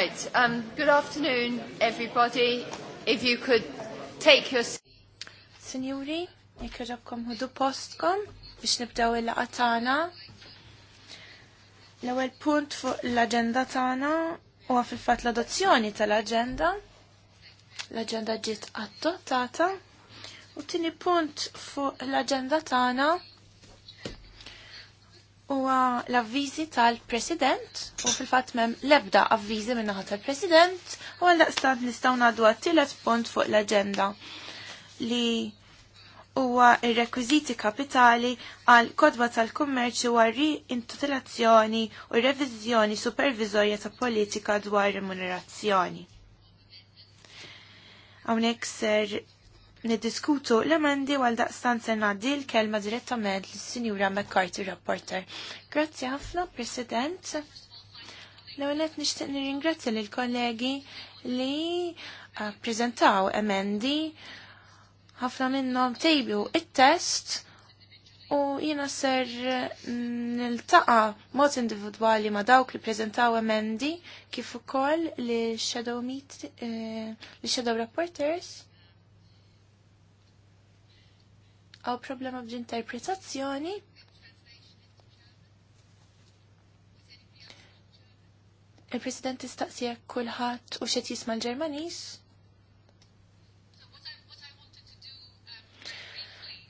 Right, um, good afternoon, everybody. If you could take your... Signori, jekkarabkom hudu postkom biex nibdaw il-laqa tagħna. L-ewwel punt fuq l-aġenda tagħna huwa fil-fatt l-adozzjoni tal-aġenda. L-aġenda ġiet adottata. U tieni punt fuq l-aġenda tagħna huwa l-avviżi tal-President u fil-fatt mem lebda avviżi minnaħa tal-President u għal-daqstant nistgħu ngħaddu għat-tielet punt fuq l-aġenda li huwa il rekwiżiti kapitali għal kodba tal-kummerċi u għarri intutilazzjoni u reviżjoni supervizorja ta' politika dwar remunerazzjoni. Hawnhekk ser niddiskutu l-emendi għal daqstan senaddi l-kelma direttament l-Sinjura McCarthy Rapporter. Grazzi ħafna, President. L-għonet nishtiq nir-ingrazzi l-kollegi li ah, prezentaw emendi ħafna minnom tejbu il test u jina ser mm, niltaqa mod individwali ma dawk li prezentaw emendi kif ukoll li shadow meet eh, li shadow reporters għaw problema b'interpretazzjoni. Il-President istaqsija kullħat u xet jisma' l ġermanis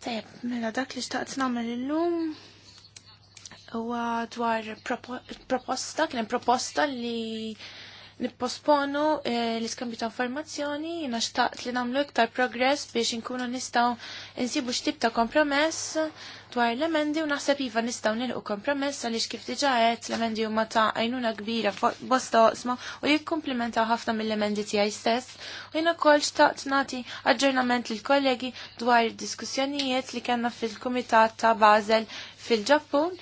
Tajab, mela dak li xtaqt namel l-lum u dwar proposta, kien proposta li nipposponu eh, l-iskambju ta' informazzjoni, jina xtaqt li namlu iktar progress biex inkunu nistaw insibu xtib ta' kompromess dwar l-emendi u naħseb iva nistaw nilqu kompromess għaliex kif diġaħet l-emendi huma ta' għajnuna kbira bosta oqsma u jikkumplimenta ħafna mill-emendi tiegħi stess u jiena wkoll xtaqt nagħti aġġornament l kollegi dwar id-diskussjonijiet li kellna fil-Kumitat ta' Basel fil-Ġappun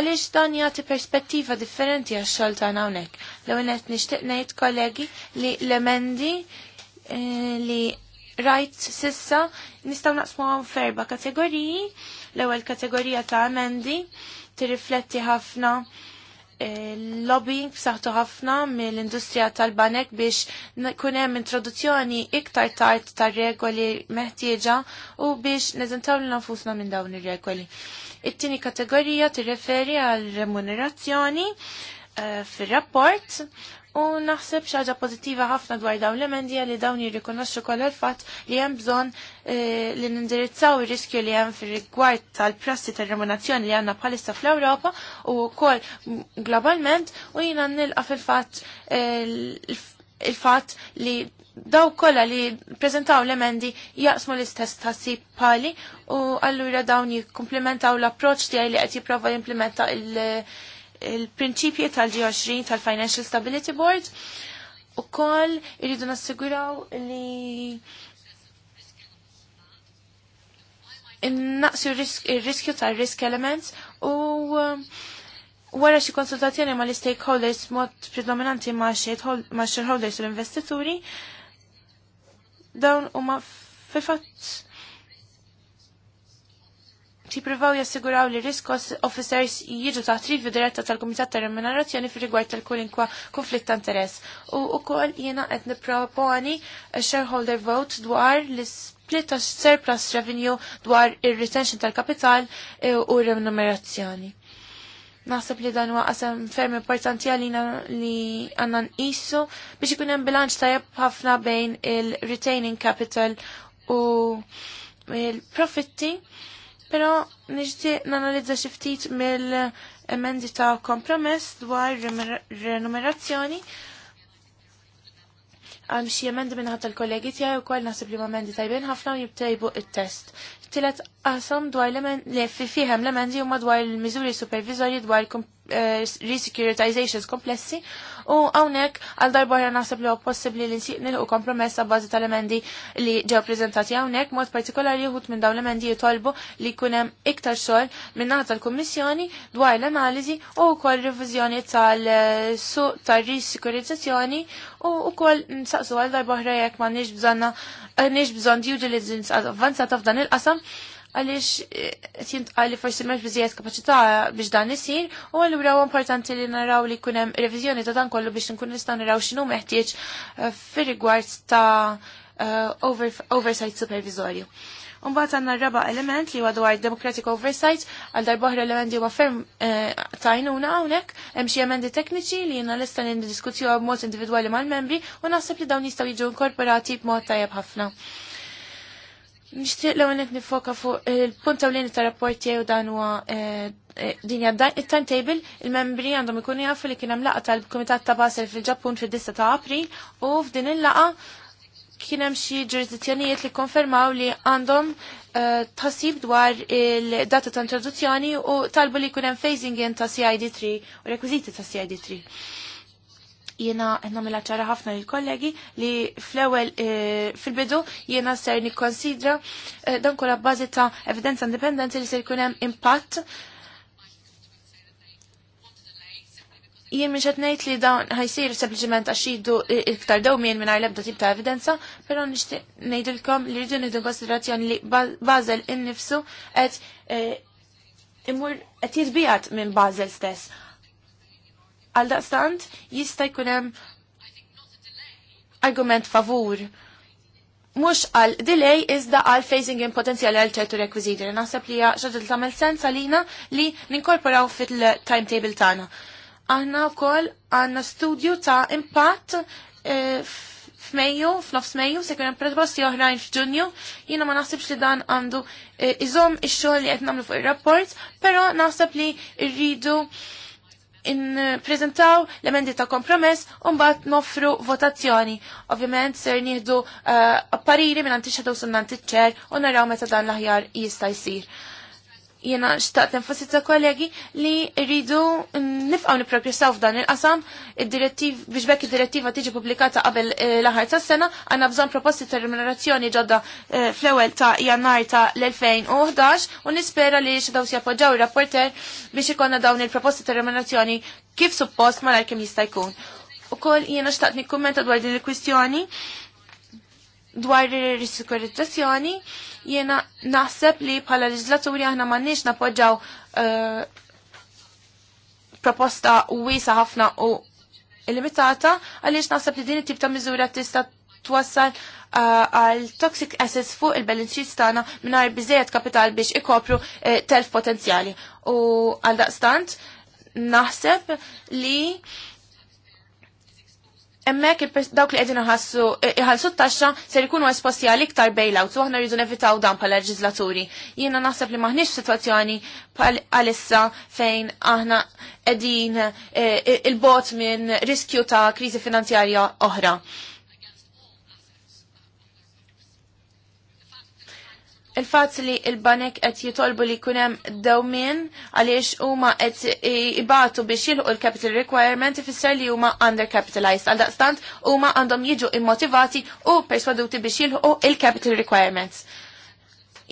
Għaliex dan jagħti perspettiva differenti għax xogħol tagħna L-ewwel qed nixtieq ngħid kollegi li l-emendi eh, li rajt sissa nistgħu naqsmuhom f'erba' kategoriji. L-ewwel kategorija ta' emendi tirrifletti ħafna lobbying b'saħħtu ħafna mill-industrija tal-banek biex kun hemm introduzzjoni iktar tard tar-regoli meħtieġa u biex neżentaw l nafusna minn dawn ir-regoli. It-tieni kategorija tirreferi għal remunerazzjoni eh, fir-rapport U naħseb xaġa pozittiva ħafna dwar dawn l-emendija li dawn jirrikonoxxu kollha l-fatt li hemm bżonn eh, li nindirizzaw ir-riskju li hemm fir-rigward tal-prassi tar-remunazzjoni li għandna bħalissa fl-Ewropa u wkoll globalment u jiena nilqa' fil-fatt eh, il fat li daw kolla li prezentaw l-emendi jaqsmu l-istess tassi pali u allura dawn jikkomplementaw l-approċ tijaj li għet jiprofa jimplementa il- il-prinċipji tal-G20 tal-Financial Stability Board u koll irridu nassiguraw li naqsu il-riskju tal-risk elements u um, wara xi konsultazzjoni ma' l-stakeholders mod predominanti ma' shareholders u l-investituri dawn huma fil-fatt tipprivaw jassiguraw li risk officers jiġu taħt rivju diretta tal-Kumitat ta' Remunerazzjoni fir rigward tal-kulinkwa konflitt ta' interess. U wkoll jiena qed nipproponi shareholder vote dwar l-split ta' surplus revenue dwar ir-retention tal-kapital e, u remunerazzjoni. Naħseb li dan huwa qasem ferm importanti għalina li għandna nqisu biex ikun hemm bilanċ tajjeb ħafna bejn il-retaining capital u il-profitti Pero nixtieq nanalizza xi ftit mill-emendi ta' kompromess dwar renumerazzjoni. Għam xie emendi minnħat tal-kollegi tiegħi wkoll naħseb li emendi tajbin ħafna u jibtejbu il test Tilet qasam dwar li fiħem l-emendi huma dwar il-miżuri supervizorji dwar eh, resecuritizations komplessi u hawnhekk għal darba naħseb li huwa possibbli li nsiq nilħu kompromess sa bażi tal-emendi li ġew preżentati hawnhekk mod partikolari wħud minn dawn l-emendi jitolbu li jkun hemm iktar xogħol minn naħa tal-Kummissjoni dwar l-analiżi u wkoll riviżjoni tal-suq tar-risekuritizzazzjoni u wkoll nsaqsu għal darba jekk ma nix bżonna eh, nix bżonn due diligence avvanzata f'dan il-qasam għaliex eh, qed jintqali forsi mhux biżjed kapaċità biex dan isir u allura huwa importanti li naraw li jkun hemm reviżjoni ta' dan kollu biex nkun nistan naraw x'inhu meħtieġ eh, fir-rigward ta' eh, oversight supervisorju. Unbat għanna r-raba element li għadu għaj democratic oversight, għal darbohra element li huwa ferm tajnuna għawnek, hemm xi emendi tekniċi li jina l-istan indiskutju għab mod individuali mal-membri u naħseb li dawn jistaw jiġu inkorporati b'mod tajab ħafna. Nishtiq l għanet nifoka fuq il-punta u l ta' rapporti għu dan huwa eh, eh, dinja il-timetable, il-membri għandhom ikunu jafu li kienem laqa tal-Komitat ta' Basel fil-Ġappun fil-10 ta' April u f'din il-laqa kienem xi ġurisdizzjonijiet li konfermaw li għandhom eh, tħassib dwar il-data ta' introduzzjoni u talbu li kunem phasing in ta' CID3 u rekwiziti ta' CID3 jiena namela ċara ħafna lill kollegi li fl-ewwel eh, fil-bidu jiena ser nikkonsidra eh, dan kolla bazi ta' evidenza indipendenti li se jkun hemm impatt jien minn xed ngħid li dawn ħajsir sempliċement għax jiddu eh, iktar daw minn minn lebda tip ta' evidenza, però nixtieq ngħidilkom li rridu nieħdu konsiderazzjoni li Basel innifsu qed imur qed jitbijat minn Basel stess. Għal daqstant jista' jkun hemm argument favur mux għal delay iżda għal phasing in potenzjali għal ċertu rekwiziti. Naħseb li xaġa li tamel sens għalina li ninkorporaw fil-timetable tagħna. Aħna wkoll għandna studju ta' impatt eh, f'Mejju, f'nofs Mejju, se kien proposti oħrajn f'Ġunju, jiena ma naħsibx li dan għandu eh, iżom ix-xogħol li qed nagħmlu fuq ir-rapport, però naħseb li rridu in-prezentaw l-emendi ta' kompromess un-bat nofru votazzjoni. Ovvjament ser nieħdu eh, appariri minn antiċċa u sunnantiċċer u naraw meta dan l-aħjar jista' jsir jena xtaqt enfasizza kollegi li rridu nifqaw niprogressaw f'dan il-qasam id-direttiv biex bekk id-direttiva tiġi pubblikata qabel eh, l-aħħar tas-sena għandna bżonn proposti ta' remunerazzjoni ġodda eh, fl-ewwel ta' jannar ta' l-2011 u nispera li xi daw jappoġġaw ir-rapporter biex ikonna dawn il-proposti ta' remunerazzjoni kif suppost malajr kemm jista' jkun. Ukoll jiena xtaqt nikkummenta dwar din il-kwistjoni dwar ir-risikurizzazzjoni jiena naħseb li bħala leġislaturi aħna m'għandniex napoġġaw eh, proposta wiesa ħafna u limitata għaliex naħseb li din it-tip ta' miżura tista' twassal eh, għal toxic assets fuq il-balance sheet tagħna mingħajr biżejjed kapital biex ikopru eh, telf potenzjali. U għal daqstant naħseb li Emmek dawk li għedin iħalsu t-taxxa ser ikunu esposti għal iktar bailouts u aħna rridu nevitaw dan pala leġislaturi. Jiena naħseb li maħniex situazzjoni għalissa fejn aħna għedin eh, il-bot minn riskju ta' krizi finanzjarja oħra. il fat li il-banek qed jitolbu li kunem dawmin għaliex huma qed ibatu biex jilħu l-capital requirement ifisser li huma undercapitalized. Għal daqstant huma għandhom jiġu immotivati u perswaduti biex jilħu il-capital requirements.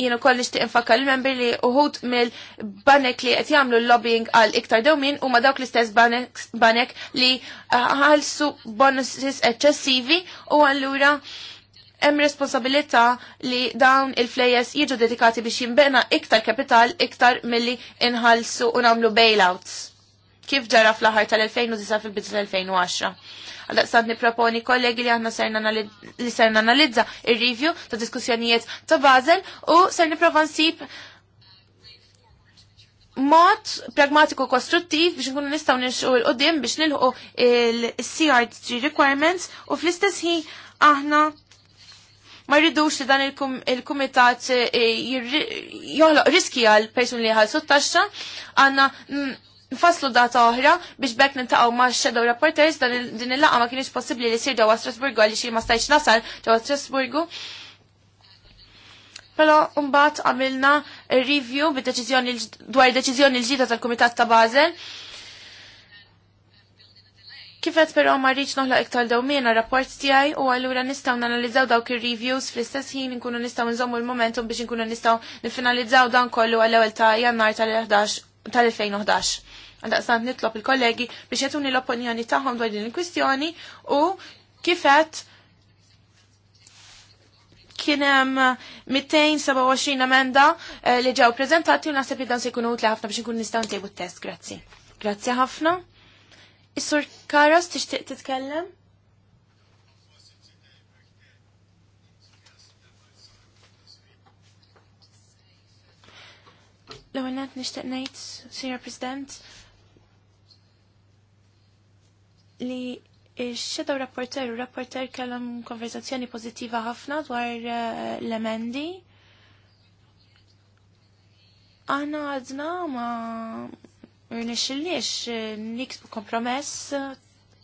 Jienu koll nixtieq infakka l-membri li uħud mill-banek li qed jagħmlu lobbying għal iktar dawmin huma dawk l-istess banek li ħalsu bonuses eċċessivi u allura hemm responsabilità li dawn il-flejes jiġu dedikati biex jimbena iktar kapital iktar milli inħalsu u nagħmlu bailouts. Kif ġara fl-aħħar tal-2009 fil-bidu tal-2010. Għal-daqsad niproponi kollegi li għanna li ser nanalizza il-review ta' diskussjonijiet ta' Basel u ser niprofa nsib mod pragmatiku kostruttiv biex nkunu nistgħu nixqu l-qudiem biex nilħu il crt requirements u fl-istess ħin aħna ma rridux li dan il-kumitat eh, joħloq riski għal persuni li ħalsu taxxa, għanna mm, nfaslu data oħra biex bekk nintaqgħu ma' shadow reporters dan din il laqgħa ma kienx possibbli li jsir ġewwa Strasburgu għaliex xi ma stajtx nasal ġewwa Strasburgu. Però mbagħad għamilna review bid-deċiżjoni dwar deċiżjoni l-ġdida tal-Kumitat ta' Basel Kifet però ma rridx noħla iktar dawmina rapport tiegħi u allura nistgħu nanalizzaw dawk ir-reviews fl-istess ħin inkunu nistgħu nżommu l-momentum biex inkunu nistgħu nifinalizzaw dan kollu għall ewel ta' Jannar tal 2011 tal-2011. nitlop nitlob il-kollegi biex jatuni l-opinjoni tagħhom dwar din il-kwistjoni u kifet kien hemm 227 emenda eh, li ġew prezentati u naħseb li dan se jkunu utli ħafna biex nkunu nistgħu ntejbu t-test. Grazzi. Grazzi ħafna. Is-sur Karas tixtieq titkellem? L-ewwel nett nixtieq ngħid, Sir President, li x-xedaw rapporter u rapporter kellhom konverzazzjoni pożittiva ħafna dwar eh, l-emendi. Aħna għadna ma nixilliex eh, niksbu kompromess eh,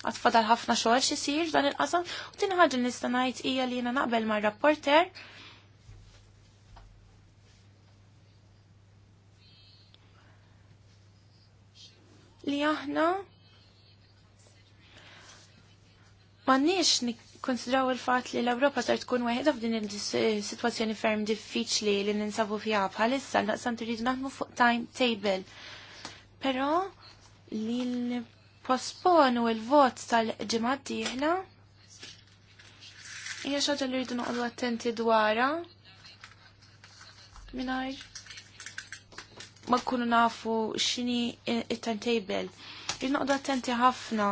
għatfadal ħafna xogħol xisir dan il-qasam u tin ħaġa nista' ngħid hija li jiena naqbel mar-rapporter li aħna nix nikkonsidraw il-fat li l-Ewropa sar tkun weħeda f'din il-sitwazzjoni ferm diffiċli li ninsabu fija bħalissa naqsan turidu naħmu fuq timetable Però li posponu il-vot tal-ġimgħa d-dieħla hija xi li rridu noqogħdu attenti dwarha mingħajr ma nkunu nafu x'inhi it-timetable. Rridu noqogħdu attenti ħafna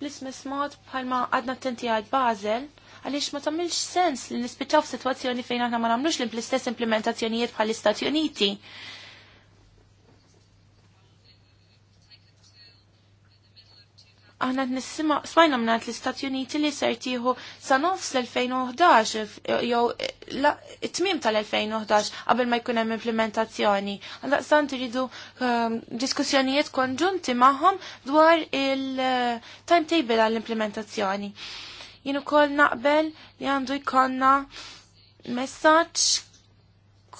l-ismes mod bħalma għadna attenti għad bażel għaliex ma tagħmilx sens li nispiċaw f'sitwazzjoni fejn aħna ma nagħmlux l-istess implementazzjonijiet bħall-Istati Uniti. aħna nissima smajna mnat l-Istati Uniti li ser tieħu sa nofs l-2011 jew it-tmim tal-2011 qabel ma jkun hemm implementazzjoni. Għaldaqstant iridu ehm, diskussjonijiet konġunti magħhom dwar il-timetable għall-implementazzjoni. Jien ukoll naqbel li għandu jkollna messaġġ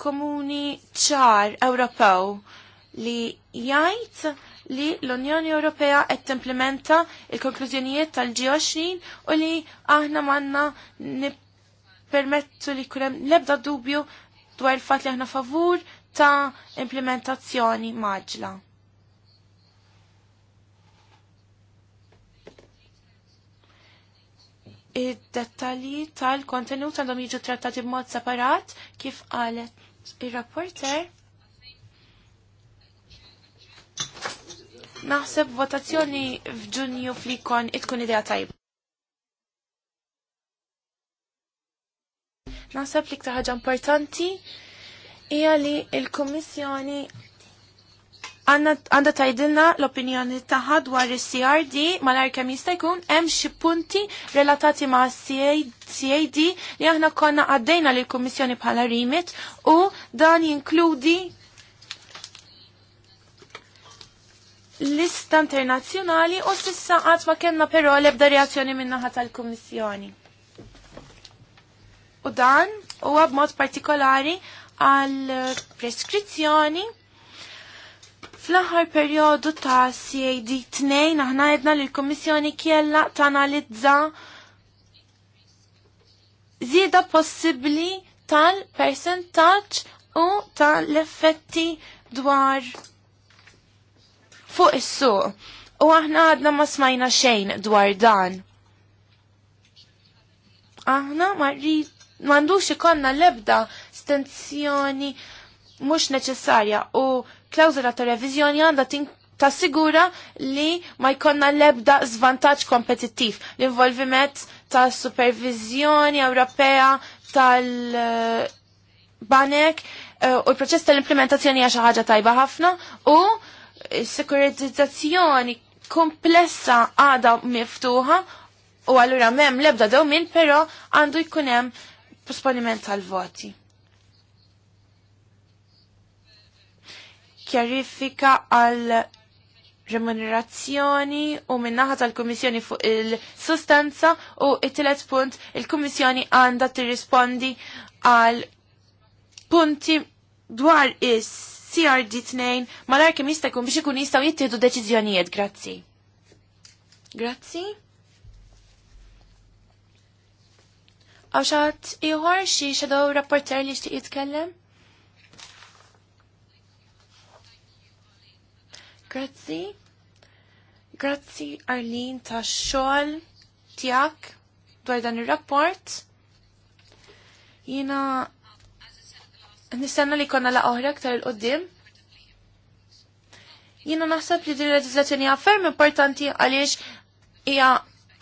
komuni ċar Ewropew li jgħid li l-Unjoni Ewropea qed timplementa il-konklużjonijiet tal-G20 u li aħna manna permettu li kurem lebda dubju dwar il-fatt li aħna favur ta' implementazzjoni maġla. id-dettalji tal-kontenut għandhom jiġu trattati b'mod separat kif qalet ir-rapporter. Naħseb votazzjoni f'Ġunju flikon itkun idea tajba. Naħseb li ħaġa importanti hija li l-Kummissjoni għanda tajdilna l-opinjoni taħħa dwar il-CRD malar kem jista' jkun hemm xi punti relatati ma' CAD li aħna konna għaddejna lil kummissjoni bħala rimit u dan jinkludi lista internazzjonali u sissa qatt ma kellna però l-ebda reazzjoni min-naħa tal-Kummissjoni. U dan huwa b'mod partikolari għal preskrizzjoni Fl-aħħar perjodu ta' CAD 2 aħna għedna li l-Kommissjoni kiella tanalizza zieda possibbli tal-percentaġġ u tal-effetti dwar fuq is-suq. U aħna għadna ma smajna xejn dwar dan. Aħna ma mandux ikonna lebda stenzjoni mhux neċessarja u klawzula ta' revizjoni għandha tassigura li ma jkonna lebda zvantaġġ kompetittiv. L-involviment ta' supervizjoni Ewropea tal-banek eh, u l-proċess tal-implementazzjoni għaxa ħaġa tajba ħafna u sekuritizzazzjoni komplessa għada miftuħa u għallura mem lebda dawmin, pero għandu jkunem posponiment tal-voti. kjarifika għal remunerazzjoni u minnaħa tal-Kummissjoni fuq il-sustanza u it-tielet punt il-Kummissjoni għandha tirrispondi għal punti dwar is CRD2 malar kemm jista' jkun biex ikun jistgħu jittieħdu deċiżjonijiet. Grazzi. Grazzi. Għaw iħor xie xadow rapporter li xtiq jitkellem? Grazzi. Grazzi Arlin ta' xol tijak dwar dan il-rapport. Jina nistenna li konna la' oħra ktar il-qoddim. Jina naħseb li din leġislazzjoni ferm importanti għaliex hija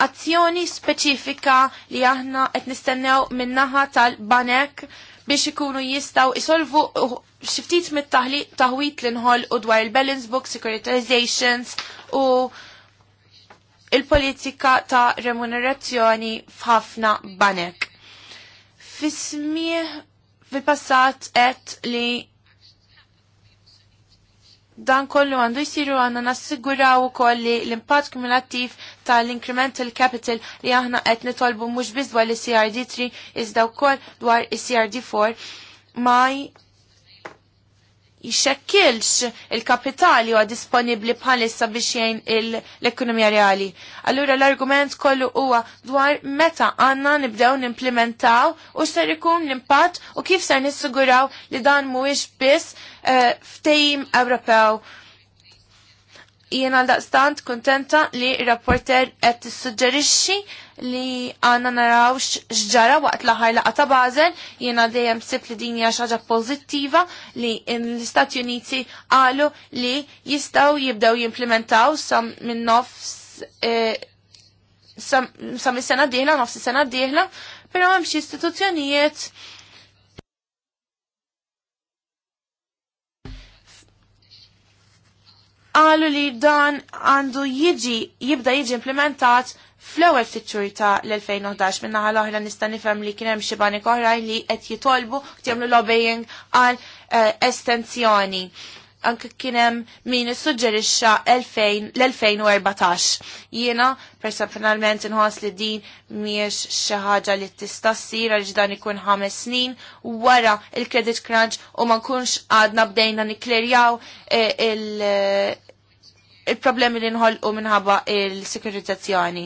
azzjoni speċifika li aħna qed nistennew min-naħa tal-banek biex ikunu jistaw isolvu xiftit mit-taħwit l-inħol u dwar il-balance book, securitizations u il-politika ta' remunerazzjoni f'ħafna banek. Fismieħ fil-passat et li dan kollu għandu jisiru għanna nassiguraw u kolli l-impatt kumulattiv tal-incremental capital li aħna qed nitolbu mhux biss dwar is-CRD3 iżda wkoll dwar is-CRD4 ma jxekkilx il-kapitali huwa disponibbli bħalissa biex jgħin l-ekonomija reali. Allura l-argument kollu huwa dwar meta għandna nibdew nimplementaw u ser ikun l-impatt u kif ser nissiguraw li dan mhuwiex biss uh, Ewropew jien għal daqstant kontenta li rapporter qed suġġerixxi li għanna narawx xġara waqt l laqa ta' Basel, jiena dejjem sib li din hija xaġa pożittiva li l-Istati Uniti qalu li jistgħu jibdew jimplementaw sam minn nofs e, sam is-sena d-dieħla, nofs is-sena d-dieħla, però hemm xi istituzzjonijiet qalu li dan għandu jiġi jibda jiġi implementat fl-ewwel ftit-xhur ta' l-2011 minna naħa l-oħra nista' nifhem li kien hemm xi oħrajn li qed jitolbu jagħmlu lobbying għal eh, estensjoni. Anke kien hemm min issuġġerixxa l-2014. Jiena personalment inħoss li din mhijiex xi ħaġa li tista' ssir għaliex dan ikun ħames snin wara il-credit crunch u ma nkunx għadna bdejna nikklerjaw eh, il- il-problemi li nħolqu minħabba il sekuritazzjoni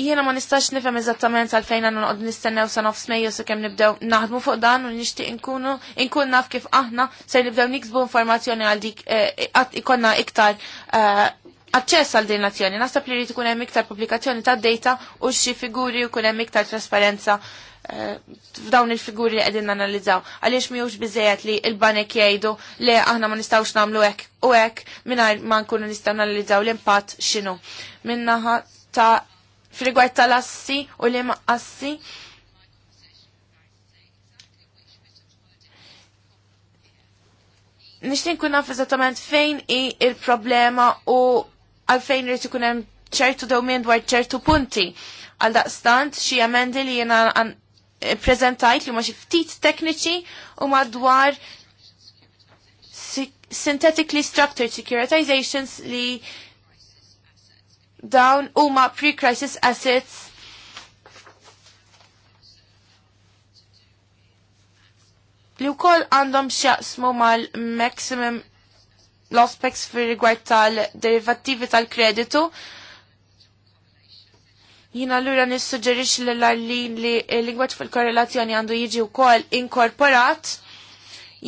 Jiena ma nistax nifhem eżattament għalfejn għandna għod nistennew sa nofs Mejju sakemm nibdew naħdmu fuq dan u nixtieq nkunu nkun naf kif aħna se nibdew niksbu informazzjoni għal dik eh, ikonna iktar eh, Aċċess għal din nazzjoni, nasab li jrid ikun hemm iktar pubblikazzjoni ta' data u xi figuri jkun hemm iktar trasparenza Eh, f'dawn il-figuri li qegħdin analizzaw. Għaliex miħux biżejjed li l-banek jgħidu li aħna ma nistgħux nagħmlu hekk u hekk mingħajr ma nkunu nistaw analizzaw l-impatt x'inhu. Minna ta' frigwajt tal-assi u li ma' assi Nishtin kunna naf eżattament fejn i il-problema u għalfejn rrit ikun hemm ċertu dewmien dwar ċertu punti. Għal daqstant xi emendi li jena prezentajt li ma xi ftit tekniċi u madwar synthetically structured securitizations li dawn huma pre-crisis assets li wkoll għandhom x'jaqsmu mal-maximum l-ospex fil rigward tal-derivattivi tal-kreditu Jina l-ura nissuġerix l li l-lingwaċ fil-korrelazzjoni għandu jiġi wkoll inkorporat.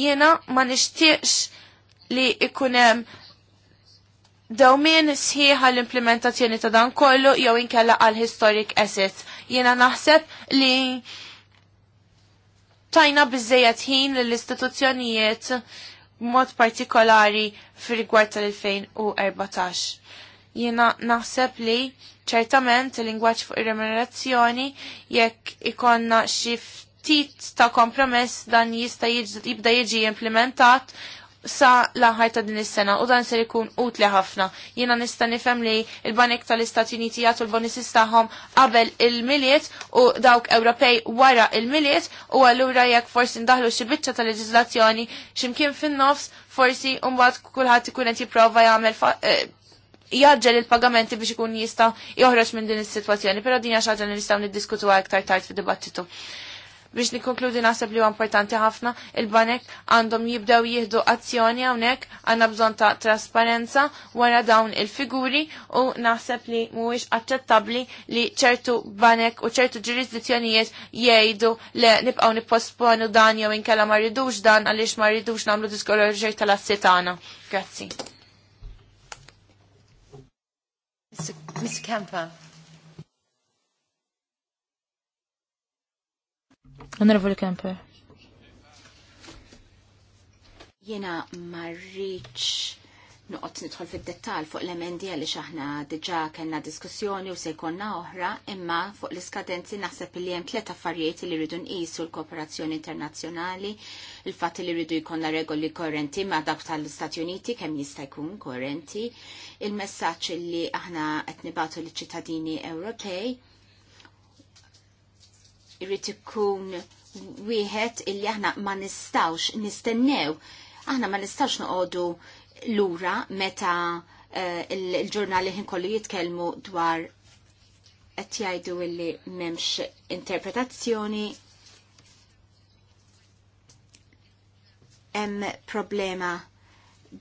Jina ma nixtieqx li ikunem dawmin sħiħa l-implementazzjoni ta' dan kollu jew inkella għal historic assets. Jina naħseb li tajna bizzejet ħin l-istituzzjonijiet mod partikolari fir rigward tal-2014. Jiena naħseb li ċertament il-lingwaġġ fuq ir-remunerazzjoni jekk ikonna xi ftit ta' kompromess dan jista' jibda jiġi implementat sa laħaj ta' din is-sena u dan ser ikun utli ħafna. Jiena nista' nifhem li l-banek tal-Istati Uniti jagħtu l-bonuses tagħhom qabel il-miliet u dawk Ewropej wara il-miliet u allura jekk forsi ndaħlu xi biċċa ta' leġiżlazzjoni x'imkien fin-nofs forsi mbagħad kulħadd ikun qed jipprova jagħmel eh, jaġġel il-pagamenti biex ikun jista' joħroġ minn din is-sitwazzjoni, però din hija xi ħaġa li nistgħu niddiskutuha iktar tard fid-dibattitu biex nikonkludi naħseb li huwa importanti ħafna il-banek għandhom jibdew jieħdu azzjoni hawnhekk għandna bżonn ta' trasparenza wara dawn il-figuri u naħseb li mhuwiex aċċettabbli li ċertu banek u ċertu ġurisdizzjonijiet jgħidu li nibqgħu nipposponu dan jew inkella ma rridux dan għaliex ma rridux nagħmlu diskoloġer tal assitana Grazzi. Mr. Kemper. Onorevole Kemper. Jena marriċ noqgħod nidħol fid-dettall fuq l-emendi għaliex aħna diġà kellna diskussjoni u se jkollna oħra, imma fuq l-iskadenzi naħseb li hemm tliet affarijiet li rridu nqisu l-kooperazzjoni internazzjonali, il fat li rridu jkollna regoli korrenti ma' dak tal-Istati Uniti kemm jista' jkun korrenti, il-messaġġ li aħna qed nibatu liċ-ċittadini Ewropej irrid ikun wieħed illi aħna ma nistgħux nistennew aħna ma nistax noqogħdu lura meta eh, il-ġurnali ħin kollu jitkellmu dwar qed jgħidu illi m'hemmx interpretazzjoni hemm problema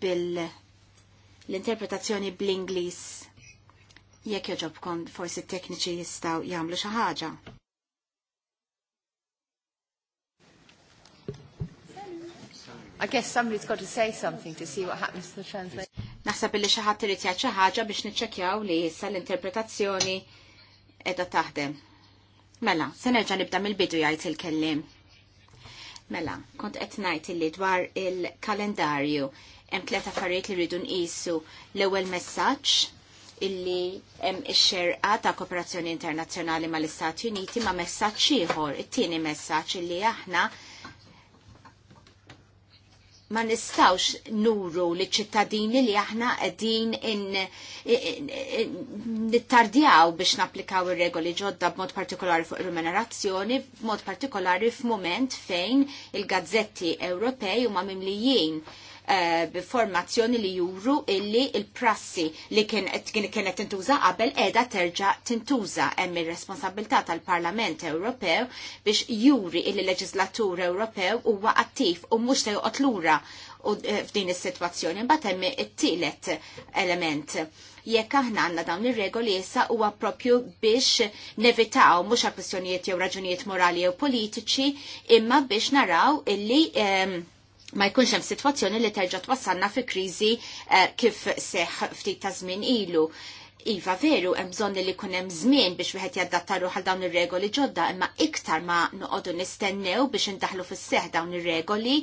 bil l-interpretazzjoni bl-Ingliż jekk joġobkom forsi t-tekniċi jistgħu jagħmlu xi ħaġa. I guess somebody's got to say something to see what happens to the translation. Naħseb billi xi ħadd irid xi ħaġa biex niċċekkjaw li issa l-interpretazzjoni qiegħda taħdem. Mela, se nerġa' nibda mill-bidu jgħid il-kellim. Mela, kont qed ngħid illi dwar il-kalendarju hemm tliet affarijiet li rridu nqisu l-ewwel messaġġ illi hemm ix-xerqa ta' kooperazzjoni internazzjonali mal-Istati Uniti ma' messaġġ ieħor, it-tieni messaġġ illi aħna ma nistawx nuru li ċittadini li aħna qegħdin nittardjaw biex napplikaw ir-regoli ġodda b'mod partikolari fuq remunerazzjoni, b'mod partikolari f'mument fejn il-gazzetti Ewropej huma mimlijin b'formazzjoni eh, li juru illi il-prassi li kienet tintuża qabel edha terġa tintuża hemm ir-responsabilità tal-Parlament Ewropew biex juri illi leġislatur Ewropew huwa attiv u mhux se joqgħod lura eh, f'din is-sitwazzjoni. Imbagħad hemm it-tielet element jekk aħna għandna dawn ir-regoli issa huwa proprju biex nevitaw mhux għal kwistjonijiet jew raġunijiet morali jew politiċi, imma biex naraw illi um, ma jkunx hemm sitwazzjoni li terġa' twassalna fi kriżi eh, kif seħ ftit ta' żmien ilu. Iva veru, hemm bżonn li jkun hemm żmien biex wieħed jaddatta ruħ għal dawn ir-regoli ġodda, imma iktar ma noqogħdu nistennew biex indaħlu fis seħħ dawn ir-regoli.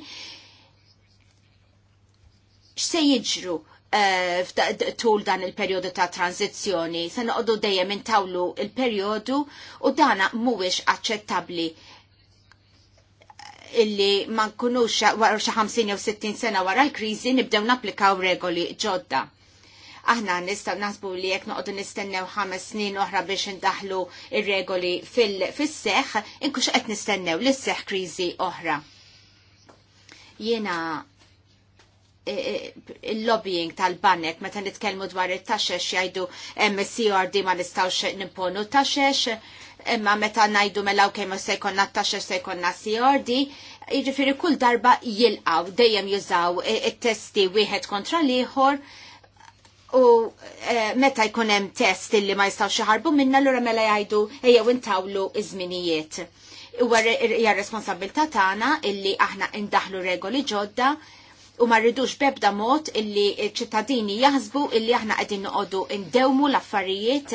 X'se jiġru eh, tul dan il-perjodu ta' tranzizzjoni, se noqogħdu dejjem intawlu il-perjodu u dana mhuwiex aċċettabbli illi ma nkunux wara xi 50 jew 60 sena wara l-kriżi nibdew napplikaw regoli ġodda. Aħna nistgħu naħsbu li jekk noqogħdu nistennew ħames snin oħra biex indaħlu ir-regoli fis-seħħ, inkux qed nistennew li seħħ kriżi oħra. Jiena e, e, il-lobbying tal-banek meta nitkellmu dwar it taxex jgħidu MCRD ma nistgħux nimponu taxxex imma meta najdu me law kemmu se jkonna t-taxxa se jkonna CRD, jiġifieri kull darba jilqaw, dejjem jużaw il testi wieħed kontra liħor, u e, meta jkun hemm test li ma jistaw iħarbu minna lura mela jgħidu eja wintawlu izminijiet. żminijiet Huwa hija responsabilità tagħna illi aħna indaħlu regoli ġodda u ma rridux bebda mod illi ċittadini jaħsbu illi aħna qegħdin noqogħdu indewmu l-affarijiet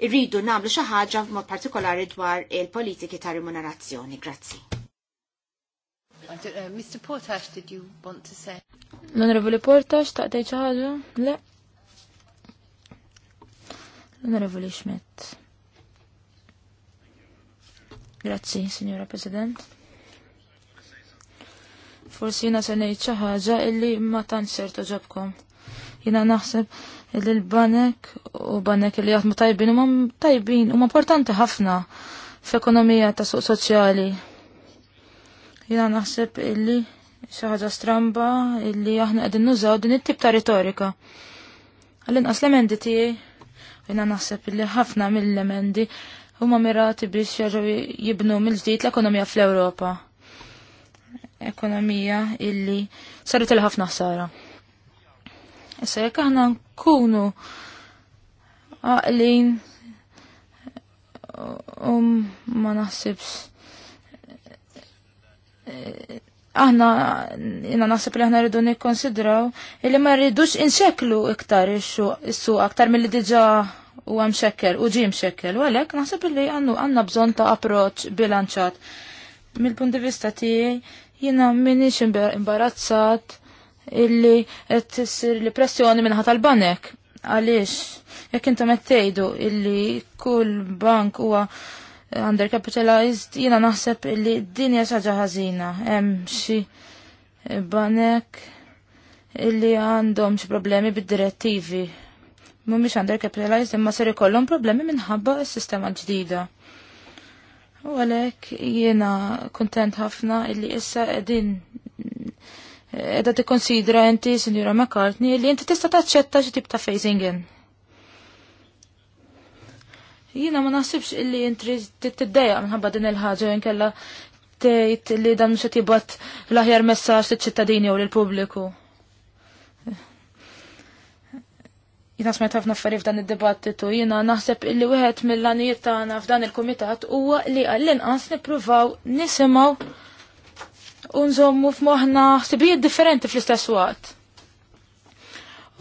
irridu namlu xi ħaġa mod partikolari dwar il-politiki ta' remunerazzjoni. Grazzi. Mr. Portash, did you want to say? L-Onorevoli Portash, ta' xi ħaġa? Le. L-Onorevoli Schmidt. Grazzi, Signora President. Forsi jina se ngħid xi ħaġa illi ma tan ser toġobkom. Jina naħseb il-banek u banek li jgħatmu tajbin u ma tajbin u ma importanti ħafna f'ekonomija ta' suq soċjali. Jina naħseb illi xi ħaġa stramba illi aħna qegħdin nużaw din it-tip ta' retorika. Għallin inqas l-emendi tiegħi jina naħseb illi ħafna mill-emendi huma mirati biex jgħu jibnu mill-ġdid l-ekonomija fl-Ewropa. Ekonomija illi saret il-ħafna ħsara. Issa jekk aħna nkunu għaqlin u um, ma naħsibx. Aħna, jina naħseb li aħna rridu nikkonsidraw, illi ma rridux inxeklu iktar issu aktar mill-li diġa u għam xekkel, u ġim xekkel, u għalek naħseb li għannu għanna bżon ta' approċ bilanċat. Mill-punt di vista tijaj, jina minix imbarazzat illi qed tissir li pressjoni minnħat tal-banek. Għaliex jekk intom qed tgħidu illi kull bank huwa undercapitalized jiena naħseb illi d-dinja saġa' ħażina hemm xi banek illi għandhom xi problemi bid-direttivi. Mhumiex undercapitalized imma ser ikollhom problemi minħabba s-sistema ġdida. U għalhekk jiena kuntent ħafna illi issa qegħdin edha tikkonsidra inti, Signora McCartney, li inti tista' taċċetta xi tip ta' phasing in. ma naħsibx illi t tiddejja minħabba din il-ħaġa jew inkella tgħid li dan mhux tibat l-aħjar messaġġ liċ-ċittadini jew lill-pubbliku. Jina smajt ħafna affarijiet f'dan id-dibattitu, jiena naħseb illi wieħed mill-għanijiet tagħna f'dan il-kumitat huwa li għall-inqas nippruvaw nisimgħu u nżommu ħsibijiet differenti fl-istess waqt.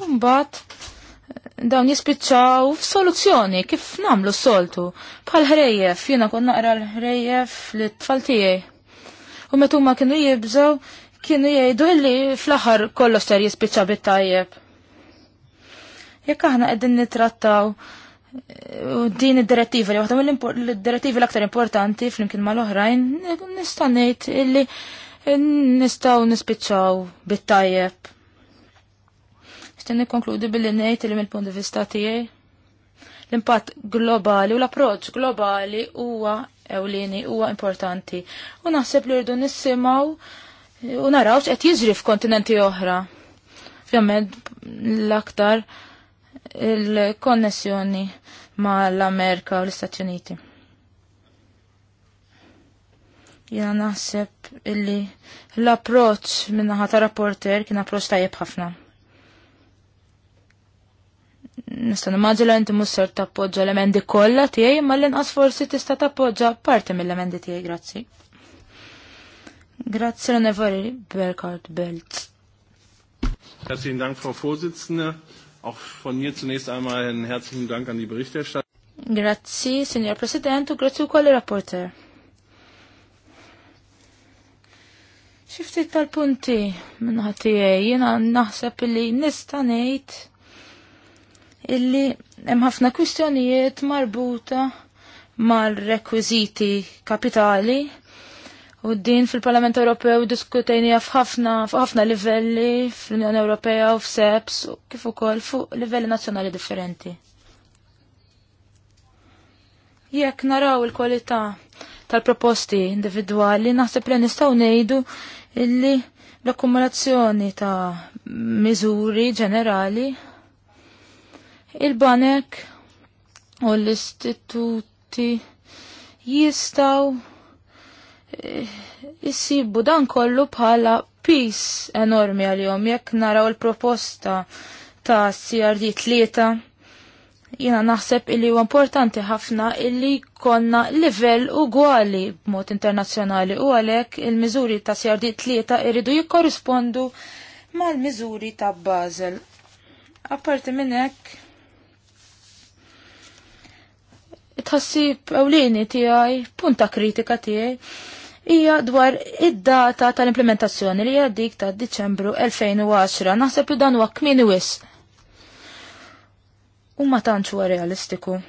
Mbagħad dawn jispiċċaw f'soluzzjoni kif nagħmlu s-soltu bħal ħrejjef jiena kon naqra l-ħrejjef li tfal tiegħi. U meta kienu jibżgħu kienu jgħidu li fl-aħħar kollox ser jispiċċa bit-tajjeb. Jekk aħna qegħdin nitrattaw eh, din id-direttiva li waħda mill-direttivi l-aktar importanti flimkien mal-oħrajn, nista' ngħid illi nistaw nispiċċaw bit-tajjeb. Stenni konkludi billi ngħid li mill-punt di vista tiegħi l-impatt globali u l-approċ globali huwa ewlieni huwa importanti. U naħseb li rridu nissimgħu u narawx qed jiġri f'kontinenti oħra. Ovvjament l-aktar il-konnessjoni ma l-Amerika u l-Istati Uniti. Jena naħseb illi l-approċ minnaħa ta' rapporter kien approċ tajjeb ħafna. Nista' nimmaġila inti musser tappoġġa l-emendi kolla tiegħi imma l-inqas forsi tista' tappoġġa parti mill-emendi tiegħi grazzi. Grazzi l-Nevari Berkard Belt. Herzlichen Dank, Frau Vorsitzende. Auch von mir zunächst einmal einen herzlichen Dank an die Berichterstatter. Grazie, Signor Presidente, grazie a u kolli rapporter. Xiftit tal-punti minn ħatijaj, jena naħseb illi nista' ngħid illi hemm ħafna kwistjonijiet marbuta mal-rekwiżiti kapitali U din fil-Parlament Ewropew diskutejnija f'ħafna f'ħafna livelli fl-Unjoni Ewropea u f'SEPS u kif ukoll fuq livelli nazzjonali differenti. Jekk naraw il-kwalità tal-proposti individwali naħseb li nistgħu ngħidu illi l-akkumulazzjoni ta' miżuri ġenerali il-banek u l-istituti jistaw jissibu eh, dan kollu bħala pis enormi għal-jom jekk naraw il-proposta ta' CRD tlieta jina naħseb illi huwa importanti ħafna illi konna livell uguali b'mod internazzjonali u għalhekk il-miżuri ta' CRD tlieta iridu jikkorrispondu mal-miżuri ta' Basel. Apparti minn hekk, tħassib ewlieni tiegħi, punta kritika tiegħi, hija dwar id-data tal-implementazzjoni li hija dik ta' Diċembru 2010. Naħseb li dan huwa kmieni wisq u ma tantx huwa realistiku.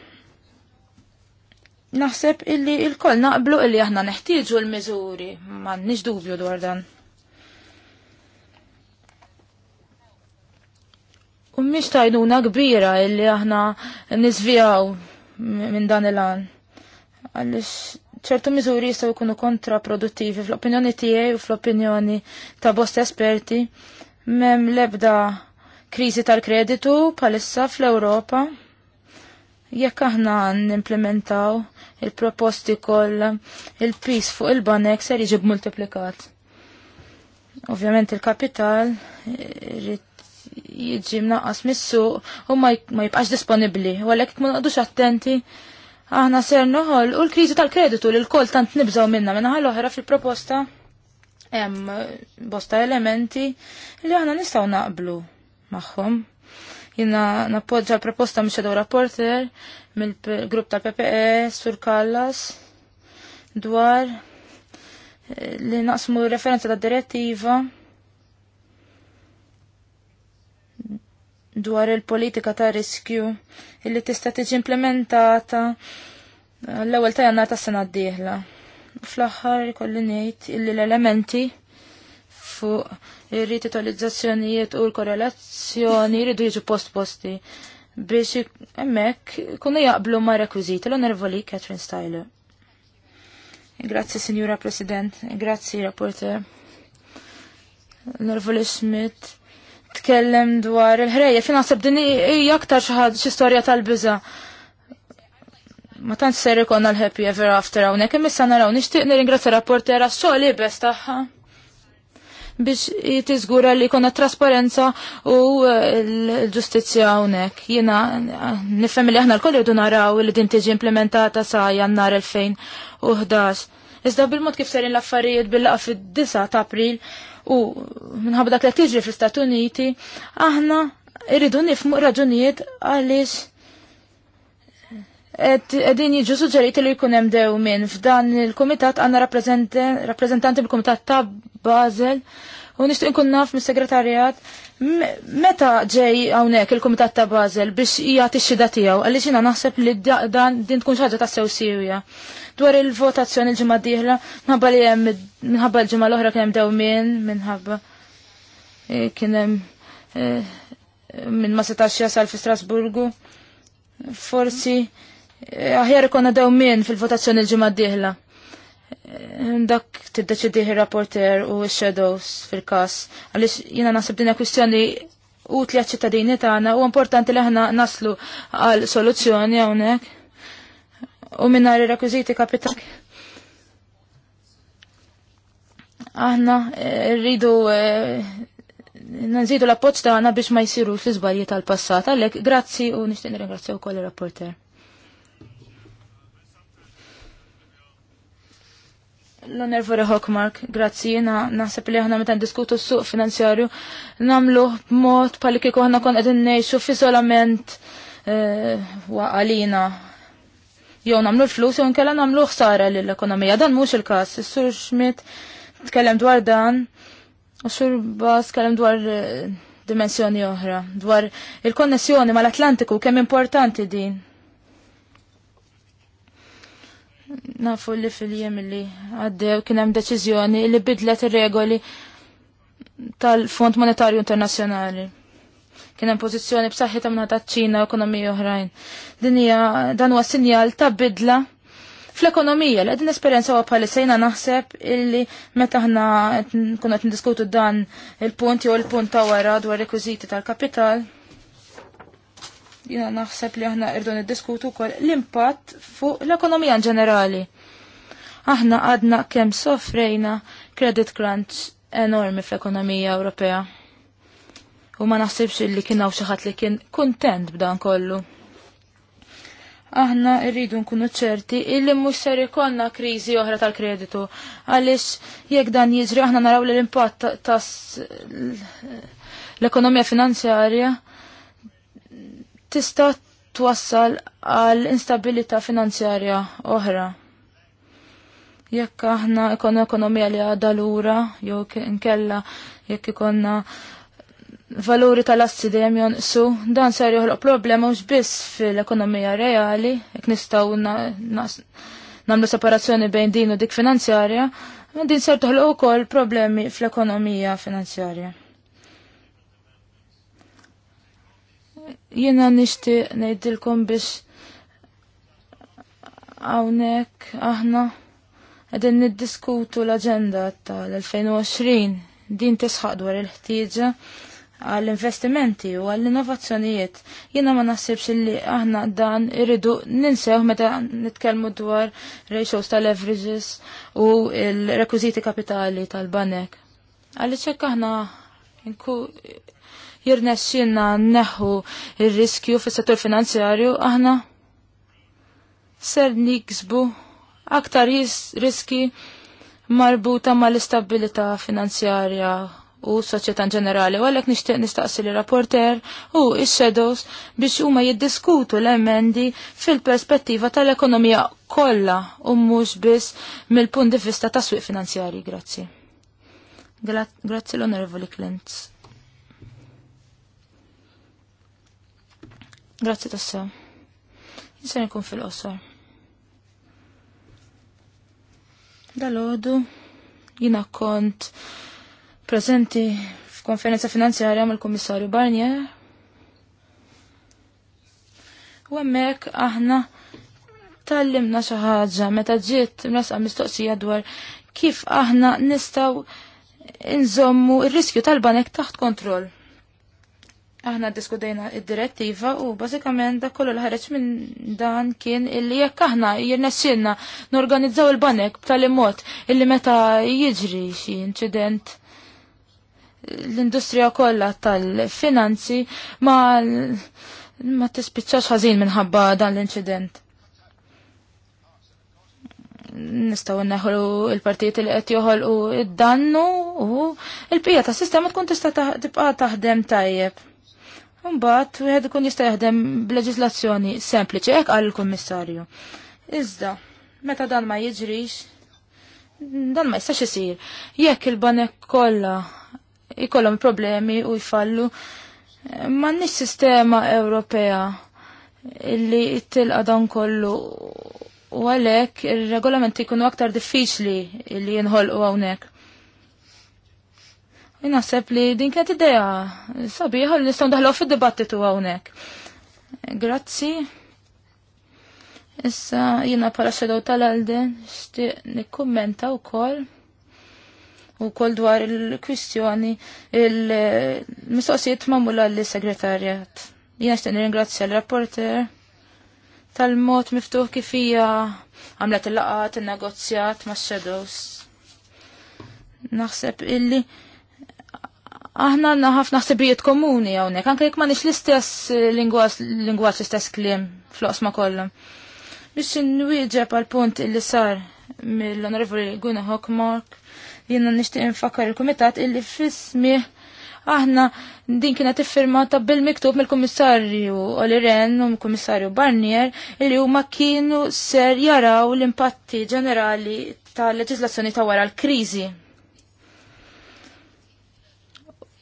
Naħseb illi il-koll naqblu illi aħna neħtieġu l-miżuri, m'għandniex dubju dwar dan. U mhix tajduna kbira illi aħna niżvijaw minn dan il-għan. Għaliex ċertu miżuri jistgħu jkunu kontraproduttivi fl-opinjoni tiegħi u fl-opinjoni ta' bost esperti m'hemm l-ebda kriżi tal-kreditu bħalissa fl-Ewropa. Jekk aħna nimplementaw il-proposti kollha, il-pis fuq il-banek ser jiġi multiplikat. Ovvjament il-kapital irrid jiġi mnaqqas mis-suq u ma jibqax disponibbli, u għalek ma naqdux attenti aħna ser noħol u l-kriżi tal-kreditu li l koll tant nibżaw minna minna ħal-oħra fil-proposta hemm bosta elementi li aħna nistgħu naqblu maħħom. Jina nappoġġa l-proposta mxed u Rapporter mill-grupp ta' ppe Sur Kallas dwar eh, li naqsmu referenza ta' direttiva dwar il-politika ta' riskju illi tista' tiġi implementata l-ewwel ta' jannar ta' sena d-dieħla. Fl-aħħar ikolli ngħid illi l-elementi fuq ir-ritualizzazzjonijiet u l-korrelazzjoni jridu jiġu post-posti biex emmek kunu jaqblu ma' rekwiziti l-onervoli Catherine Styler. Grazzi, Signora President, grazzi, Rapporter. Nervoli Smith tkellem dwar il-ħrejja, fi naħseb din hija aktar xi ħadd xi storja tal-biża. Ma tantx ser ikonna l-happy ever after hawnhekk, imma issa naraw nixtieq nirringrazzja rapporter għas xogħol bes tagħha biex tiżgura li kona trasparenza u eh, l-ġustizzja hawnhekk. Jiena eh, nifem li aħna l kolli għadu naraw li din tiġi implementata sa jannar 2011. Iżda bil-mod kif serin l-affarijiet bil-laqa fid-9 ta' April u minħabba dak li tiġi fl-Istati Uniti, aħna irridu nifmu raġunijiet għaliex Din jiġu suġġeriti li jkun hemm dew minn f'dan il-kumitat għandna rappreżentanti bil-kumitat ta' Basel u nixtieq jkun naf mis-segretarjat meta ġej hawnhekk il-kumitat ta' Basel biex jgħati x-xida tiegħu għaliex naħseb li dan din tkun xaġa ta' sew sirja dwar il-votazzjoni l-ġimgħa d-dieħla minħabba li hemm minħabba l-ġimgħa l-oħra kien hemm minn minħabba e, kien hemm e, minn ma setax jasal fi Strasburgu. Forsi Aħjar ikon għadaw min fil-votazzjoni l-ġimma d-dihla. Ehm, dak tiddeċidi il-rapporter u shadows fil-kas. Għalix jina nasib dinja kwistjoni utli għal-ċittadini tagħna u importanti li aħna naslu għal soluzzjoni hawnhekk. U minnar ir-rekwiżiti kapitak. Aħna eh, rridu eh, nżidu l-appoġġ tagħna biex ma jsiru fl iżbalji tal-passat. Għalhekk grazzi u nixtieq nirringrazzja wkoll ir-rapporter. l reħok, Mark, grazzi, jena naħseb li ħana metan diskutu s-suq finanzjarju, namlu mod pali kiku ħana kon edin neħxu f-izolament eh, waqalina. Jow namlu l-flus, jow nkella namlu ħsara l-ekonomija, dan mux il-kas, s-sur Schmidt tkellem dwar dan, u sur Bas tkellem dwar eh, dimensjoni oħra, dwar il-konnessjoni mal-Atlantiku, kemm importanti din Nafu li fil-jem li għaddew kien hemm deċiżjoni li bidlet ir-regoli tal-Fond Monetarju Internazzjonali. Kien hemm pożizzjoni b'saħħitha minn ta' ċina u ekonomija oħrajn. Din hija dan huwa sinjal ta' bidla fl-ekonomija li qegħdin esperjenza huwa bħalissa jiena naħseb illi meta aħna kuna qed niddiskutu dan il-punt jew il-punt ta' wara dwar rekwiżiti tal-kapital Jina naħseb li aħna irdu niddiskutu wkoll l-impatt fuq l-ekonomija ġenerali. Aħna għadna kemm sofrejna credit crunch enormi fl-ekonomija Ewropea. U ma naħsibx li kien hawn xi ħadd li kien kuntent b'dan kollu. Aħna rridu nkunu ċerti illi mhux ser ikollna kriżi oħra tal-kreditu għaliex jekk dan jiġri aħna naraw l-impatt tas l-ekonomija finanzjarja tista' twassal għal instabilità finanzjarja oħra. Jekk aħna ikon ekonomija li għadha lura, jew nkella jekk ikonna valuri tal-assi dejjem jonqsu, dan ser joħloq problema mhux biss fil-ekonomija reali, jekk nistgħu nagħmlu separazzjoni bejn din u dik finanzjarja, din ser toħloq ukoll problemi fl-ekonomija finanzjarja. Jena nishti nejdilkom biex għawnek aħna għedin niddiskutu l-agenda tal-2020 din tisħaq dwar il-ħtieġa għall-investimenti u għall-innovazzjonijiet. Jena ma naħsibx li aħna dan irridu ninsew meta nitkellmu dwar ratios tal leverages u l-rekwiziti kapitali tal-banek. Għalli ċekk aħna jirnessina neħu il riskju fis-settur finanzjarju aħna ser niksbu aktar riski marbuta mal istabilita finanzjarja u soċjetà ġenerali u għalhekk nixtieq nistaqsi li rapporter u il shadows biex huma jiddiskutu l-emendi fil-perspettiva tal-ekonomija kollha u mhux biss mill-punt di vista ta' swieq finanzjari. Grazzi. Grazzi l-Onorevoli Klintz. Grazzi tassa. Jinsan ikun fil-qosor. Da lodu, jina kont prezenti f'konferenza finanzjarja mal komissarju Barnier. U hemmhekk aħna tallimna xi ħaġa meta ġiet mrasqa mistoqsija dwar kif aħna nistgħu nżommu ir-riskju tal-banek taħt kontroll. Aħna diskutejna id-direttiva u bażikament dak kollu l ħareġ minn dan kien illi jekk aħna jirnexxilna norganizzaw il-banek b'tali mod illi meta jiġri xi inċident l-industrija kollha tal-finanzi ma ma tispiċċax ħażin minħabba dan l-inċident nistaw neħlu il-partijiet li qed joħolqu id-dannu u l-pija tas sistema tkun tista' tibqa' taħdem tajjeb. Mbagħad wieħed ikun jista' jaħdem b'leġislazzjoni sempliċi hekk qal il-Kummissarju. Iżda, meta dan ma jiġrix, dan ma jistax isir. Jekk il-banek kollha jkollhom problemi u jfallu, m'għandniex sistema Ewropea illi tilqa dan kollu u għalhekk ir-regolamenti jkunu aktar diffiċli li jinħolqu hawnhekk. Naħseb li din kienet idea sabiħa li nistgħu daħlu fid-dibattitu hawnhekk. Grazzi. Issa jiena bħala xedew tal-Alden xtieq nikkummenta wkoll ukoll dwar il-kwistjoni il-mistoqsijiet magħmula lis-segretarjat. Jiena xtieq nirringrazzja l-rapporter tal-mod miftuħ kif hija għamlet il-laqat, il-negozjat ma' shadows. Naħseb illi aħna għanna ħafna ħsibijiet komuni hawnhekk, anke jekk manix l-istess eh, lingwaġġ l-istess kliem fl kollum. kollha. Biex inwieġeb għal punt illi sar mill-Onorevoli Guna Hockmark, jiena nixtieq infakkar il-Kumitat illi fismi aħna din kienet iffirmata bil-miktub mill-Kummissarju Oliren u mill-Kummissarju Barnier illi huma kienu ser jaraw l-impatti ġenerali tal-leġislazzjoni ta' wara l-kriżi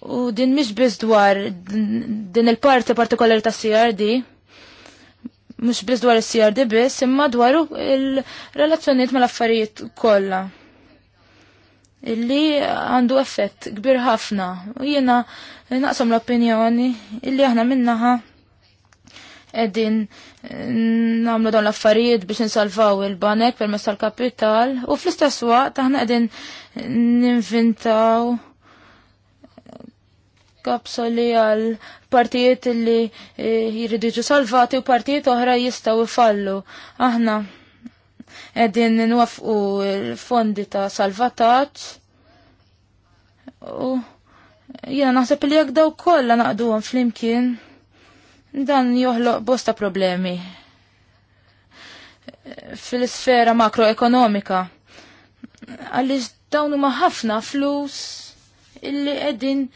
U din mhix biss dwar din il-parti partikolari ta' CRD, mhux biss dwar is-CRD biss, imma dwar il-relazzjonijiet mal-affarijiet kollha. Illi għandu effett kbir ħafna. U jiena naqsam l-opinjoni illi aħna minnaħa qegħdin nagħmlu dawn l-affarijiet biex insalvaw il-banek permezz tal-kapital u fl-istess waqt aħna qegħdin ninvintaw li għal partijiet li eh, jiridu ġu salvati u partijiet oħra jistaw ifallu. Aħna edin nwafqu l-fondi ta' salvataċ u jena naħseb li jek daw kolla naqdu għan flimkien dan joħloq bosta problemi fil-sfera makroekonomika għalix dawnu ma ħafna flus illi edin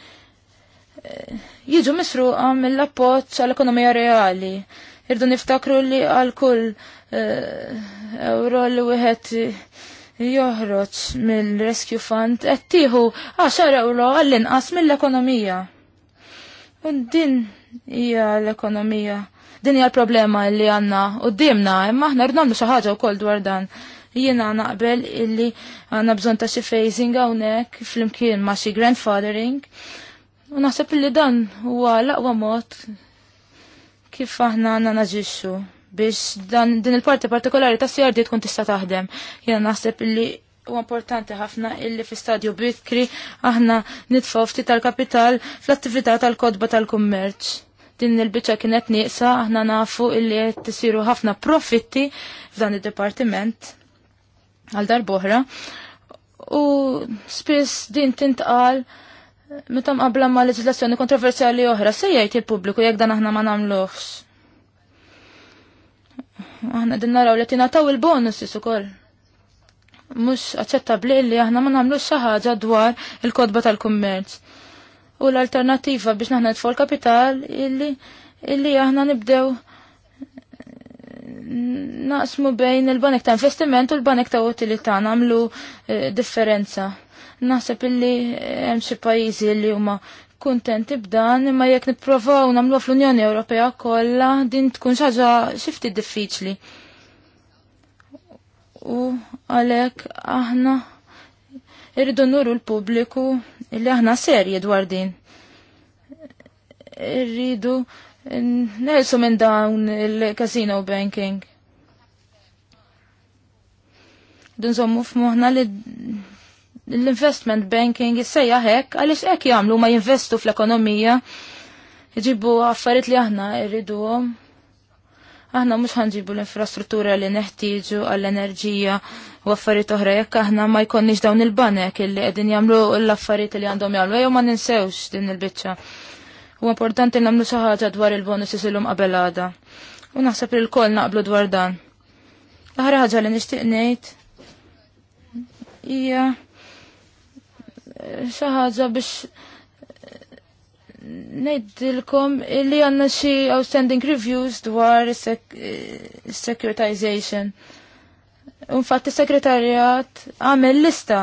jiġu misruqa mill-appoġġ għall-ekonomija reali. Irdu niftakru li għal kull eh, euro li wieħed joħroġ mill-Rescue Fund qed tieħu 10 euro għall-inqas mill-ekonomija. U din hija l-ekonomija. Din hija l-problema li għandna dimna imma aħna rrid nagħmlu xi ħaġa wkoll dwar dan jiena naqbel illi għanna bżon ta' xi phasing hawnhekk flimkien ma' xi grandfathering U naħseb li dan huwa l-aqwa mod kif aħna għanna naġixxu biex dan din il-parti partikolari ta' sjardi tkun tista' taħdem. Jena naħseb li u importanti ħafna illi fi stadju bikri aħna nitfaw ftit tal-kapital fl-attività tal-kodba tal-kummerċ. Din il bicċa kienet nieqsa aħna nafu illi qed tisiru ħafna profitti f'dan id-dipartiment għal darboħra. U spiss din tintqal Meta mqabla ma' leġislazzjoni kontroversjali oħra, se jgħid il-pubbliku jekk dan aħna ma nagħmluhx. Aħna din naraw li tingħataw il-bonuses ukoll. Mhux aċċettabbli li aħna ma nagħmlux xi ħaġa dwar il-kodba tal-kummerċ. U l-alternattiva biex naħna l kapital illi illi aħna nibdew naqsmu bejn il-banek ta' investiment u l-banek ta' utilità nagħmlu eh, differenza Naħseb illi hemm xi pajjiżi li huma kuntenti b'dan, imma jekk nipprovaw nagħmluha fl-Unjoni Ewropea kollha din tkun xi ħaġa xi ftit diffiċli. U għalhekk aħna irridu nuru l-pubbliku illi aħna serji dwar din. Irridu nelsu minn dawn il-casino banking. Dunżommu f'moħna li l-investment banking jissejja hekk għaliex hekk jagħmlu ma jinvestu fl-ekonomija jġibu affarijiet li aħna rriduhom. Aħna mhux ħanġibu l-infrastruttura li neħtieġu għall-enerġija u affarijiet oħra jekk aħna ma jkollniex dawn il-banek illi qegħdin jagħmlu l-affarijiet li għandhom jagħmlu jew ma ninsewx din il-biċċa. U importanti nagħmlu xi ħaġa dwar il bonus illum qabel għada. U naħseb li l-koll naqblu dwar dan. L-ħara ħaġa li nixtieq ngħid hija xaħġa ħaġa biex ngħidilkom li għandna xi outstanding reviews dwar eh, securitization. Unfatti is-sekretarjat għamel lista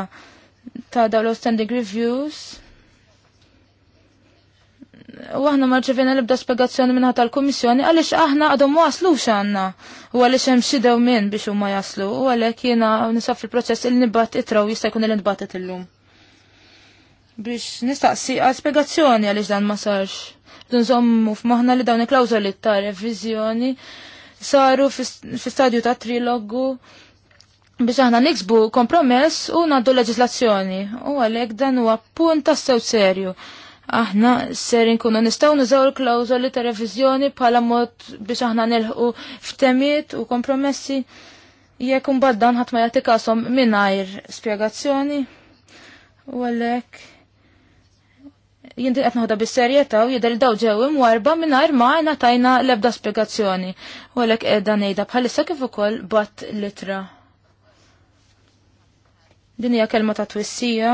ta' dawn l-outstanding reviews. U aħna marġivina l-ibda spiegazzjoni minna tal-Komissjoni għalix aħna għadhom waslux xanna U għalix hemm xi minn biex huma jaslu. U għalhekk jiena nisaf fil-proċess il-nibat itraw jista' jkun il-nbatet illum biex nistaqsi spiegazzjoni għaliex dan ma sarx. Dunżommu f'maħna li dawn il-klawżoli ta' revizjoni saru fi-stadju ta' trilogu biex aħna niksbu kompromess u naddu leġislazzjoni. U għalhekk dan huwa punt sew serju. Aħna ser inkunu nistgħu nużaw il-klawżoli ta' revizjoni bħala mod biex aħna nilħu ftemiet u kompromessi jekk baddan dan ħadd ma jagħti kasom mingħajr spjegazzjoni. U għalhekk jindi qed naħodha bis-serjetà u jidher daw ġew warba mingħajr ma tajna l-ebda spjegazzjoni. U għalhekk qiegħda ngħidha bħalissa kif ukoll batt litra. Din hija kelma ta' twissija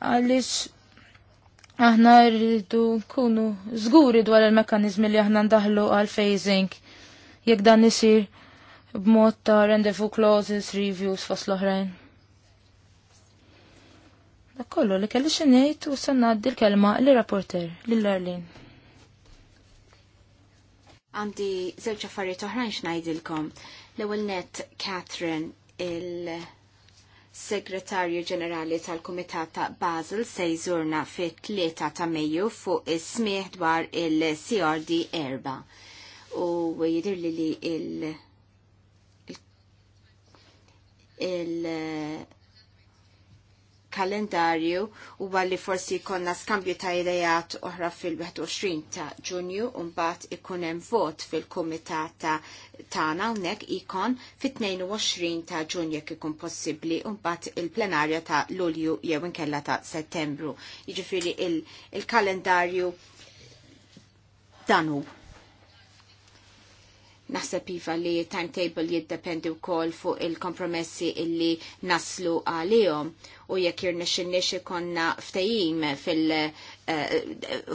għaliex aħna rridu nkunu żguri dwar il-mekkaniżmi li aħna ndaħlu għal phasing jekk dan isir b'mod ta' rendezvous clauses, reviews fos l-oħrajn. Dakollu kollu li kelli xinejt u sannaddi l-kelma li rapporter l-Arlin. Għandi zewċ affarijiet oħrajn xnajdilkom. L-ewwel net Catherine il-Segretarju Ġenerali tal-Kumitat ta' Basel se jżurna fit-3 ta' Mejju fuq is-smieħ dwar il-CRD erba. U jidir li li il- il- kalendarju u għalli forsi konna skambju ta' idejat oħra fil-21 ta' ġunju un bat ikunem vot fil komitata ta' tana unnek ikon fit-22 ta' ġunju ikun possibli un bat il-plenarja ta' lulju jew inkella ta' settembru. Iġifiri il-kalendarju il danu. Naħseb iva li timetable jiddependi wkoll fuq il-kompromessi illi naslu għalihom u jekk jirnexinniex ikonna ftejim fil- eh,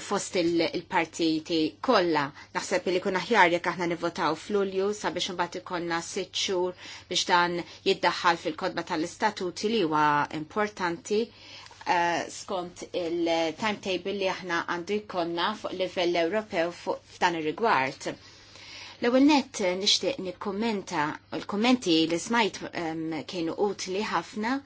fost il-partiti kolla. Naħseb li kuna aħjar jekk aħna nivvotaw f'Lulju sabiex imbagħad ikonna sitt xhur biex dan jiddaħħal fil-kodba tal-istatuti li huwa importanti eh, skont il-timetable li aħna għandu jkollna fuq livell Ewropew f'dan ir-rigward. L-ewwel nett nixtieq nikkummenta l-kummenti li smajt ehm, kienu utli ħafna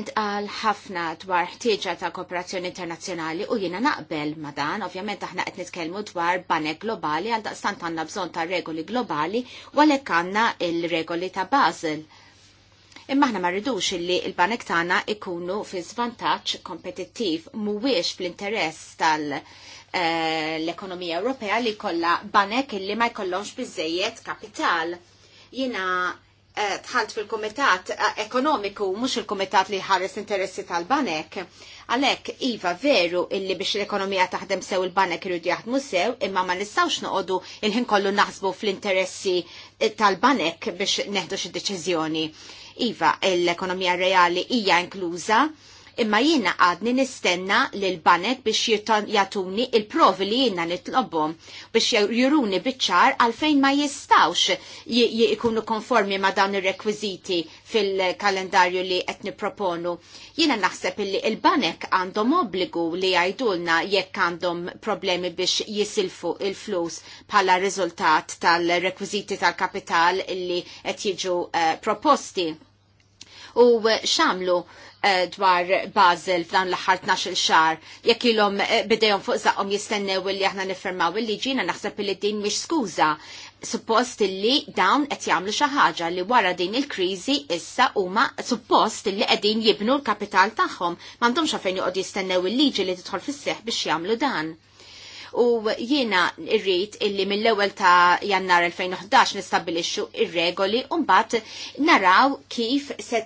intqal ħafna dwar ħtieġa ta' kooperazzjoni internazzjonali u jiena naqbel ma' dan, ovvjament aħna qed nitkellmu dwar banek globali għal daqstant għandna bżonn ta' regoli globali u għalhekk għandna il-regoli ta' Basel. Imma aħna ma rridux illi l banek tagħna ikunu fi żvantaġġ kompetittiv mhuwiex fl-interess tal- eh, l-ekonomija Ewropea li kollha banek illi ma jkollhomx biżejjed kapital. Jiena tħalt fil-komitat ekonomiku, mux il-komitat li ħares interessi tal-banek. Għalek, Iva, veru illi biex l-ekonomija taħdem sew il-banek irridu jaħdmu sew, imma ma nistawx noqodu il-ħin kollu naħsbu fl-interessi eh, tal-banek biex neħdu xid deċiżjoni Iva, l-ekonomija reali hija inkluża imma jiena għadni nistenna l-banek biex jatuni il-provi li jiena nitlobbom biex juruni bitċar għalfejn ma jistawx jikunu konformi ma dawn il-rekwiziti fil-kalendarju li qed proponu. Jiena naħseb li il-banek għandhom obbligu li jgħidulna jekk għandhom problemi biex jisilfu il-flus bħala riżultat tal-rekwiziti tal-kapital li qed jiġu uh, proposti u xamlu eh, dwar Basel f'dan l-ħar 12 xar, jekk ilhom eh, bidejhom fuq żaqhom jistennew li aħna niffermaw il ġina naħseb li din mhix skuża. Suppost li dawn qed jagħmlu xi ħaġa li wara din il-kriżi issa huma suppost li qegħdin jibnu l-kapital tagħhom m'għandhomx għalfejn joqgħod jistennew il-liġi li tidħol fis-seħħ biex jagħmlu dan u jiena irrit illi mill-ewwel ta' jannar 2011 nistabilixxu ir-regoli u mbagħad naraw kif se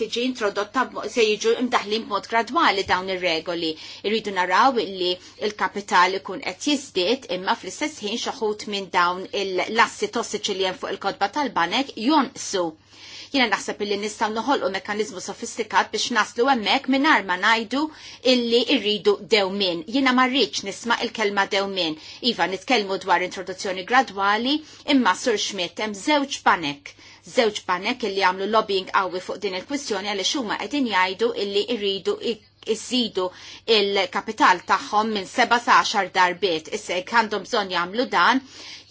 tiġi introdotta se jiġu imdaħlin b'mod gradwali dawn ir-regoli. Irridu naraw illi il-kapital ikun qed jiżdied imma fl-istess ħin xi minn dawn il-lassi tossiċi li hemm fuq il-kodba tal-banek jonqsu Jiena naħseb illi nistgħu noħolqu mekkaniżmu sofistikat biex naslu hemmhekk mingħajr ma ngħidu illi rridu dewmin. Jiena ma rridx nisma' il-kelma dewmin. Iva nitkellmu dwar introduzzjoni gradwali imma sur Schmidt hemm żewġ panek żewġ panek illi għamlu lobbying qawwi fuq din il-kwistjoni għaliex huma qegħdin jgħidu illi rridu iżidu il-kapital tagħhom minn 17 darbiet. Issa jekk għandhom bżonn jagħmlu dan,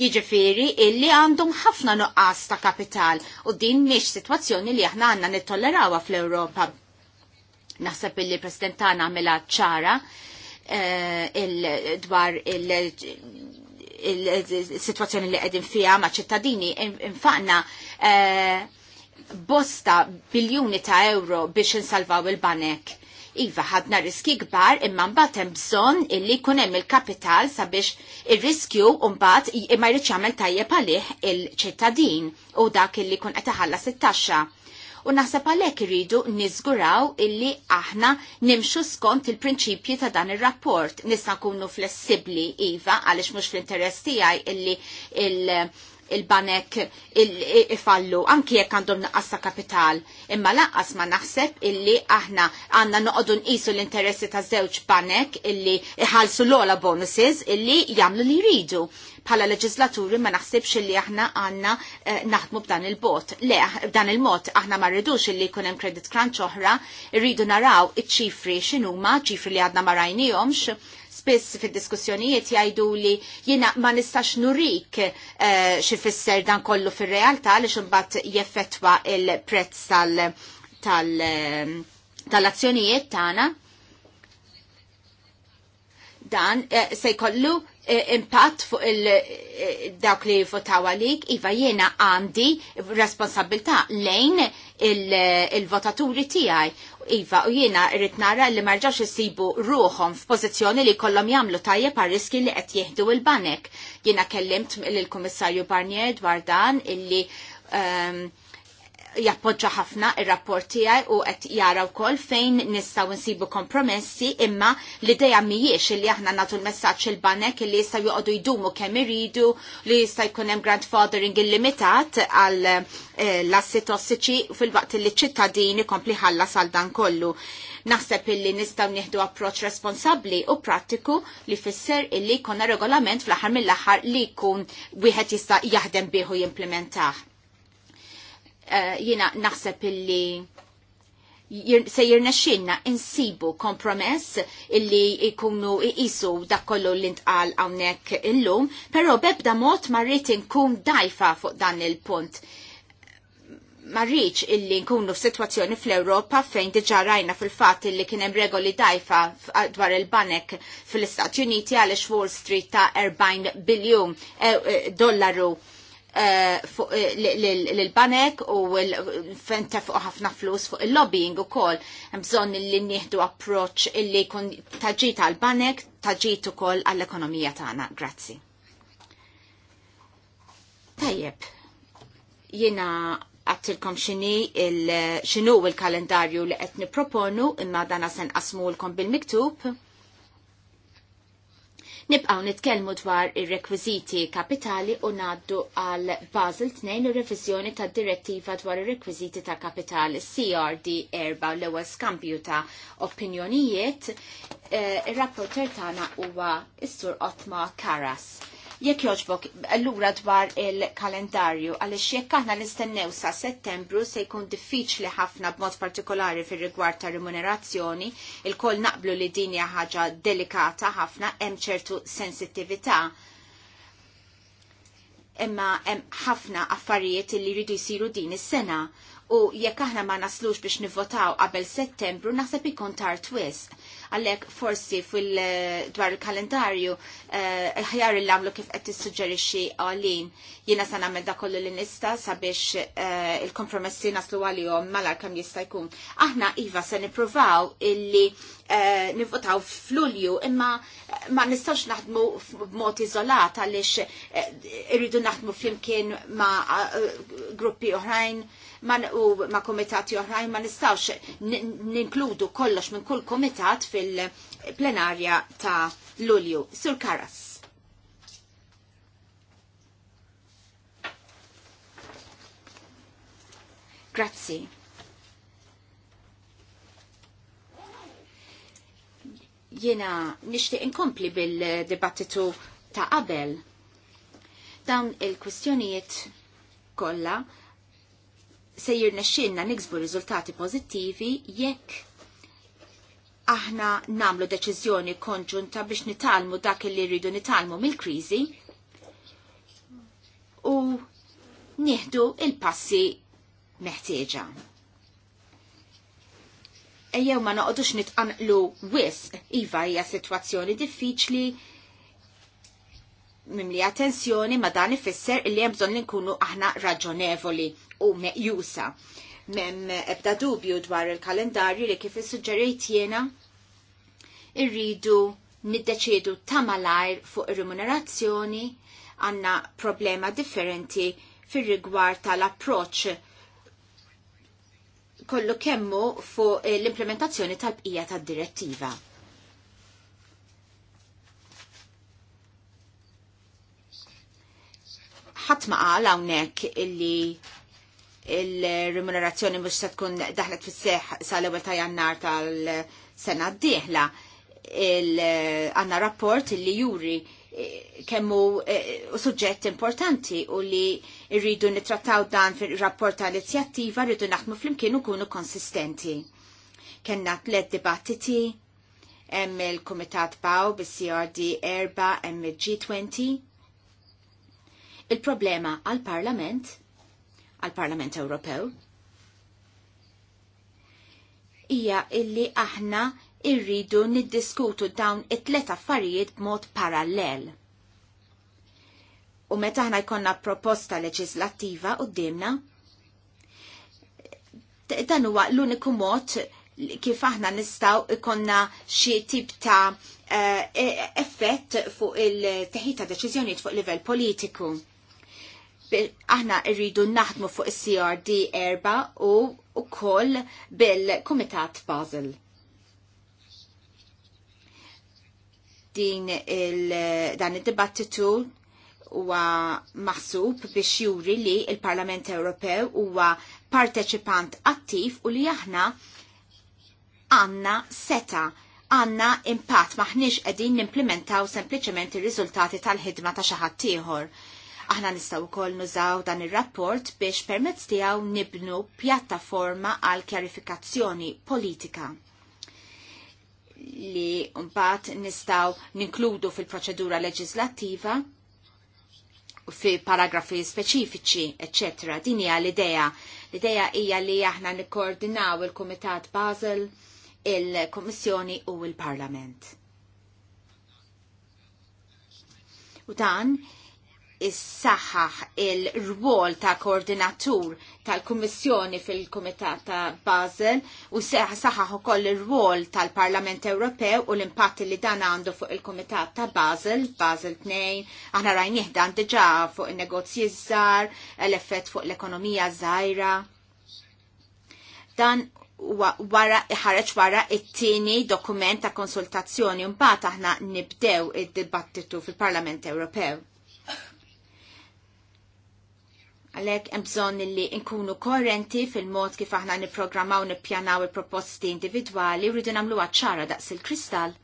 jiġifieri illi għandhom ħafna nuqqas ta' kapital u din mhix sitwazzjoni li aħna għandna nittollerawha fl-Ewropa. Naħseb illi President tagħna għamilha ċara eh, dwar il- il-situazzjoni li qegħdin fiha ma' ċittadini infaqna eh, bosta biljuni ta' euro biex insalvaw il-banek. Iva ħadna riski kbar imma mbagħad hemm bżonn illi jkun hemm il-kapital sabiex ir-riskju mbagħad ma jridx jagħmel tajjeb għalih il-ċittadin u dak illi jkun qed iħallas it-taxxa. U naħseb għalhekk iridu niżguraw illi aħna nimxu skont il-prinċipji ta' dan ir-rapport. Nista' nkunu flessibbli iva għaliex mhux fl-interess tiegħi illi il- il-banek fallu, anki jekk għandhom naqqassa kapital. Imma laqqas ma naħseb illi aħna għanna noqogħdu nqisu l-interessi ta' żewġ banek illi iħalsu l-ola bonuses illi jagħmlu li jridu. Bħala leġislaturi ma naħsibx illi aħna għanna eh, naħdmu b'dan il-bot. Le, b'dan il-mod aħna ma rridux illi jkun hemm credit crunch oħra, rridu naraw iċ-ċifri x'inhuma, ċifri li għadna ma rajnihomx, spiss fid-diskussjonijiet jajdu li jiena ma nistax nurik eh, xifisser dan kollu fil-realtà li xumbat jeffetwa il-prezz eh, tal-azzjonijiet tana. tagħna. Dan eh, se jkollu Eh, impatt fuq il-dawk eh, li votaw għalik, iva jena għandi responsabilta lejn eh, il-votaturi tijaj. Iva, u jena irrit nara li marġax jisibu ruħom f'pożizzjoni li kollom jamlu tajje par riski li qed jihdu il-banek. Jena kellimt l-Komissarju Barnier dwar dan illi um, jappoġġa ħafna ir-rapport tiegħi u qed jara wkoll fejn nistgħu nsibu kompromessi imma l-idea mhijiex li aħna nagħtu l-messaġġ il-banek li jista' joqogħdu jdumu kemm iridu li jista' jkun hemm grandfathering illimitat għal eh, l-assi tossiċi fil-waqt li ċittadini kompli ħallas għal dan kollu. Naħseb illi nistgħu nieħdu approċċ responsabbli u prattiku li fisser illi jkollna regolament fl-aħħar mill-aħħar li jkun wieħed jista' jaħdem bieħu jimplementah Eh, jina naħseb illi se jirnexxinna insibu kompromess illi ikunu iqisu dak kollu li ntqal hawnhekk illum, però bebda mod ma rrid inkun dajfa fuq dan il-punt. Ma rridx illi nkunu f'sitwazzjoni fl-Ewropa fejn diġà rajna fil-fatt illi kien hemm regoli dajfa dwar il-banek fl-Istati Uniti għaliex Wall Street ta' 40 biljun eh, eh, dollaru Eh, eh, l-banek u fenta fuq ħafna flus fuq il-lobbying u kol. Bżon li nieħdu approċ illi kun taġġit għal-banek, taġġit u kol għall-ekonomija tagħna. Grazzi. Tajjeb, jina għattilkom xini il xinu il-kalendarju li qed proponu imma dana sen qasmu l-kom bil-miktub Nibqaw nitkellmu dwar ir-rekwiżiti kapitali u ngħaddu għal Basel 2 ir-reviżjoni tad-direttiva dwar ir-rekwiżiti ta' kapitali CRD 4 l-ewwel skambju ta' opinjonijiet. Eh, ir-rapporter tagħna huwa s-Sur Otma Karas. Jekk joġbok, l-ura dwar il-kalendarju, għalix jekk aħna nistennew sa' settembru se jkun diffiċli ħafna b'mod partikolari fir rigward ta' remunerazzjoni, il-kol naqblu li din hija ħaġa delikata ħafna hemm ċertu sensittività. Imma hemm ħafna affarijiet li jridu jsiru din is-sena u jekk aħna ma naslux biex nivvotaw qabel settembru naħseb ikun tar twist. Għalhekk forsi fil eh, dwar il-kalendarju eh, ħjar il għamlu kif qed tissuġġerixxi għalin. Jiena se nagħmel dak kollu li nista sabiex eh, il-kompromessi naslu għalihom malar kemm jista' jkun. Aħna iva se nippruvaw illi nivvotaw f'Lulju imma ma nistax naħdmu b'mod iżolat għaliex irridu naħdmu flimkien ma' gruppi oħrajn u ma' komitati oħrajn ma' nistawx ninkludu kollox minn kull komitat fil-plenarja ta' Lulju. Sur Karas. Grazzi. Jena nishti inkompli bil-dibattitu ta' qabel. Dawn il-kwistjonijiet kollha se jirnexxinna niksbu riżultati pożittivi jekk aħna namlu deċiżjoni konġunta biex nitalmu dak li rridu nitalmu mill-kriżi u nieħdu il-passi meħtieġa. Ejjew ma noqodux nitqanqlu wisq, iva hija sitwazzjoni diffiċli mimli attenzjoni ma dan ifisser li hemm bżonn li nkunu aħna raġonevoli u meqjusa. Mem ebda dubju dwar il-kalendarju li kif suġġerejt jena irridu niddeċedu ta' malajr fuq ir-remunerazzjoni għanna problema differenti fir-rigward tal-approċ kollu kemmu fuq l-implementazzjoni tal-bqija tad-direttiva. ħatma qal hawnhekk illi il-remunerazzjoni mux se tkun daħlet fis seħ sal-ewel ta' jannar tal-sena d-dieħla għanna rapport li juri eh, kemmu uh, eh, suġġett importanti u li rridu nitrattaw dan fil-rapport tal-inizjattiva rridu naħdmu fl-imkien kunu konsistenti. Kenna tlet dibattiti, hemm il-Kumitat Baw bis-CRD erba' hemm il-G20. Il-problema għal-Parlament għal-Parlament Ewropew hija illi aħna irridu niddiskutu dawn it-tlet affarijiet b'mod parallel. U meta aħna jkollna proposta leġislattiva d-dimna, dan huwa l-uniku mod kif aħna nistaw ikonna xi tip ta' eh, e-, effett fuq il-teħita deċiżjonijiet fuq livell politiku aħna rridu naħdmu fuq CRD erba u ukoll bil-Kumitat Basel. Din il, dan id-dibattitu huwa maħsub biex juri li il-Parlament Ewropew huwa parteċipant attiv u li aħna għanna seta għanna impatt maħniex qegħdin nimplementaw sempliċement ir-riżultati tal-ħidma ta' xi ħadd ieħor Aħna nistaw ukoll nużaw dan ir-rapport biex permezz tiegħu nibnu pjattaforma għal kjarifikazzjoni politika li mbagħad nistaw ninkludu fil-proċedura leġislattiva fi paragrafi speċifiċi, eccetera. Din hija l-idea. L-idea hija li aħna nikkoordinaw il-Kumitat Basel, il kummissjoni u il-Parlament. U dan is is-saħħaħ il-rwol ta' koordinatur tal-Kummissjoni fil-Kumitat ta' Basel u saħħaħ ukoll ir-rwol tal-Parlament Ewropew u l-impatt li dan għandu fuq il-Kumitat ta' Basel, Basel 2, aħna rajnieh dan diġà fuq in-negozji żgħar, l-effett fuq l-ekonomija żgħira. Dan wara ħareġ wara it-tieni dokument ta' konsultazzjoni mbagħad aħna nibdew id-dibattitu fil-Parlament Ewropew. Għalek hemm bżonn li nkunu korrenti fil-mod kif aħna nipprogrammaw nippjanaw il-proposti individwali u rridu nagħmluha ċara daqs il-kristall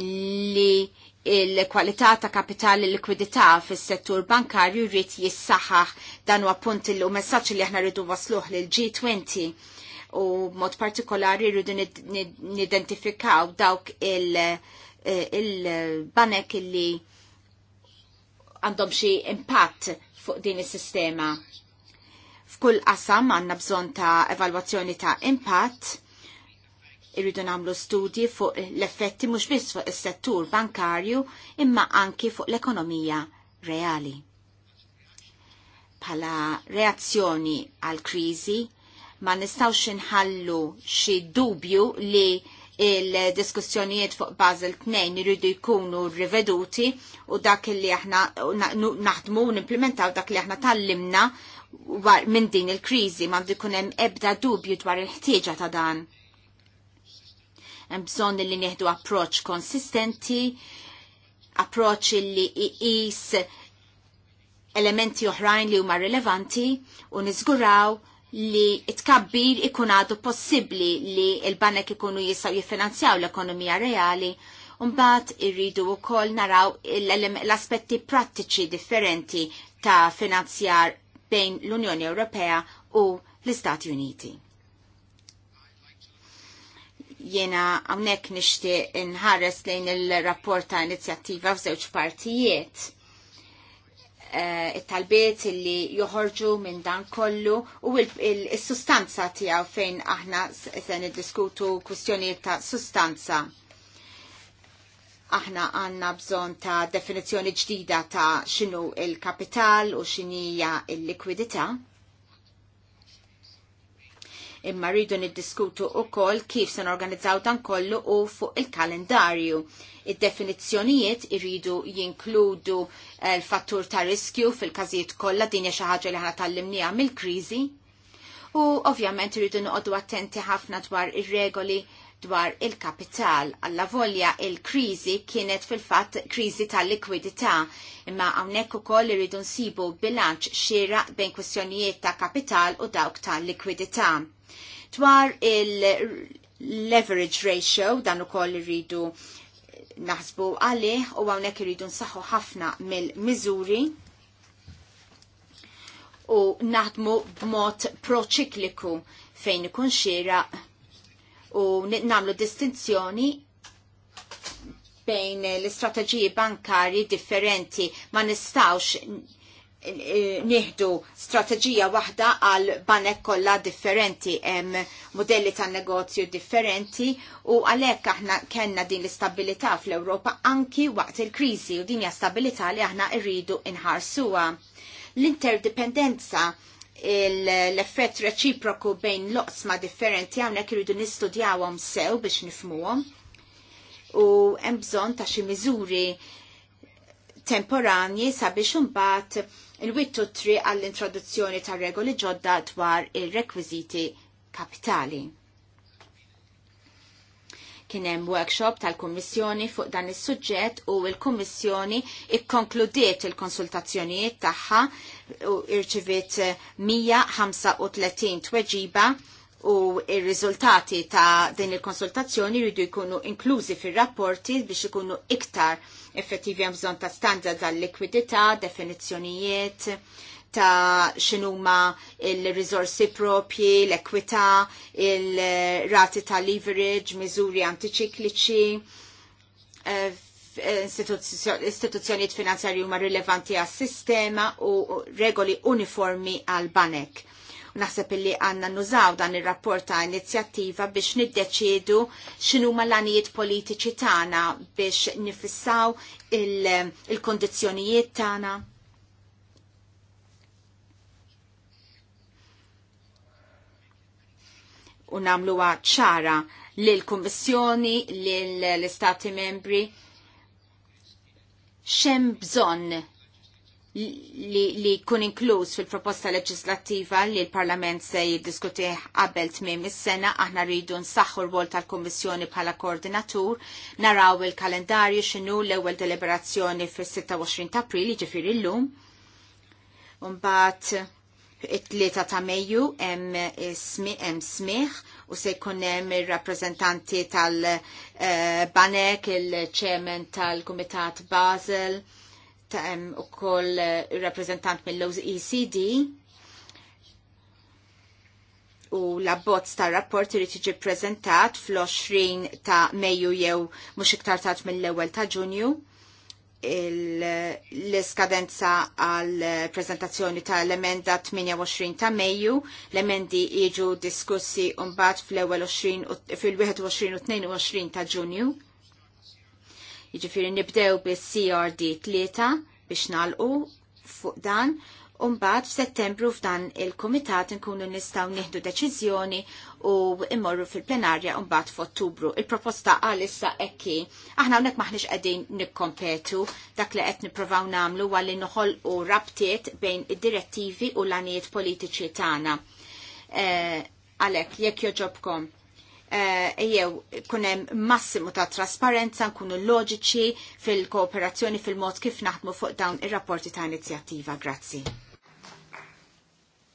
li il-kwalità ta' kapitali likwidità fis-settur bankarju jrid jissaħħaħ dan huwa punt il messaġġ li aħna rridu wasluh lil G20 u mod partikolari rridu nidentifikaw dawk eh, il-banek il li għandhom xi impatt fuq din is-sistema. F'kull qasam għandna bżonn ta' evalwazzjoni ta' impatt, irridu nagħmlu studji fuq l-effetti mhux biss fuq is-settur bankarju imma anki fuq l-ekonomija reali. Bħala reazzjoni għal kriżi ma nistawx inħallu xi dubju li il-diskussjonijiet fuq Basel 2 iridu jkunu riveduti u dak li aħna naħdmu u implementaw dak li aħna tallimna minn din il-krizi m'għandu jkun hemm ebda dubju dwar il-ħtieġa ta' dan. Hemm bżonn li nieħdu approċċ konsistenti, approċ li jis elementi oħrajn li huma rilevanti u niżguraw li tkabbir ikun għadu possibli li il-banek ikunu jistaw jifinanzjaw l-ekonomija reali, Umbat irridu u koll naraw l-aspetti prattiċi differenti ta' finanzjar bejn l-Unjoni Ewropea u l-Istati Uniti. Jena għamnek nishti nħares lejn il-rapport ta' inizjattiva f'żewġ partijiet Eh, it-talbiet illi joħorġu minn dan kollu u il-sustanza tiegħu fejn aħna se niddiskutu kwistjonijiet ta' sustanza. Aħna għanna bżon ta' definizjoni ġdida ta' xinu il-kapital u xinija il-likwidita. il likwidita imma rridu niddiskutu wkoll kif se norganizzaw dan kollu u fuq il-kalendarju. Id-definizzjonijiet irridu jinkludu eh, l-fattur ta' riskju fil-każijiet kollha din hija xi ħaġa li ħana tallimniha mill-kriżi. U ovvjament irridu noqogħdu attenti ħafna dwar ir-regoli dwar il-kapital. Alla volja il-krizi kienet fil-fat krizi tal-likwidità, imma għawnek u koll irridu nsibu bilanċ xira bejn kwistjonijiet ta' kapital u dawk tal-likwidità. Dwar il-leverage ratio, dan ukoll rridu naħsbu għalli, u għawnek rridu nsaħħu ħafna mill-miżuri u naħdmu b'mod proċikliku fejn ikun xira u namlu distinzjoni bejn l-istrateġiji bankari differenti ma nistawx Eh, nieħdu strateġija waħda għal banek kollha differenti hemm modelli ta' negozju differenti u għalhekk aħna kellna din l-istabilità fl-Ewropa anki waqt il-kriżi u din hija stabilità li aħna rridu inħarsuha. L-interdipendenza l-effett reċiproku bejn loqsma differenti hawnhekk irridu nistudjawhom sew biex nifmuhom u hemm bżonn ta' xi miżuri temporanji sabiex imbagħad il-wittu tri għall-introduzzjoni ta' regoli ġodda dwar ir-rekwiżiti kapitali. Kien hemm workshop tal-Kummissjoni fuq dan is-suġġett u l kommissjoni ikkonkludiet il-konsultazzjonijiet tagħha u irċivit 135 tweġiba u ir rizultati ta' din il-konsultazzjoni jridu jkunu inklużi fil-rapporti biex ikunu iktar effettivi hemm bżonn ta' standards għal likwidità, definizzjonijiet ta' xinuma il-rizorsi propji, l ekwita il-rati ta' leverage, miżuri antiċikliċi, eh, eh, istituzzjonijiet finanzjarji huma rilevanti għas sistema u regoli uniformi għal banek. Naħseb illi għanna nużaw dan il-rapport ta' inizjattiva biex niddeċidu xinu l għanijiet politiċi tagħna biex nifissaw il-kondizjonijiet il tagħna. u namlu ċara l-Kommissjoni, l-Istati membri, xem bżonn li li jkun inkluż fil-proposta leġislattiva li l-Parlament se jiddiskutih qabel tmiem is-sena aħna rridu nsaħħu r-wol tal-Kummissjoni bħala koordinatur, naraw il-kalendarju x'inhu l-ewwel deliberazzjoni fis-26 ta' April, jiġifieri llum. Mbagħad it-tlieta ta' Mejju hemm smih u se jkun hemm ir-rappreżentanti tal-Banek, eh, il-Chairman tal-Kumitat Basel ta' hemm ukoll eh, rappreżentant mill-OECD u l-abbozz ta' rapport irid jiġi ppreżentat fl-20 ta' Mejju jew mhux iktar tard mill-ewwel ta' Ġunju l-iskadenza għal prezentazzjoni ta' l-emenda 28 ta' Mejju, l-emendi jiġu diskussi mbagħad fl-ewwel fil-21 u 22 ta' Ġunju Jiġifieri nibdew bis-CRD tlieta biex nalqu fuq dan u mbagħad f'Settembru f'dan il-Kumitat nkunu nistgħu nieħdu deċiżjoni u immorru fil-plenarja u mbagħad f'Ottubru. Il-proposta għalissa ekki. Aħna hawnhekk maħniex qegħdin nikkompetu dak li qed nippruvaw nagħmlu għalli noħolqu rabtiet bejn id-direttivi u l-għanijiet politiċi tagħna. Eh, għalhekk, jekk joġobkom Eh, jew kunem massimu ta' trasparenza, nkunu loġiċi fil-kooperazzjoni fil-mod kif naħdmu fuq dawn ir-rapporti ta' inizjattiva. Grazzi.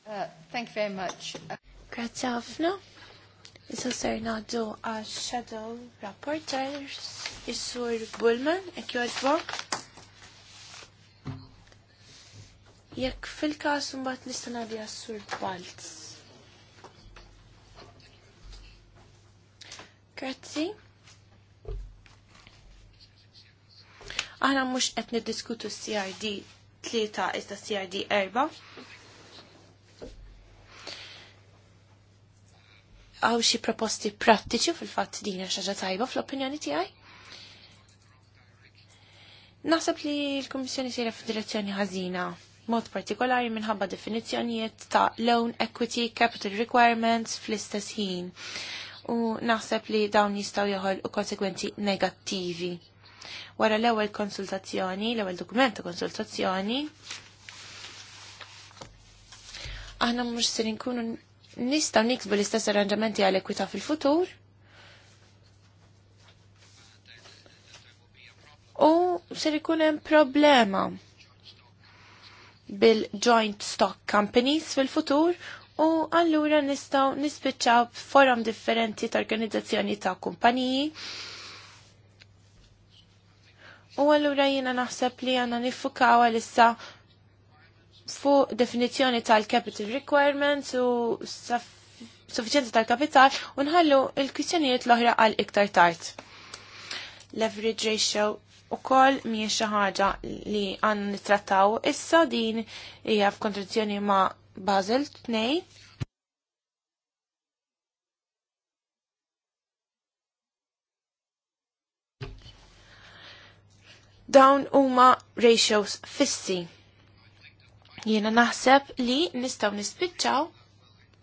Uh, thank you very much. Grazzi ħafna. Issa ser naħdu għax Shadow Rapporters, Is-Sur Bullman, ek joġbok. Jekk fil-kas mbagħad nista' ngħaddi għas-Sur Balz. Grazzi. Aħna mhux qed niddiskutu CRD 3 iżda CRD 4. Għaw xi proposti prattiċi fil-fatt din xaġa tajba fl-opinjoni tiegħi. Naħseb li l-Kummissjoni sejra f'direzzjoni ħażina mod partikolari minħabba definizzjonijiet ta' loan equity capital requirements fl-istess ħin u naħseb li dawn jistaw joħol u konsekwenzi negattivi. Wara l-ewwel konsultazzjoni, l-ewwel dokument ta' konsultazzjoni, aħna mhux se nkunu nistgħu niksbu l-istess arranġamenti għal ekwita fil-futur. U ser ikun hemm problema bil-joint stock companies fil-futur u allura nistaw nispiċċaw forum differenti ta' organizzazzjoni ta' kumpaniji. U allura jiena naħseb li għanna nifukaw għalissa fuq definizjoni tal-capital requirements u suffiċenza tal-kapital u nħallu il-kwistjonijiet l-oħra għal iktar tard. Leverage ratio u kol miex ħaġa li għan nitrattaw issa din hija f'kontrazzjoni ma' Basel 2. Dawn huma ratios fissi. Jiena naħseb li nistgħu nispiċċaw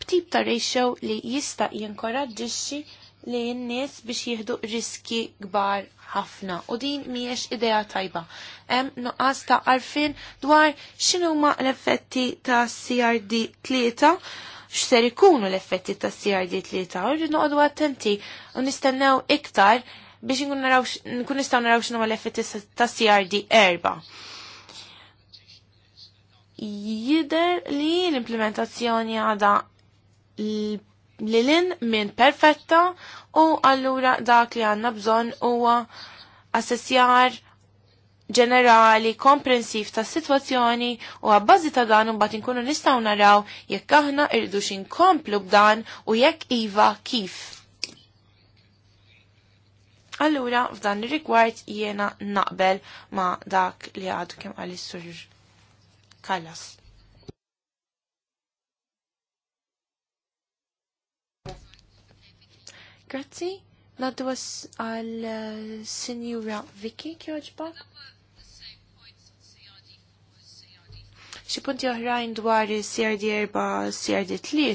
b'tip ta' ratio li jista' jinkoraġġixxi li n-nies biex jieħdu riski kbar ħafna u din miex idea tajba. Hemm nuqqas ta' arfin dwar x'inhuma l-effetti ta' CRD 3 x'ser ikunu l-effetti ta' CRD 3 u rridu noqogħdu attenti u nistennew iktar biex nkun nistgħu naraw ma l-effetti ta' CRD 4 jider li l-implementazzjoni għada li lin minn perfetta u allura dak li għanna bżon huwa assessjar ġenerali komprensiv ta' situazzjoni u għabbażi ta' dan un inkunu nistaw naraw jekk aħna irridu komplu b'dan u jekk iva kif. Allura, f'dan ir-rigward jiena naqbel ma' dak li għadu kemm għalissur Kallas. Grazzi, naddu għal eh, Signora Vicky kjoġbak. Xi punti oħrajn dwar CRD 4, CRD 3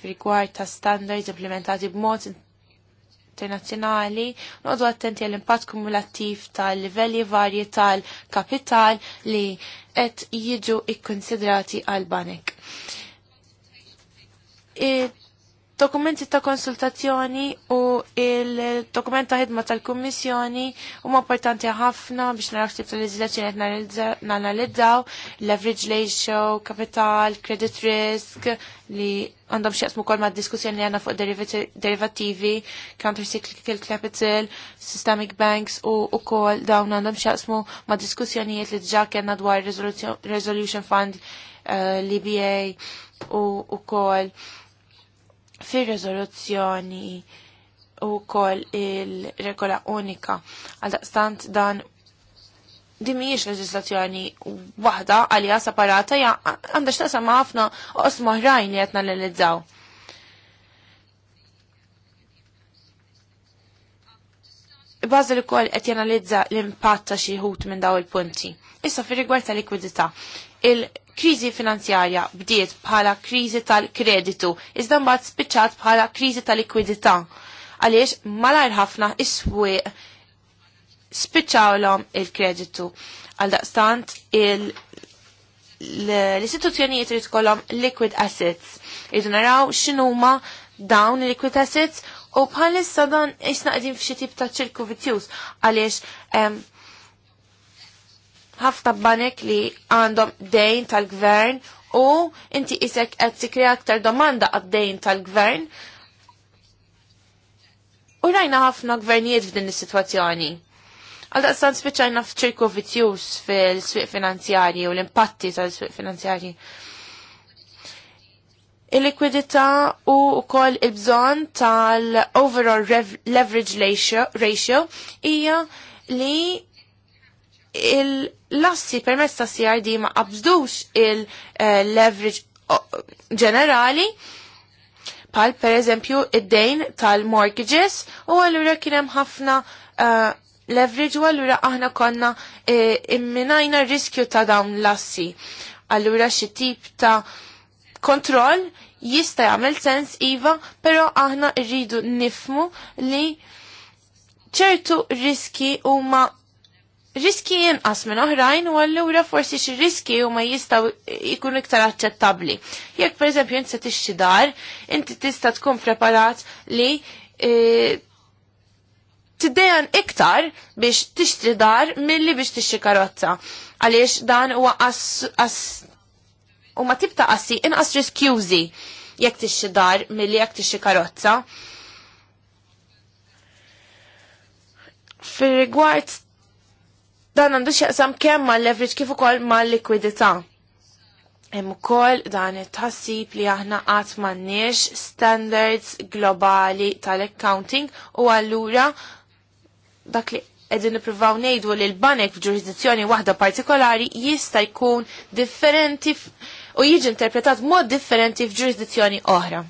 f'rigward ta' standards implementati b'mod internazzjonali, noqdu attenti għall-impatt kumulattiv tal-livelli varji tal-kapital li qed jiġu ikkonsidrati għal banek dokumenti ta' konsultazzjoni u il-dokument ta' ħidma tal-Kummissjoni huma importanti ħafna biex naraw xtib tal-leġiżlazzjoni qed nanalizzaw leverage ratio, kapital, credit risk li għandhom xi jaqsmu wkoll mad-diskussjoni li għandna fuq derivativi, counter cyclical capital, systemic banks u wkoll dawn għandhom xi jaqsmu mad-diskussjonijiet li diġà kellna dwar resolution fund, eh, l-EBA u wkoll fir-riżoluzzjoni u kol il-regola unika. Għaldaqstant dan dimiex leġislazzjoni wahda għalija separata ja għandax taqsam ħafna oqs moħrajn li għetna l-lizzaw. Baza li kol għet jenalizza l impatta xieħut minn daw il-punti. Issa fi rigward tal likwidità, kriżi finanzjarja bdiet bħala kriżi tal-kreditu, iżda mbagħad spiċċat bħala kriżi tal-likwidità. Għaliex malajr ħafna iswieq spiċċawlhom il-kreditu. Għal daqstant il l-istituzzjonijiet irid kollhom liquid assets. Irridu naraw x'inhuma dawn il-liquid assets u bħalissa dan isnaqdin qegħdin f'xi tip ta' ċirku vizzjuż għaliex ħafna banek li għandhom dejn tal-gvern u inti isek qed tikri aktar domanda għad-dejn tal-gvern. U rajna ħafna gvernijiet f'din is-sitwazzjoni. Għaldaqstant spiċajna f'ċirku vizjus fil-swiq finanzjari u l-impatti tal-swiq finanzjari il-likwidità u kol il-bżon tal-overall leverage ratio hija li il-lassi permess ta' CRD ma qabżdux il-leverage eh, eh, ġenerali pal per eżempju id-dejn tal-mortgages u għallura kienem ħafna eh, leverage u għallura aħna konna uh, imminajna riskju ta' dawn lassi. Allura xi tip ta' kontroll jista' jagħmel sens iva, però aħna rridu nifmu li ċertu riski huma riski jinqas minn oħrajn u allura forsi xi riski ma jistgħu jkunu iktar aċċettabbli. Jekk pereżempju inti se tixxi dar, inti tista' tkun preparat li e, tiddejan iktar biex tixtri dar milli biex tixtri karozza. Għaliex dan huwa as u ma tibta qassi inqas riskjużi jekk tixxi dar milli jekk tixxi karozza. Fir-rigward Dan għandu xieqsam kemm mal-leverage kif ukoll mal-likwidità. Hemm ukoll dan it-tħassib li aħna qatt m'għandniex standards globali tal-accounting u allura dak li edin nippruvaw nejdu li l-banek f'ġurisdizzjoni waħda partikolari jista' jkun differenti u jiġi interpretat mod differenti f'ġurisdizzjoni oħra.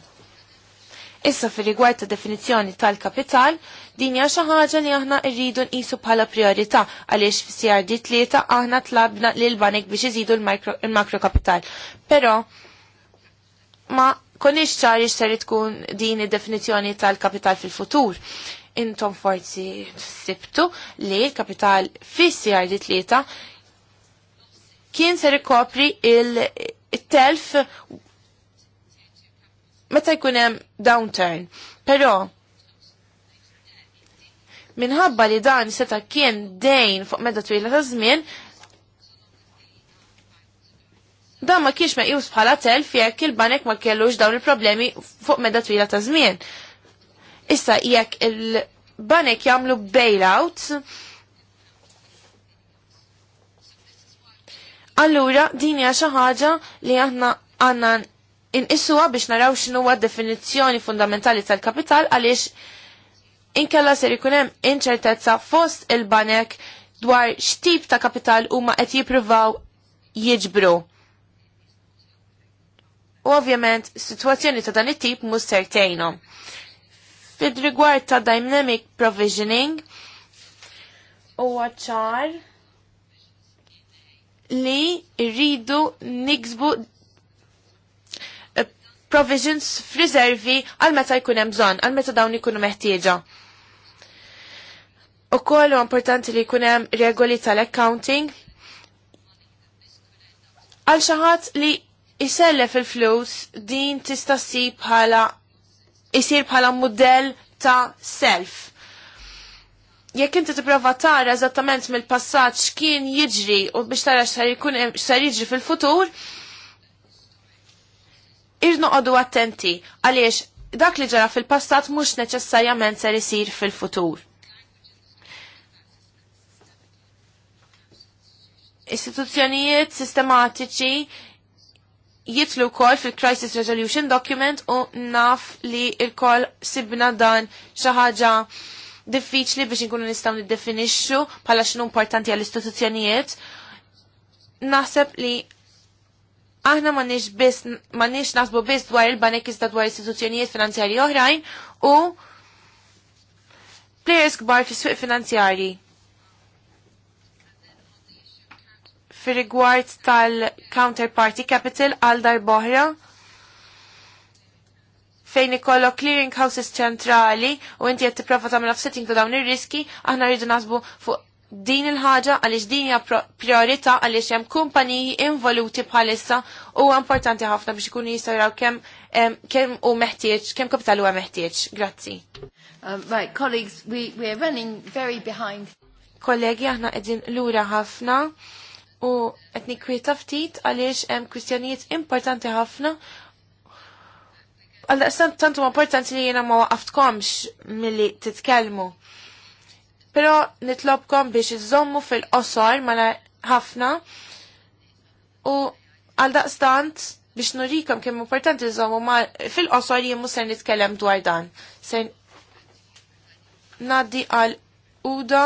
Issa fir rigward ta' definizzjoni tal-kapital, din hija xi ħaġa li aħna rridu nqisu bħala priorità għaliex fi CRD tlieta aħna tlabna lil banek biex iżidu l-makro kapital. Però ma konniex ċari x'ser tkun din id-definizzjoni tal-kapital fil-futur. Intom forzi sibtu li l-kapital fi CRD tlieta kien ser ikopri il-telf meta jkun hemm downturn. Però minħabba li dan seta kien dejn fuq medda twila ta' żmien, dan ma kienx meqjus bħala telf fjek il-banek ma kellux dawn il-problemi fuq medda twila ta' żmien. Issa jekk il-banek jagħmlu bailout, allura din hija xi ħaġa li aħna għandna inqissuha biex naraw x'inhuwa definizzjoni fundamentali tal-kapital għaliex inkella ser ikun hemm inċertezza fost il-banek dwar x'tip ta' kapital huma qed jippruvaw jiġbru. U ovvjament, situazzjoni ta' dan it-tip mhux sertejnhom. Fid-rigward ta' dynamic provisioning huwa ċar li rridu niksbu provisions f'riservi għal meta jkun hemm bżonn, għal meta dawn ikunu meħtieġa. Ukoll importanti li jkun hemm regoli tal-accounting għal xi ħadd li isellef il-flus din tista' ssib bħala isir bħala mudell ta' self. Jekk inti tipprova tara eżattament mill-passaġġ kien jiġri u biex tara x'sar jkun x'sar jiġri fil-futur, irnoqodu attenti għaliex dak li ġara fil-passat mhux neċessarjament ser isir fil-futur. Istituzzjonijiet sistematiċi jitlu kol fil-Crisis Resolution Document u naf li il-kol sibna dan xaħġa diffiċli biex nkunu nistaw niddefinixxu bħala x'nu importanti għall-istituzzjonijiet. Naħseb li aħna ma nix nasbu biss dwar il-banek iżda dwar istituzzjonijiet finanzjarji oħrajn u plejers kbar fis suq finanzjari. Fi rigward tal-counterparty capital għal darboħra fejn ikollok clearing houses ċentrali u inti qed tipprova tagħmel setting ta' dawn ir-riski, aħna rridu nasbu fuq din il-ħaġa għaliex din hija priorità għaliex hemm kumpaniji involuti bħalissa u importanti ħafna biex ikunu jistgħu jaraw kemm kemm u meħtieġ, kemm kapital huwa meħtieġ. Grazzi. Um, right, colleagues, we, we're running very behind. Kollegi, aħna qegħdin lura ħafna u qed nikwieta ftit għaliex hemm kwistjonijiet importanti ħafna Għalla, tantum importanti li jena ma waqaftkomx milli titkellmu. Pero nitlobkom biex iżommu fil-qosor mala ħafna u għal daqstant biex nurikom kemm importanti iżommu ma fil-qosor jemmu ser nitkellem dwar dan. Ser naddi għal Uda.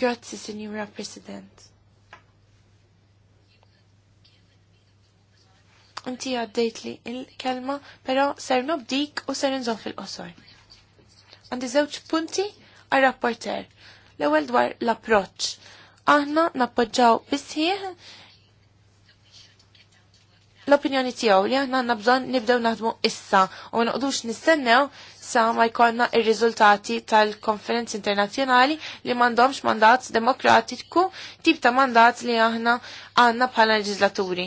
Grazzi, Signora President. Inti għaddejt li il-kelma, pero ser nobdik u ser nżom fil-qosor għandi żewġ punti għal rapporter. L-ewwel dwar l-approċċ. Aħna nappoġġaw bisħieħ l-opinjoni tiegħu li aħna għandna bżonn nibdew naħdmu issa u ma noqdux nistennew sa ma jkollna ir-riżultati tal-konferenzi internazzjonali li m'għandhomx mandat demokratiku tip ta' mandat li aħna għandna bħala leġislaturi.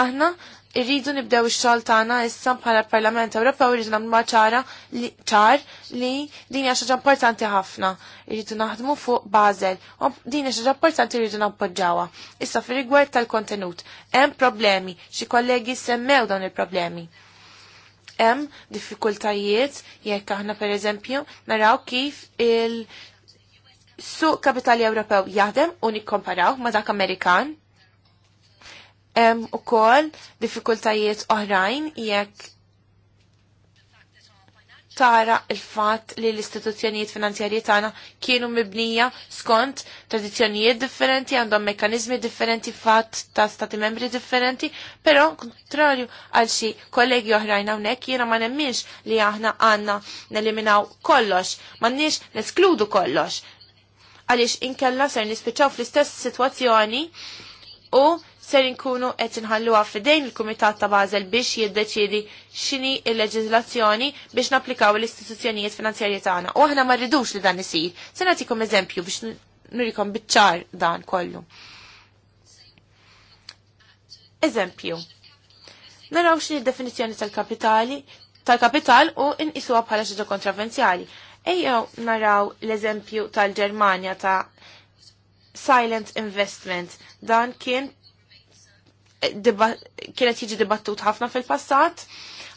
Aħna irridu nibdew ix-xogħol tagħna issa bħala parlament Ewropew irridu nagħmlu ċara li ċar li din hija xi ħaġa importanti ħafna. Irridu naħdmu fuq Basel. U din hija xi ħaġa importanti rridu nappoġġawha. Issa fir-rigward tal-kontenut, hemm problemi, xi kollegi semmew dawn il-problemi. Hemm diffikultajiet jekk aħna pereżempju naraw kif il suq kapitali Ewropew jaħdem u nikkomparaw ma dak Amerikan Hemm ukoll diffikultajiet oħrajn jekk tara il-fatt li l-istituzzjonijiet finanzjarji tagħna kienu mibnija skont tradizzjonijiet differenti, għandhom mekkaniżmi differenti fatt ta' stati membri differenti, però kontrarju għal xi kollegi oħrajn hawnhekk jiena ma nemminx li aħna għandna neliminaw kollox, m'għandniex neskludu kollox. Għaliex inkella ser nispiċċaw fl-istess sitwazzjoni u ser inkunu qed inħallu għafidejn il-Kumitat ta' Bażel biex jiddeċiedi x'inhi l-leġiżlazzjoni biex napplikaw l-istituzzjonijiet finanzjarji tagħna. U aħna ma rridux li dan isir. Se nagħtikom eżempju biex nurikom biċċar dan kollu. Eżempju. Naraw x'inhi d-definizzjoni tal-kapitali tal-kapital u inqisuha bħala xi kontravenzjali. Ejjew naraw l-eżempju tal-Ġermanja ta' silent investment. Dan kien kienet jiġi dibattut ħafna fil-passat,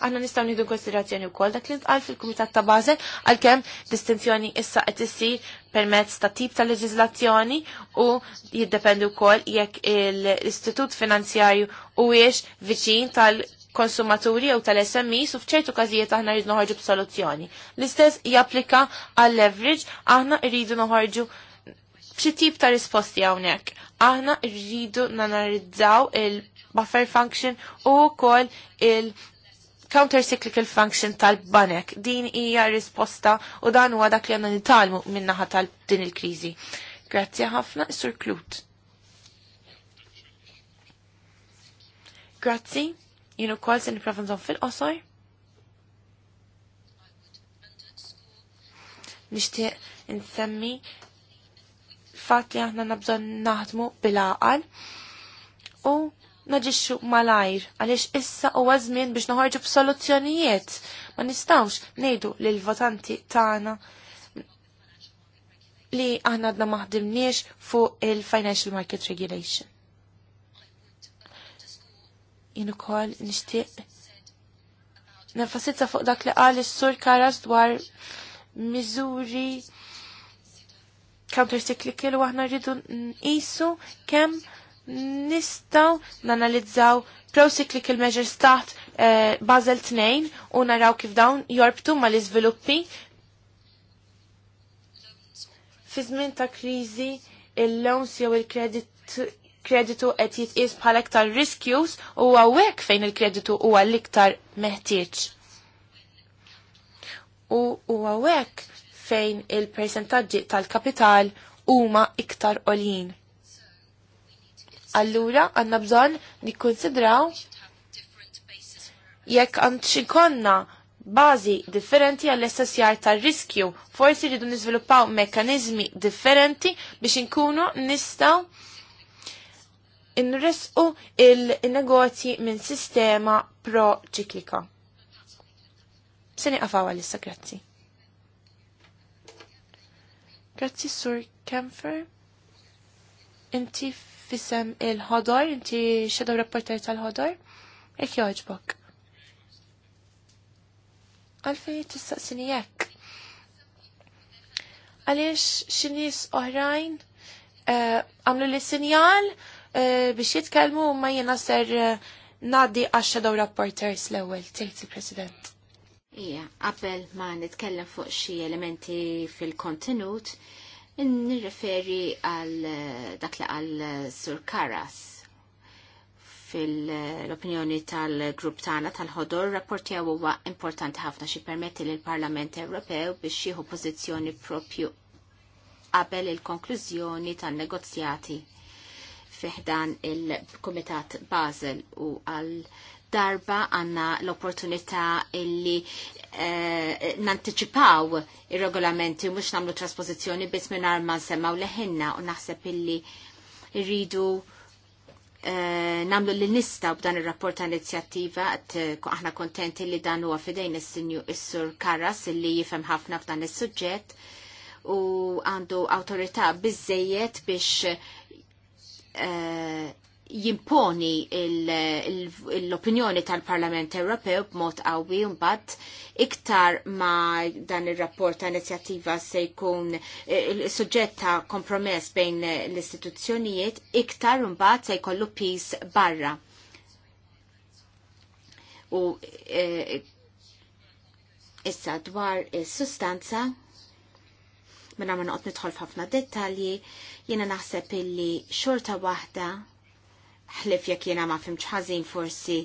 għanna nistaw nidu konsiderazzjoni u kol dak li tqal fil-Kumitat ta' Bazel għal-kem distinzjoni issa qed issir permezz ta' tip ta' leġizlazzjoni u jiddependu kol jekk l-Istitut Finanzjarju u viċin tal konsumaturi jew tal-SMI su fċertu każijiet aħna rridu noħorġu b'soluzzjoni. L-istess japplika għal leverage aħna rridu noħorġu b'xi tip ta' risposti hawnhekk. Aħna rridu nanalizzaw il- buffer function u kol il counter-cyclical function tal-banek. Din hija risposta u dan huwa dak li għandna nitalmu minnaħa tal-din il-kriżi. Grazzi ħafna, Sur Klut. Grazzi, jien ukoll se nipprova nżomm fil-qosor. Nixtieq nsemmi fatt li aħna nabżon naħdmu bil-aqal u naġixxu malajr għaliex issa u żmien biex b b'soluzzjonijiet. Ma nistgħux ngħidu l votanti tagħna li aħna għadna maħdimniex fuq il-Financial Market Regulation. Jien ukoll nixtieq nefasitza fuq dak li qal s sur Karas dwar miżuri counter cyclical u aħna rridu nqisu kemm nistaw nanalizzaw pro-cyclical measures taħt eh, Basel 2 u naraw kif dawn jorbtu ma l-izviluppi fi żmien ta' kriżi il-loans jew il-kreditu qed jitqies bħala iktar riskjus u hawnhekk fejn il-kreditu huwa l-iktar meħtieġ. U huwa hekk fejn il-persentaġġi tal-kapital huma iktar għoljin. Allura għanna bżon nikkonsidraw jekk għand xikonna bazi differenti għall jar ta' riskju forsi rridu niżviluppaw mekkanizmi differenti biex inkunu nistaw inresqu il-negozji minn sistema pro-ċiklika. Seni għafaw għalissa, grazzi. Grazzi, Sur Kemfer. Inti fissem il-ħodor, inti xedaw rapporter tal-ħodor, ek joġbok. t tistaqsini jekk. Għalix xinis oħrajn eh, għamlu li sinjal eh, biex jitkelmu ma jena ser eh, naddi għax daw rapporters l-ewel, tejti president. Ija, qabel ma nitkellem fuq xi elementi fil-kontenut, nirreferi għal dak li għal Sur Karas fil-opinjoni tal-grupp tagħna tal-ħodur rapporti huwa importanti ħafna xi permetti lill parlament Ewropew biex jieħu pożizzjoni propju qabel il-konklużjoni tan-negozjati fiħdan il-Kumitat Basel u għal darba għanna l-opportunità illi eh, nanticipaw il-regolamenti mux namlu trasposizjoni bis minn arma semmaw leħinna u naħseb illi rridu eh, namlu li nista b'dan il-rapport ta' inizjattiva eh, aħna kontenti li dan huwa fidejn is-sur Karas illi jifhem ħafna f'dan is-suġġett u għandu autorità biżejjed biex eh, jimponi l-opinjoni tal-Parlament Ewropew b'mod qawwi mbagħad iktar ma dan ir-rapport ta' inizjattiva se jkun eh, suġġetta kompromess bejn l-istituzzjonijiet iktar mbagħad se jkollu pis barra. U eh, issa dwar is-sustanza minna ma noqgħod nidħol f'ħafna dettalji, jiena naħseb illi xorta waħda ħlif jek jiena ma fimx ħażin forsi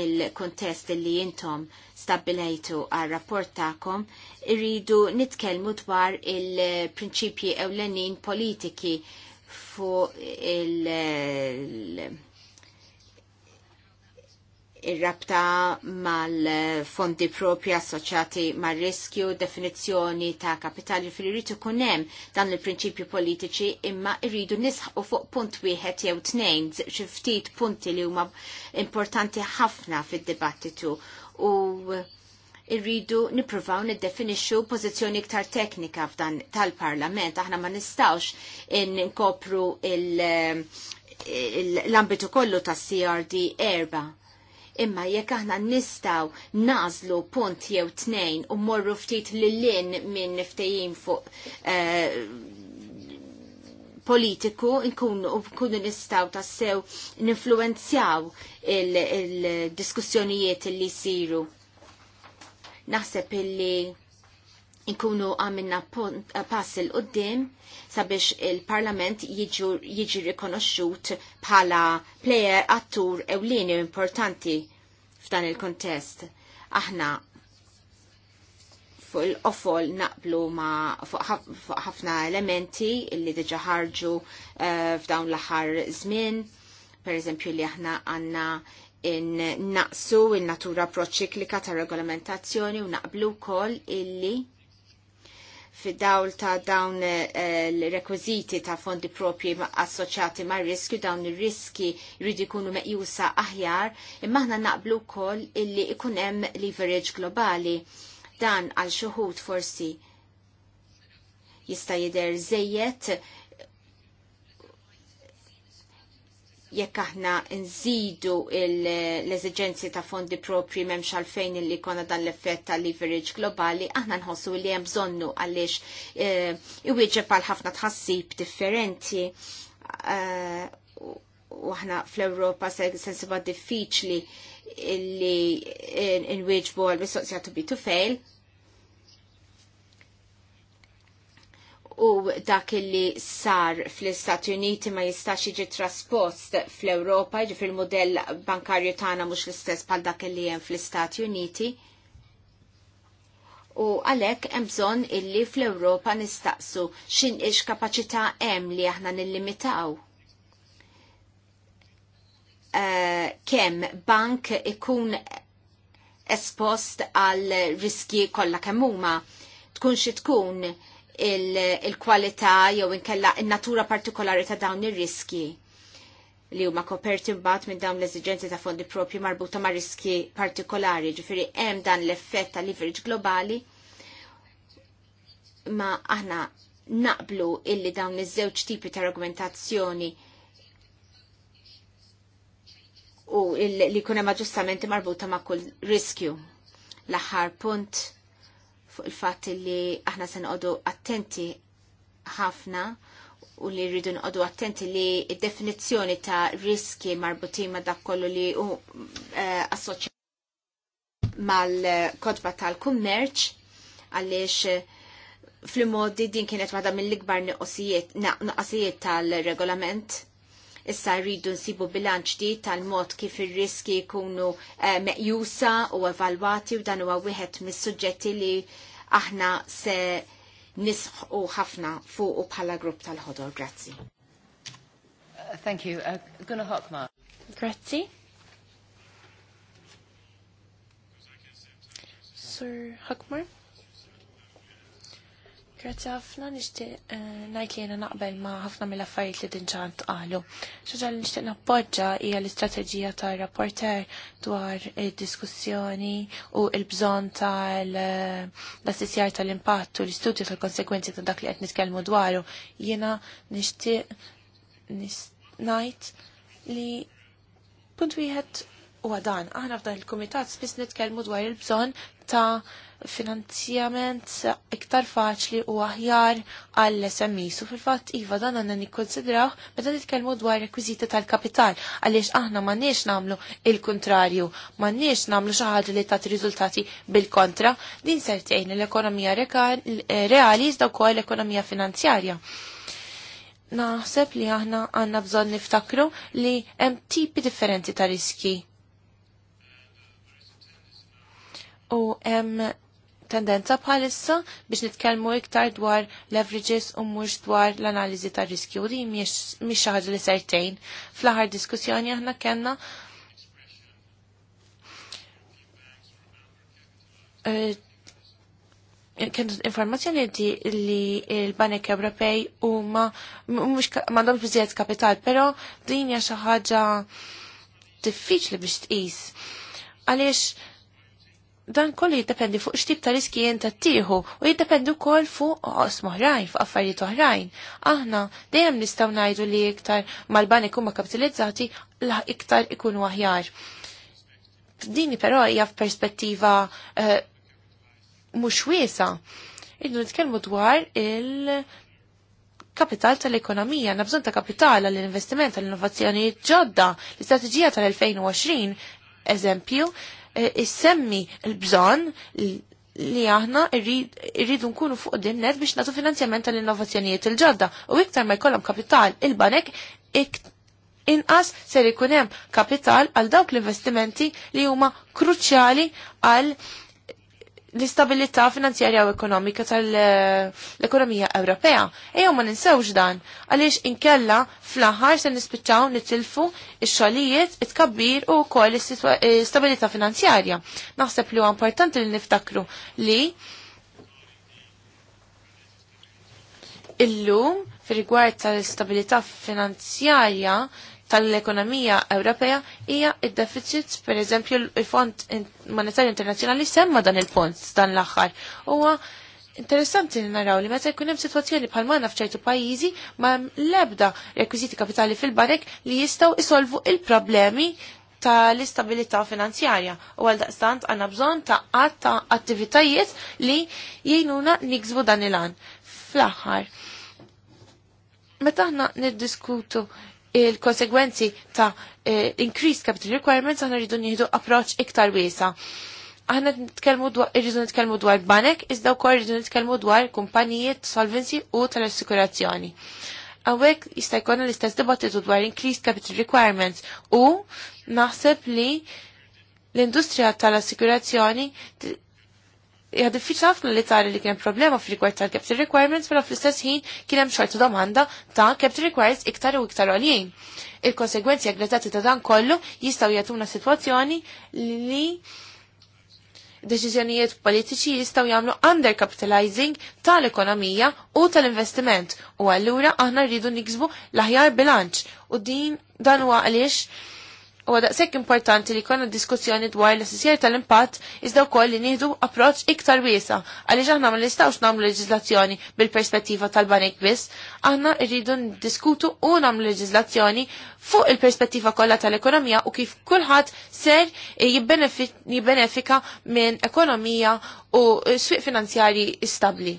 il-kontest li jintom stabilejtu għal rapport ta'kom, irridu nitkelmu dwar il-prinċipji ewlenin politiki fu il- ir-rabta mal-fondi propri assoċjati mar-riskju, definizzjoni ta' kapitali fil irrid ikun hemm dan il-prinċipju politiċi imma irridu nisħu fuq punt wieħed jew tnejn xi ftit punti li huma importanti ħafna fid-dibattitu u irridu nippruvaw niddefinixxu pożizzjoni iktar teknika f'dan tal-Parlament. Aħna ma nistgħux nkopru l-ambitu kollu tas CRD erba' Imma jekk aħna nistgħu nażlu punt jew tnejn u morru ftit lil-lin minn niftejin fuq eh, politiku nkunu nistaw tassew ninfluenzjaw il-diskussjonijiet il li jisiru. Naħseb illi Inkunu għamilna eh, pass il qoddim sabiex il-Parlament jiġi rikonoxxut bħala plejer attur ewlieni importanti f'dan il-kontest. Aħna fuq il-qofol naqblu ma fuq ħafna elementi illi diġa ħarġu eh, f'dawn l-aħħar żmien, per eżempju li aħna għandna in naqsu il natura proċiklika ta' regolamentazzjoni u naqblu kol illi fid-dawl ta' dawn eh, l-rekwiziti ta' fondi propri assoċjati ma' riskju dawn ir-riski jridu jkunu meqjusa aħjar imma aħna naqblu wkoll illi ikun hemm leverage globali dan għal xuħut forsi jista' jidher żejjed jekk aħna nżidu l-eżigenzi ta' fondi propri memx għalfejn li kona dan l-effett ta' leverage globali, aħna nħossu li hemm bżonnu għaliex eh, iwieġeb għal ħafna tħassib differenti eh, u aħna fl-Ewropa sensiba diffiċli li eh, nwieġbu għal mistoqsija to be to fail, u dak li sar fl-Istati Uniti ma jistax jiġi traspost fl-Europa, ġifir il-modell bankarju tagħna mhux l-istess pal dak li hemm fl-Istati Uniti. U għalhekk hemm bżonn illi fl-Ewropa nistaqsu x'in ix kapaċità hemm li aħna nillimitaw. Uh, kemm bank ikun espost għal riski kollha kemm huma tkun xi tkun il-kwalità il jew inkella in-natura partikolari ta' dawn ir-riski li huma koperti mbagħad minn dawn l-eżiġenzi ta' fondi propri marbuta ma' riski partikolari, ġifieri hemm dan l-effett ta' leverage globali. Ma aħna naqblu illi dawn iż-żewġ tipi ta' argumentazzjoni u li jkun hemm aġġustamenti marbuta ma' kull riskju. L-aħħar punt fuq il fat li aħna se noqogħdu attenti ħafna u li rridu nqodu attenti li id-definizzjoni ta' riski marbutin ma' dak kollu li u eh, assoċja mal-kodba tal-kummerċ għaliex eh, fl-modi din kienet waħda mill-ikbar noqosijiet tal-regolament Issa rridu nsibu bilanċ di tal-mod kif ir-riski jkunu eh, meqjusa u evalwati u dan huwa wieħed mis-suġġetti li aħna se u ħafna fuq u bħala grupp tal-ħodor. Grazzi. Uh, thank you. Uh, Gunnar Hockmar. Grazzi. Sir Hockmar. Grazzi ħafna nixtieq eh, najt li jena naqbel ma' ħafna mill-affarijiet li dinġant qalu. Xaġa li nixtieq nappoġġa hija l-istrateġija tar-rapporter dwar id-diskussjoni u l-bżonn tal-assessjar eh, tal-impatt u l-istudju tal-konsekwenzi ta' dak li qed nitkellmu dwaru. Jiena nixtieq ngħid li punt wieħed u għadan. Aħna f'dan il-komitat spiss nitkellmu dwar il-bżon ta' finanzjament iktar faċli u aħjar għall smi u fil-fatt iva dan għanna nikkonsidraw meta nitkellmu dwar rekwiziti tal-kapital għaliex aħna ma nix namlu il-kontrarju, ma nix namlu xaħġa li tat riżultati bil-kontra, din sertejn l-ekonomija reali iżda wkoll l-ekonomija finanzjarja. Naħseb li aħna għanna bżon niftakru li hemm tipi differenti ta' riski u hemm tendenza bħalissa biex nitkellmu iktar dwar leverages u mhux dwar l-analiżi ta' riskju li mhix xi ħaġa li sertejn. Fl-aħħar diskussjoni aħna kellna eh, kien informazzjoni di li l banek Ewropej u ma mux mandom kapital, però din hija xi ħaġa diffiċli biex tqis. Għaliex dan kollu jiddependi fuq x'tip ta' riski jenta t-tiħu u jiddependi wkoll fuq oqos oħrajn, fuq affarijiet oħrajn. Aħna dejjem nistgħu ngħidu li iktar mal bani kumma kapitalizzati la iktar ikunu aħjar. Dini però hija f'perspettiva uh, eh, mhux wiesa. Iddu nitkelmu dwar il- kapital tal-ekonomija, nabżon ta' kapital għall-investiment, għall-innovazzjoni ġodda, l-istrateġija tal-2020, eżempju, Eh, issemmi l-bżon li aħna irridu nkunu fuq dinnet net biex natu finanzjament tal-innovazzjonijiet il-ġodda u iktar ma jkollhom kapital il-banek inqas ser ikun hemm kapital għal dawk l-investimenti li huma kruċjali għal l-istabilità finanzjarja u ekonomika tal-ekonomija Ewropea. Ejjew ma ninsewx dan, għaliex inkella fl-aħħar se nispiċċaw nitilfu x-xogħlijiet, it-kabbir u wkoll l-istabilità eh, finanzjarja. Naħseb li huwa importanti li niftakru li illum fir rigward tal-istabilità finanzjarja tal-ekonomija Ewropea hija id-deficit, per eżempju, il-Fond Monetarju Internazzjonali semma dan il-punt dan l-aħħar. Huwa interessanti li naraw li meta jkun hemm sitwazzjoni bħal manna f'ċertu pajjiżi ma l-ebda rekwiżiti kapitali fil-barek li jistgħu isolvu il-problemi tal-istabilità finanzjarja u għal daqstant għanna bżon ta' għatta attivitajiet li jgħinuna niksbu dan il-għan. Fl-aħħar, meta ħna niddiskutu il-konsegwenzi ta' eh, increased capital requirements aħna rridu njihdu approċ iktar wiesa. Aħna nitkellmu dwar irridu nitkellmu dwar banek, iżda wkoll irridu nitkellmu dwar kumpanijiet, solvency u tal-assikurazzjoni. Għawek jista' jkun l-istess dibattitu dwar increased capital requirements u naħseb li l-industrija tal-assikurazzjoni hija diffiċli ħafna li tari li kien problema fil-rigward tal captive requirements, pero fl-istess ħin kien hemm xorta domanda ta' captive requirements iktar u iktar għaljien. Il-konsegwenzi aggregati ta' dan kollu jistgħu jagħtuna sitwazzjoni li deċiżjonijiet politiċi jistgħu jagħmlu undercapitalizing tal-ekonomija u tal-investiment u allura aħna rridu niksbu l-aħjar bilanċ u din dan huwa għaliex U għadaqsek importanti li konna diskussjoni dwar l-assisjer tal-impatt iżda wkoll li nieħdu approċ iktar wiesa għaliex aħna ma nistgħux nagħmlu leġizlazzjoni bil-perspettiva tal-banik biss, aħna rridu diskutu u nagħmlu leġizlazzjoni fuq il-perspettiva kollha tal-ekonomija u kif kulħadd ser jibbenefika minn ekonomija u swieq finanzjari stabbli.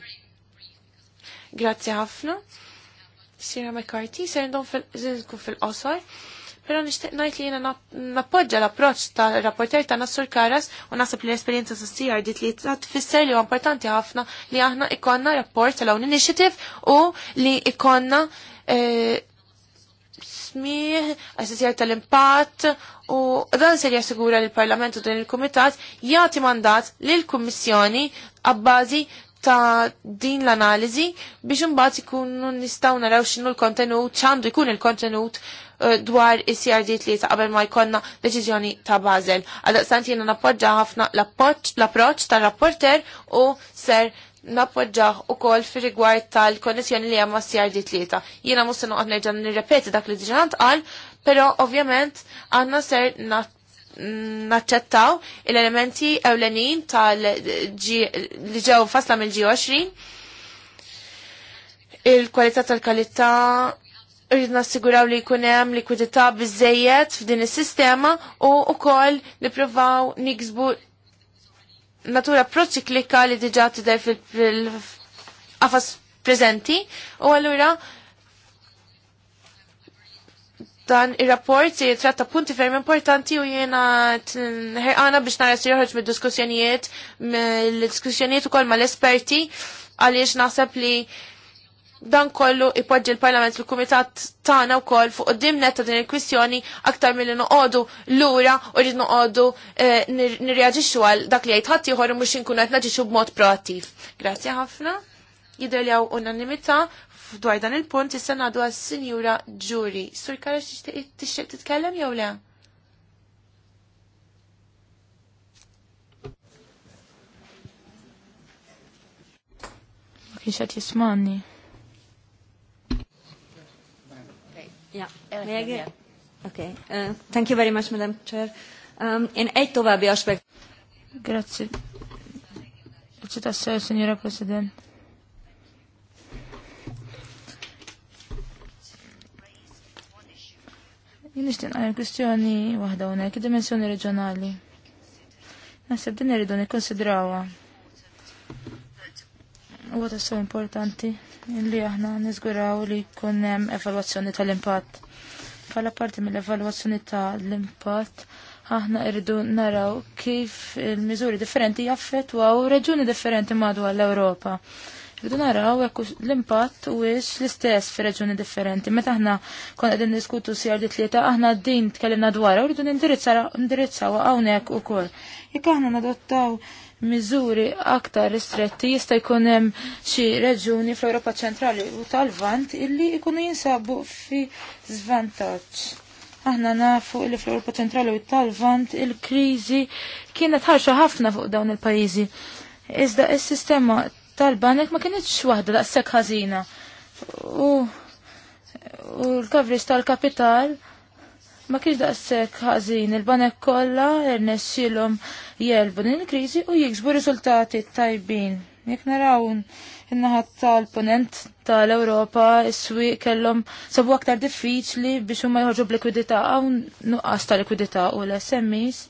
Grazzi ħafna. Sira McCarthy, ser fil-qosor. Fil pero nishtiq najt li jena nappoġġa l-approċ ta' rapporter ta' Nassur Karas u nasab li l-esperienza ta' dit li tfisser li u importanti ħafna li aħna ikonna rapport tal own initiative u li ikonna e, smih, assessjar tal-impatt u dan ser jassigura li l-Parlament u din il-Kumitat jagħti mandat lil kummissjoni ab'bażi ta' din l-analiżi biex imbagħad ikunu nistgħu naraw x'inhu l-kontenut, x'għandu jkun il-kontenut Eh, dwar is-CRD tlieta qabel ma jkollna deċiżjoni ta' Basel. Għaldaqstant jiena nappoġġa ħafna l-approċċ tar-rapporter u ser nappoġġaħ u kol fi rigward tal-konnessjoni li għamma CRD tlieta. Jiena musta noqgħod nerġa' nirrepeti dak li diġà għal, però ovvjament għandna ser naċċettaw l-elementi ewlenin tal li ġew fasla mill-G20 il-kwalità tal-kalità rrid nassiguraw li jkun hemm likwidità biżejjed f'din is-sistema u wkoll nippruvaw niksbu natura proċiklika li diġà tidher fil-qafas preżenti u allura dan ir-rapport se jitratta punti ferm importanti u jiena ħerqana biex nara se joħroġ mid-diskussjonijiet, mill-diskussjonijiet ukoll mal-esperti għaliex naħseb li dan kollu ipoġġi l-Parlament l-Kumitat tagħna wkoll fuq dimna ta' din il-kwistjoni aktar milli noqogħdu lura u rrid noqogħdu eh, nirreaġixxu għal dak li jgħid ħadd ieħor mhux inkun qed naġixxu b'mod proattiv. Grazzi ħafna. Jidher li hawn unanimità f'dwar dan il-punt issa ngħadu għas-Sinjura Ġuri. Sur Karax tixtieq titkellem jew le? Kiex qed jismanni. Yeah. Yeah. Okay. Uh, thank you very much, Madam Chair. Um, in eight to the aspect. Grazie. Grazie tassew, signora President. Jinnishtin għal kustjoni wahda unek, dimensjoni reġjonali. Nasib din irridu nikkonsidrawa. Huwa oh. so importanti illi aħna niżguraw li jkun hemm evalwazzjoni tal-impatt. Fala parti mill-evalwazzjoni tal-impatt, aħna irridu naraw kif il-miżuri differenti jaffettwaw reġuni differenti madwar l-Ewropa. Irridu naraw jekk l-impatt wiex l-istess fi reġuni differenti. Meta aħna kon qegħdin niskutu sjar di tlieta aħna din tkellimna dwarha u rridu nindirizzaw hawnhekk ukoll. Jek aħna nadottaw miżuri aktar ristretti jista' jkun hemm xi reġuni fl-Ewropa ċentrali u tal-Vant illi jkunu jinsabu fi żvantaġġ. Aħna nafu li fl-Ewropa ċentrali u tal-Vant il-kriżi kienet ħarxa ħafna fuq dawn il-pajjiżi. Iżda is-sistema tal-banek ma kienitx waħda daqshekk ħażina. U, u l-coverage tal-kapital ma kienx daqshekk ħażin il-banek kollha irnexxielhom jelbu din il-kriżi u jiksbu riżultati tajbin. Jekk naraw in-naħat tal-ponent tal-Ewropa is-swieq kellhom sabu aktar diffiċli biex huma jħorġu b'likwidità hawn nuqqas ta' likwidità u l-SMEs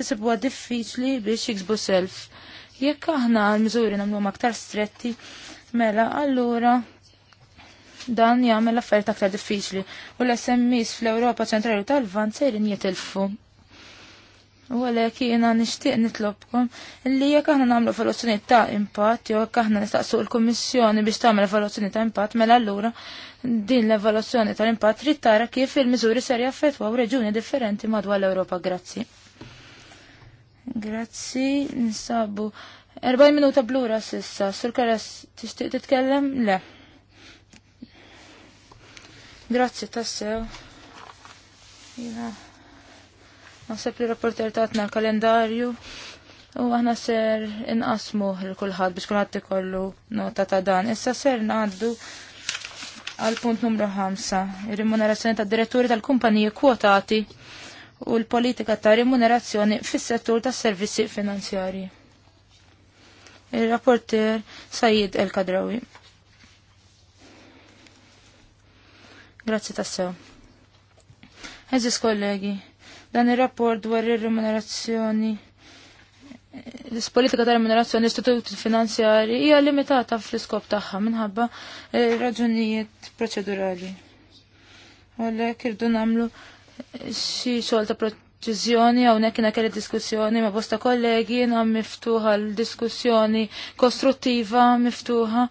tisibuha diffiċli biex jiksbu self. Jekk aħna l-miżuri nagħmluhom aktar stretti, mela allura dan jagħmel l-affarijiet aktar diffiċli u l-SMEs fl-Ewropa ċentrali tal-Vant sejrin jitilfu. U għalhekk jiena nixtieq nitlobkom li jekk aħna nagħmlu evoluzzjoni ta' impatt jew jekk aħna nistaqsu l-Kummissjoni biex tagħmel evoluzzjoni ta' impatt mela allura din l-evaluazzjoni tal-impatt trid tara kif il-miżuri ser jaffettwaw reġuni differenti madwar l-Ewropa. Grazzi. Grazzi, nisabu. 40 minuta blura sissa, sur karas tixtieq titkellem? Le. Grazzi tassew. Jina. Nasib li rapporter tatna l-kalendarju. U għana ser inqasmu l-kulħad biex kulħad tikollu nota ta' dan. Issa ser naddu għal punt numru 5. Remunerazzjoni ta' direttori tal-kumpaniji kwotati u l-politika ta' remunerazzjoni fis settur ta' servizzi finanzjari. Il-rapporter Sajid El-Kadrawi. Grazzi tassew. Eżis kollegi, dan il-rapport dwar il-remunerazzjoni l-politika ta' remunerazzjoni istituti finanzjari hija limitata fl-iskop tagħha minħabba eh, raġunijiet proċedurali. Għalhekk irdu nagħmlu eh, xi xolta proċizjoni għaw hawnhekk kelli diskussjoni ma' bosta kollegi jiena miftuħa l-diskussjoni kostruttiva miftuħa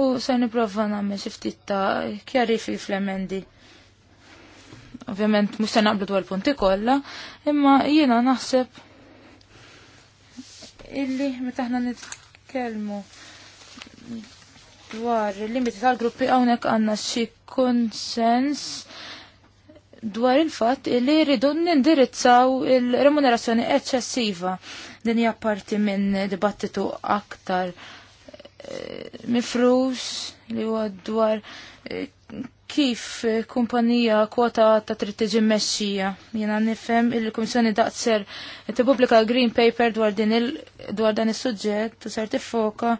u se niprofa nagħmel xi ftit ta' kjarifi fl-emendi. Ovvjament mhux se naqblu dwar punti kollha, imma jiena naħseb illi meta aħna nitkellmu dwar il-limiti tal-gruppi hawnhekk għandna xi konsens dwar il-fatt illi rridu nindirizzaw il-remunerazzjoni eċċessiva din hija parti minn dibattitu aktar Eh, mifrus li huwa dwar eh, kif kumpanija kwota ta' trid tiġi mmexxija. Jiena nifhem il-Kummissjoni daqser tippubblika green paper dwar din il dwar dan is-suġġett u ser tiffoka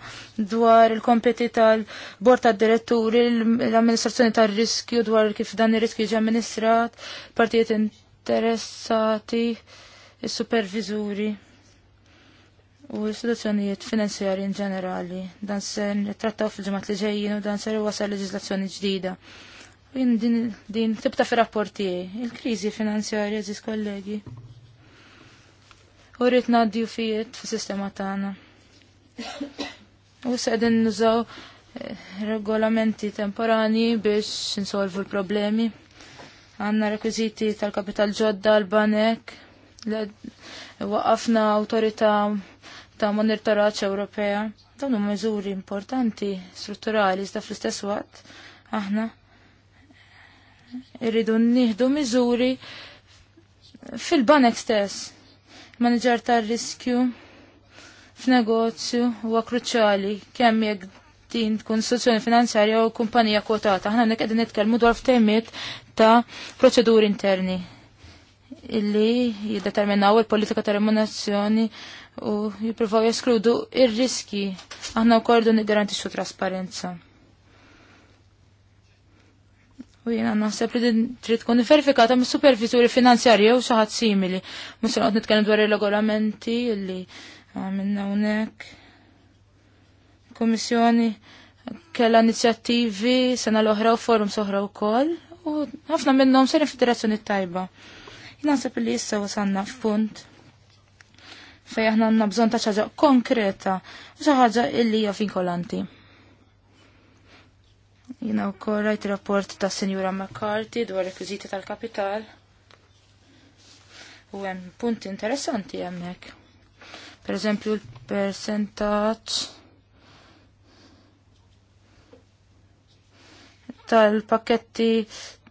dwar il-kompeti tal-bord tad-diretturi, l-amministrazzjoni tar-riskju dwar kif dan ir-riskju ġie amministrat, partijiet interessati, is-superviżuri u istituzzjonijiet finanzjarji in ġenerali. Dan se trattaw fil-ġemat li ġejjin u dan se wasal leġislazzjoni ġdida. U jien din, din tibta fi rapporti il-kriżi finanzjarja għaziz kollegi. U rrit naddi fijiet fi sistema tagħna. U se għedin nużaw eh, regolamenti temporani biex insolvu l-problemi. Għanna rekwiziti tal-kapital ġodda l-banek, waqafna autorita' ta' monitoraġġ Ewropea. Dawn huma miżuri importanti strutturali iżda fl-istess waqt aħna irridu nieħdu miżuri fil-banek stess. Manager tar riskju f'negozju huwa kruċjali kemm jekk din tkun istituzzjoni finanzjarja u kumpanija kwotata. Aħna nek qegħdin nitkellmu dwar ftehmiet ta' proċeduri interni illi jiddeterminaw il-politika ta' remunazzjoni u jippruvaw jeskludu il riski aħna wkoll su trasparenza. U jena naħseb li trid tkun verifikata mis supervisuri finanzjarji u xi ħadd simili. Mhux se nitkellem dwar ir-regolamenti illi għamilna hawnhekk. Kummissjoni kellha inizjattivi sena l-oħra u forum soħra wkoll u ħafna minnhom se fid-direzzjoni tajba Naħseb li issa wasanna f'punt fej aħna għanna bżonn ta' ċaġa konkreta u xi ħaġa illi hija vinkolanti. Jiena wkoll rajt rapport ta' senjura McCarthy dwar rekwiżiti tal-kapital. U hemm punti interessanti hemmhekk. Per eżempju l-percentaġġ tal-pakketti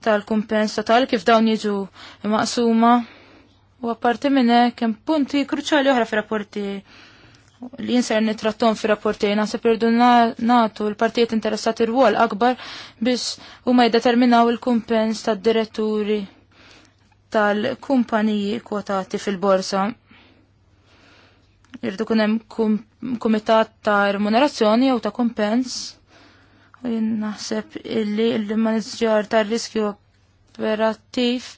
tal-kumpens tal kif dawn jiġu maqsuma. U apparti minn hekk hemm punti kruċjali oħra fi rapporti li jinser nitrattom fi rapporti se irdu natu l-partijiet interessati rwol akbar biex huma jiddeterminaw il-kumpens tad-diretturi tal-kumpaniji kwotati fil-borsa. Irdu kunem kumitat ta' remunerazzjoni jew ta' kumpens naħseb illi l-manager tar-riskju operattiv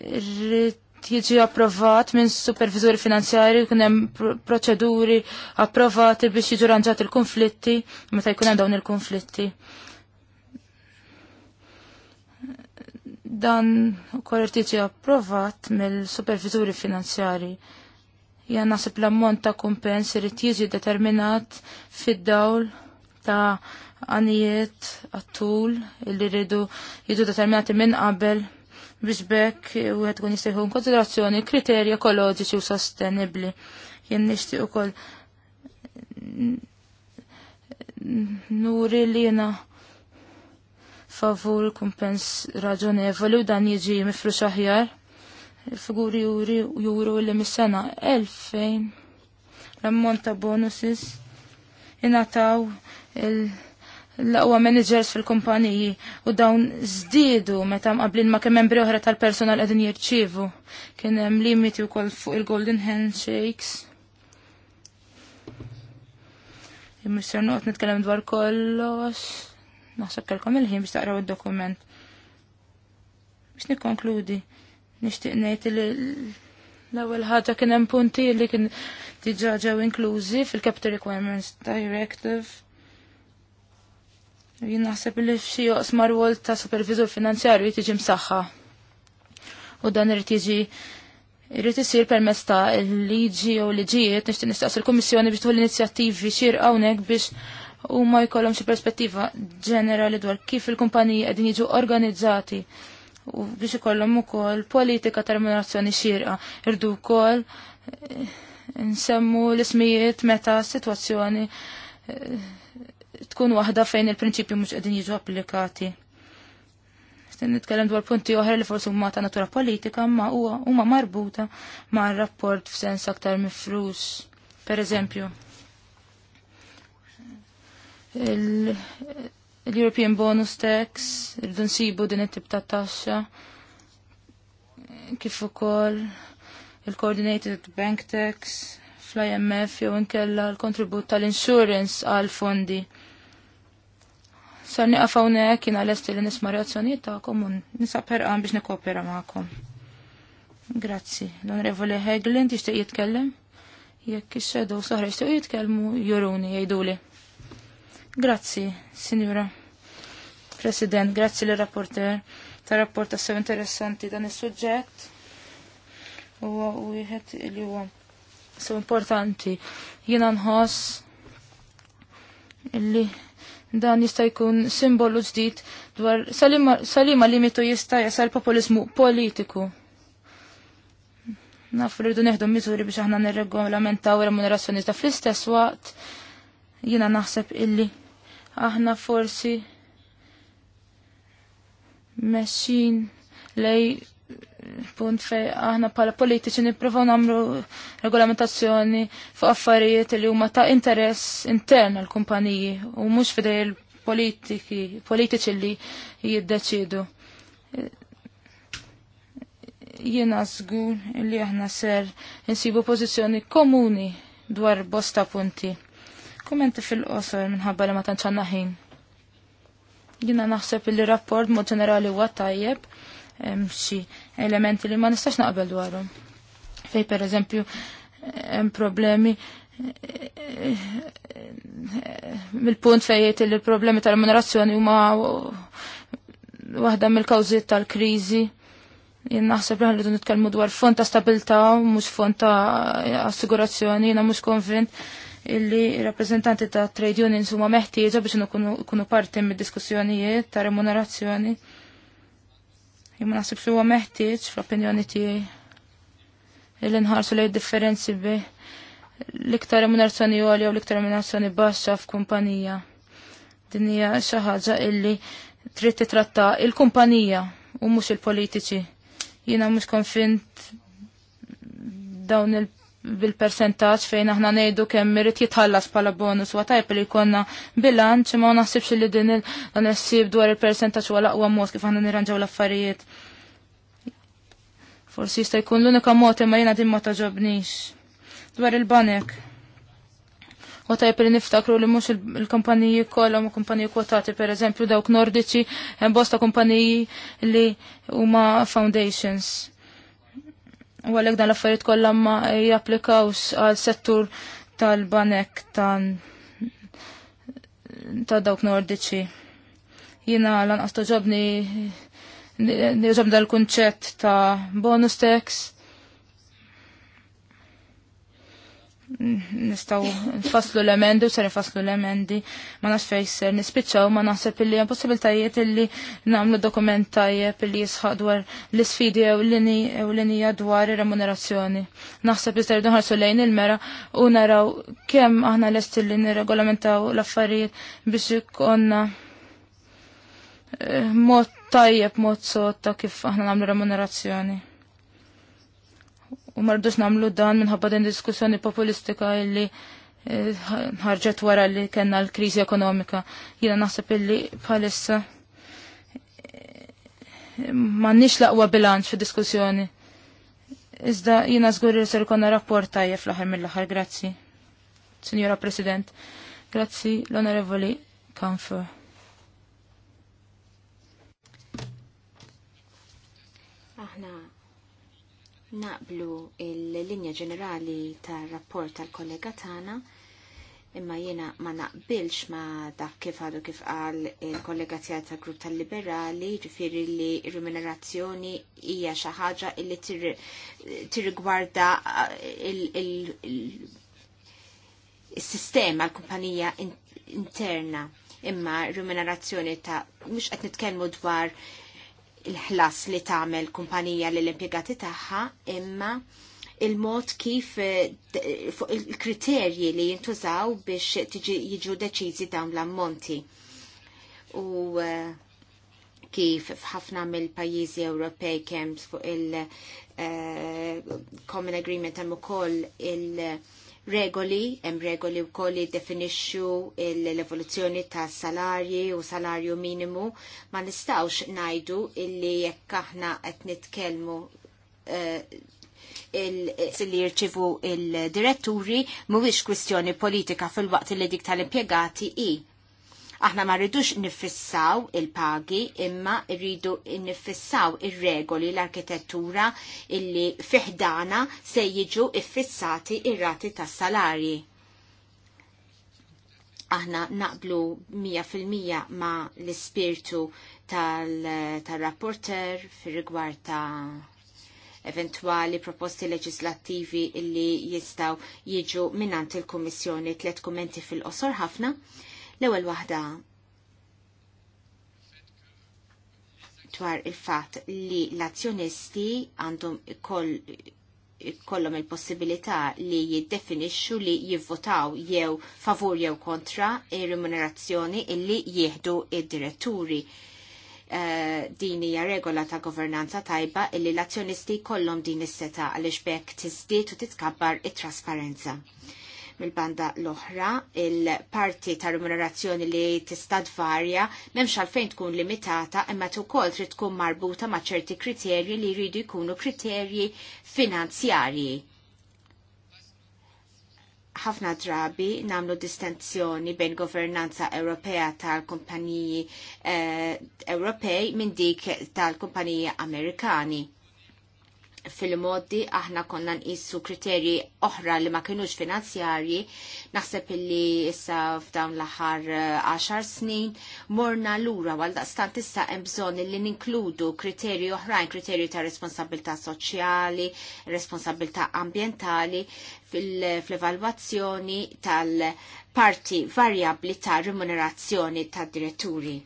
rrit jiġi approvat minn supervizuri finanzjari jkun hemm proċeduri approvati biex jiġu ranġat il-konflitti meta jkun hemm dawn il-konflitti. Dan ukoll irid jiġi approvat mill-supervizuri finanzjari. Jan naħseb l-ammont ta' kumpens irid jiġi determinat fid-dawl ta' għanijiet għattul illi rridu jiddu determinati minn qabel biex bekk u għed kun jistajħu konsiderazzjoni kriterji ekoloġiċi u sostenibli. Jien nishti u koll nuri li jena favur kumpens raġonevoli u dan jiġi mifru xaħjar. Figuri juri juru li mis-sena 2000 l-ammont ta' bonuses inataw il- l-aqwa managers fil-kumpaniji u dawn żdiedu meta mqablin ma' kemm membri oħra tal-personal qegħdin jirċievu. Kien hemm limiti wkoll fuq il-golden handshakes. Mr. Not nitkellem dwar kollox. Naħseb kelkom il-ħin biex taqraw id-dokument. Biex nikkonkludi. Nixtieq ngħid li l-ewwel ħaġa kien hemm punti li kien diġà ġew inklużi fil-Capital Requirements Directive Jien naħseb li f'xi joqsma rwol ta' supervisor finanzjarju jtiġi msaħħa. U dan irid jiġi irid isir permezz ta' liġi u liġijiet nixtieq nistaqsi l kummissjoni biex tħu l-inizjattivi xir hawnhekk biex huma jkollhom xi perspettiva ġenerali dwar kif il-kumpaniji qegħdin jiġu organizzati u biex ikollhom ukoll politika ta' remunerazzjoni xierqa. Irdu wkoll eh, nsemmu l-ismijiet meta s-sitwazzjoni eh, tkun waħda fejn il-prinċipju mhux qegħdin jiġu applikati. Nistin nitkellem dwar punti oħra li forsi huma ta' natura politika, ma huwa huma marbuta ma' rapport f'sens aktar mifrus. Per eżempju, l-European Bonus Tax, irridu nsibu din it tib ta' taxxa, kif ukoll il-Coordinated Bank Tax, fl-IMF jew inkella l-kontribut tal-insurance għal fondi. Sar niqaf hawnhekk l-esti li nisma' reazzjonijiet tagħkom u nisab ħerqan biex nikopera magħkom. Grazzi. L-Onorevoli Heglin tixtieq jitkellem? Jekk ix-xedow soħra jixtiequ jitkellmu juruni jgħiduli. Grazzi, Sinjura. President, grazzi li rapporter ta' rapport sew interessanti dan is-suġġett. U wieħed li huwa sew importanti. Jiena nħoss illi Dan jista' jkun simbolu ġdid dwar salima limitu jista' jasal populizmu politiku. Naf rridu neħdu miżuri biex aħna nirregolamentaw remunerazzjoni ta' fl-istess waqt jiena naħseb illi aħna forsi mexin lej punt fej aħna pala politiċi niprofaw namru regolamentazzjoni fuq affarijiet li huma ta' interess intern għal kumpaniji u mhux fidej il politiċi li jiddeċidu. Jiena żgur li aħna ser insibu pożizzjoni komuni dwar bosta punti. Kumenti fil-qosor minħabba li ma tantx ħin. Jiena naħseb li rapport mod ġenerali huwa tajjeb xi elementi li ma nistax naqbel dwarhom. Fej per eżempju hemm problemi mill-punt jgħid li l-problemi tal-remunerazzjoni huma waħda mill-kawżiet tal-kriżi. Jien naħseb li dun nitkellmu dwar fond ta' stabilità mhux fond ta' assigurazzjoni, jiena mhux konvint illi rappresentanti ta' trade unions huma meħtieġa biex ikunu parti mid-diskussjonijiet ta' remunerazzjoni. Jimma nasib fi huwa meħtieġ fl-opinjoni tiegħi il nħarsu li differenzi bi l-iktar remunerazzjoni għolja u l-iktar remunerazzjoni baxxa f'kumpanija. Din hija xi ħaġa illi trid titratta il-kumpanija u mhux il-politiċi. Jiena mhux konfint dawn il bil-percentaċ fejn aħna nejdu kemm irid jitħallas bħala bonus wa tajp li jkollna bilanċ ma naħsibx li din il issib dwar il-percentaċ wara aqwa mod kif aħna nirranġaw l-affarijiet. Forsi jista' jkun l-unika mod imma jiena din ma taġobnix. Dwar il-banek. U tajp li niftakru li mhux il-kumpaniji kollha ma kumpaniji kwotati pereżempju dawk nordiċi hemm bosta kumpaniji li huma foundations U għalek dan l-affarijiet kollha ma japplikawx għal settur tal-banek tan ta' dawk nordiċi. Jina lanqas toġobni joġobni dal-kunċett ta' bonus tax nistaw nfasslu l-emendi u ser nfasslu l-emendi ma nafx fej ser nispiċċaw ma naħseb illi hemm possibiltajiet illi nagħmlu dokument tajjeb illi jisħaq dwar l-isfidi u linija dwar ir-remunerazzjoni. Naħseb li jridu nħarsu lejn il-mera u naraw kemm aħna lest illi nirregolamentaw l-affarijiet biex ikonna eh, mod tajjeb mod sotta kif aħna nagħmlu remunerazzjoni. U mardux namlu dan minħabba din diskussjoni populistika illi eh, ħarġet wara li kena l-krizi ekonomika. Jina naħseb illi bħalissa eh, ma nix laqwa bilanċ fi diskussjoni. Iżda jina zgur li ser konna rapport tajjeb fl-aħħar mill-aħħar, grazzi. Signora President, grazzi l-Onorevoli Kanfer. naqblu il-linja ġenerali tar-rapport tal-kollega tagħna imma jiena ma naqbilx ma dak kif għadu kif qal il-kollega tiegħi tal grupp tal-liberali, ġifieri li remunerazzjoni hija xi ħaġa li tirrigwarda eh, il-sistema l-kumpanija interna imma remunerazzjoni ta' mhux qed nitkellmu dwar il-ħlas li tagħmel kumpanija lill impjegati tagħha imma il-mod kif eh, eh, fuq il-kriterji li jintużaw biex jiġu deċiżi dawn l-ammonti. U eh, kif f'ħafna mill-pajjiżi Ewropej kemm fuq il-Common Agreement hemm ukoll il- regoli, hemm regoli wkoll li definixxu l-evoluzzjoni ta' salarji u salarju minimu, ma nistawx ngħidu illi jekk aħna qed nitkellmu eh, il eh, li jirċivu il-diretturi mhuwiex kwistjoni politika fil-waqt li dik tal-impjegati i Aħna ma rridux nifissaw il-pagi imma rridu nifissaw ir-regoli l-arkitettura illi fiħdana se jiġu iffissati ir-rati tas-salarji. Aħna naqblu 100% ma l-ispirtu tal-rapporter tal rapporter fir rigward ta' eventuali proposti leġislattivi illi jistaw jiġu minnant il-Kommissjoni tlet kommenti fil-qosor ħafna. L-ewwel waħda dwar il-fatt li l-azzjonisti għandhom kollom il-possibilità li jiddefinixxu li jivvotaw jew favur jew kontra ir-remunerazzjoni illi jieħdu id-diretturi. Uh, din hija regola ta' governanza tajba illi l-azzjonisti kollom din is-seta għaliex bekk tiżdied u titkabbar it-trasparenza mill banda l-oħra, il-parti ta' remunerazzjoni li tista' varja memx għalfejn tkun limitata imma kol trid tkun marbuta ma' ċerti kriterji li jridu jkunu kriterji finanzjarji. Ħafna drabi namlu distenzjoni bejn governanza Ewropea tal-kumpaniji eh, Ewropej minn dik tal-kumpaniji Amerikani fil-modi aħna konna nqisu kriterji oħra li ma kienux finanzjarji, naħseb illi issa f'dawn l-aħħar 10 eh, snin morna lura għal daqstant issa hemm bżonn li ninkludu kriterji oħrajn, kriterji ta' responsabilità soċjali, responsabilità ambientali fil-evalwazzjoni tal-parti varjabli ta' remunerazzjoni tad diretturi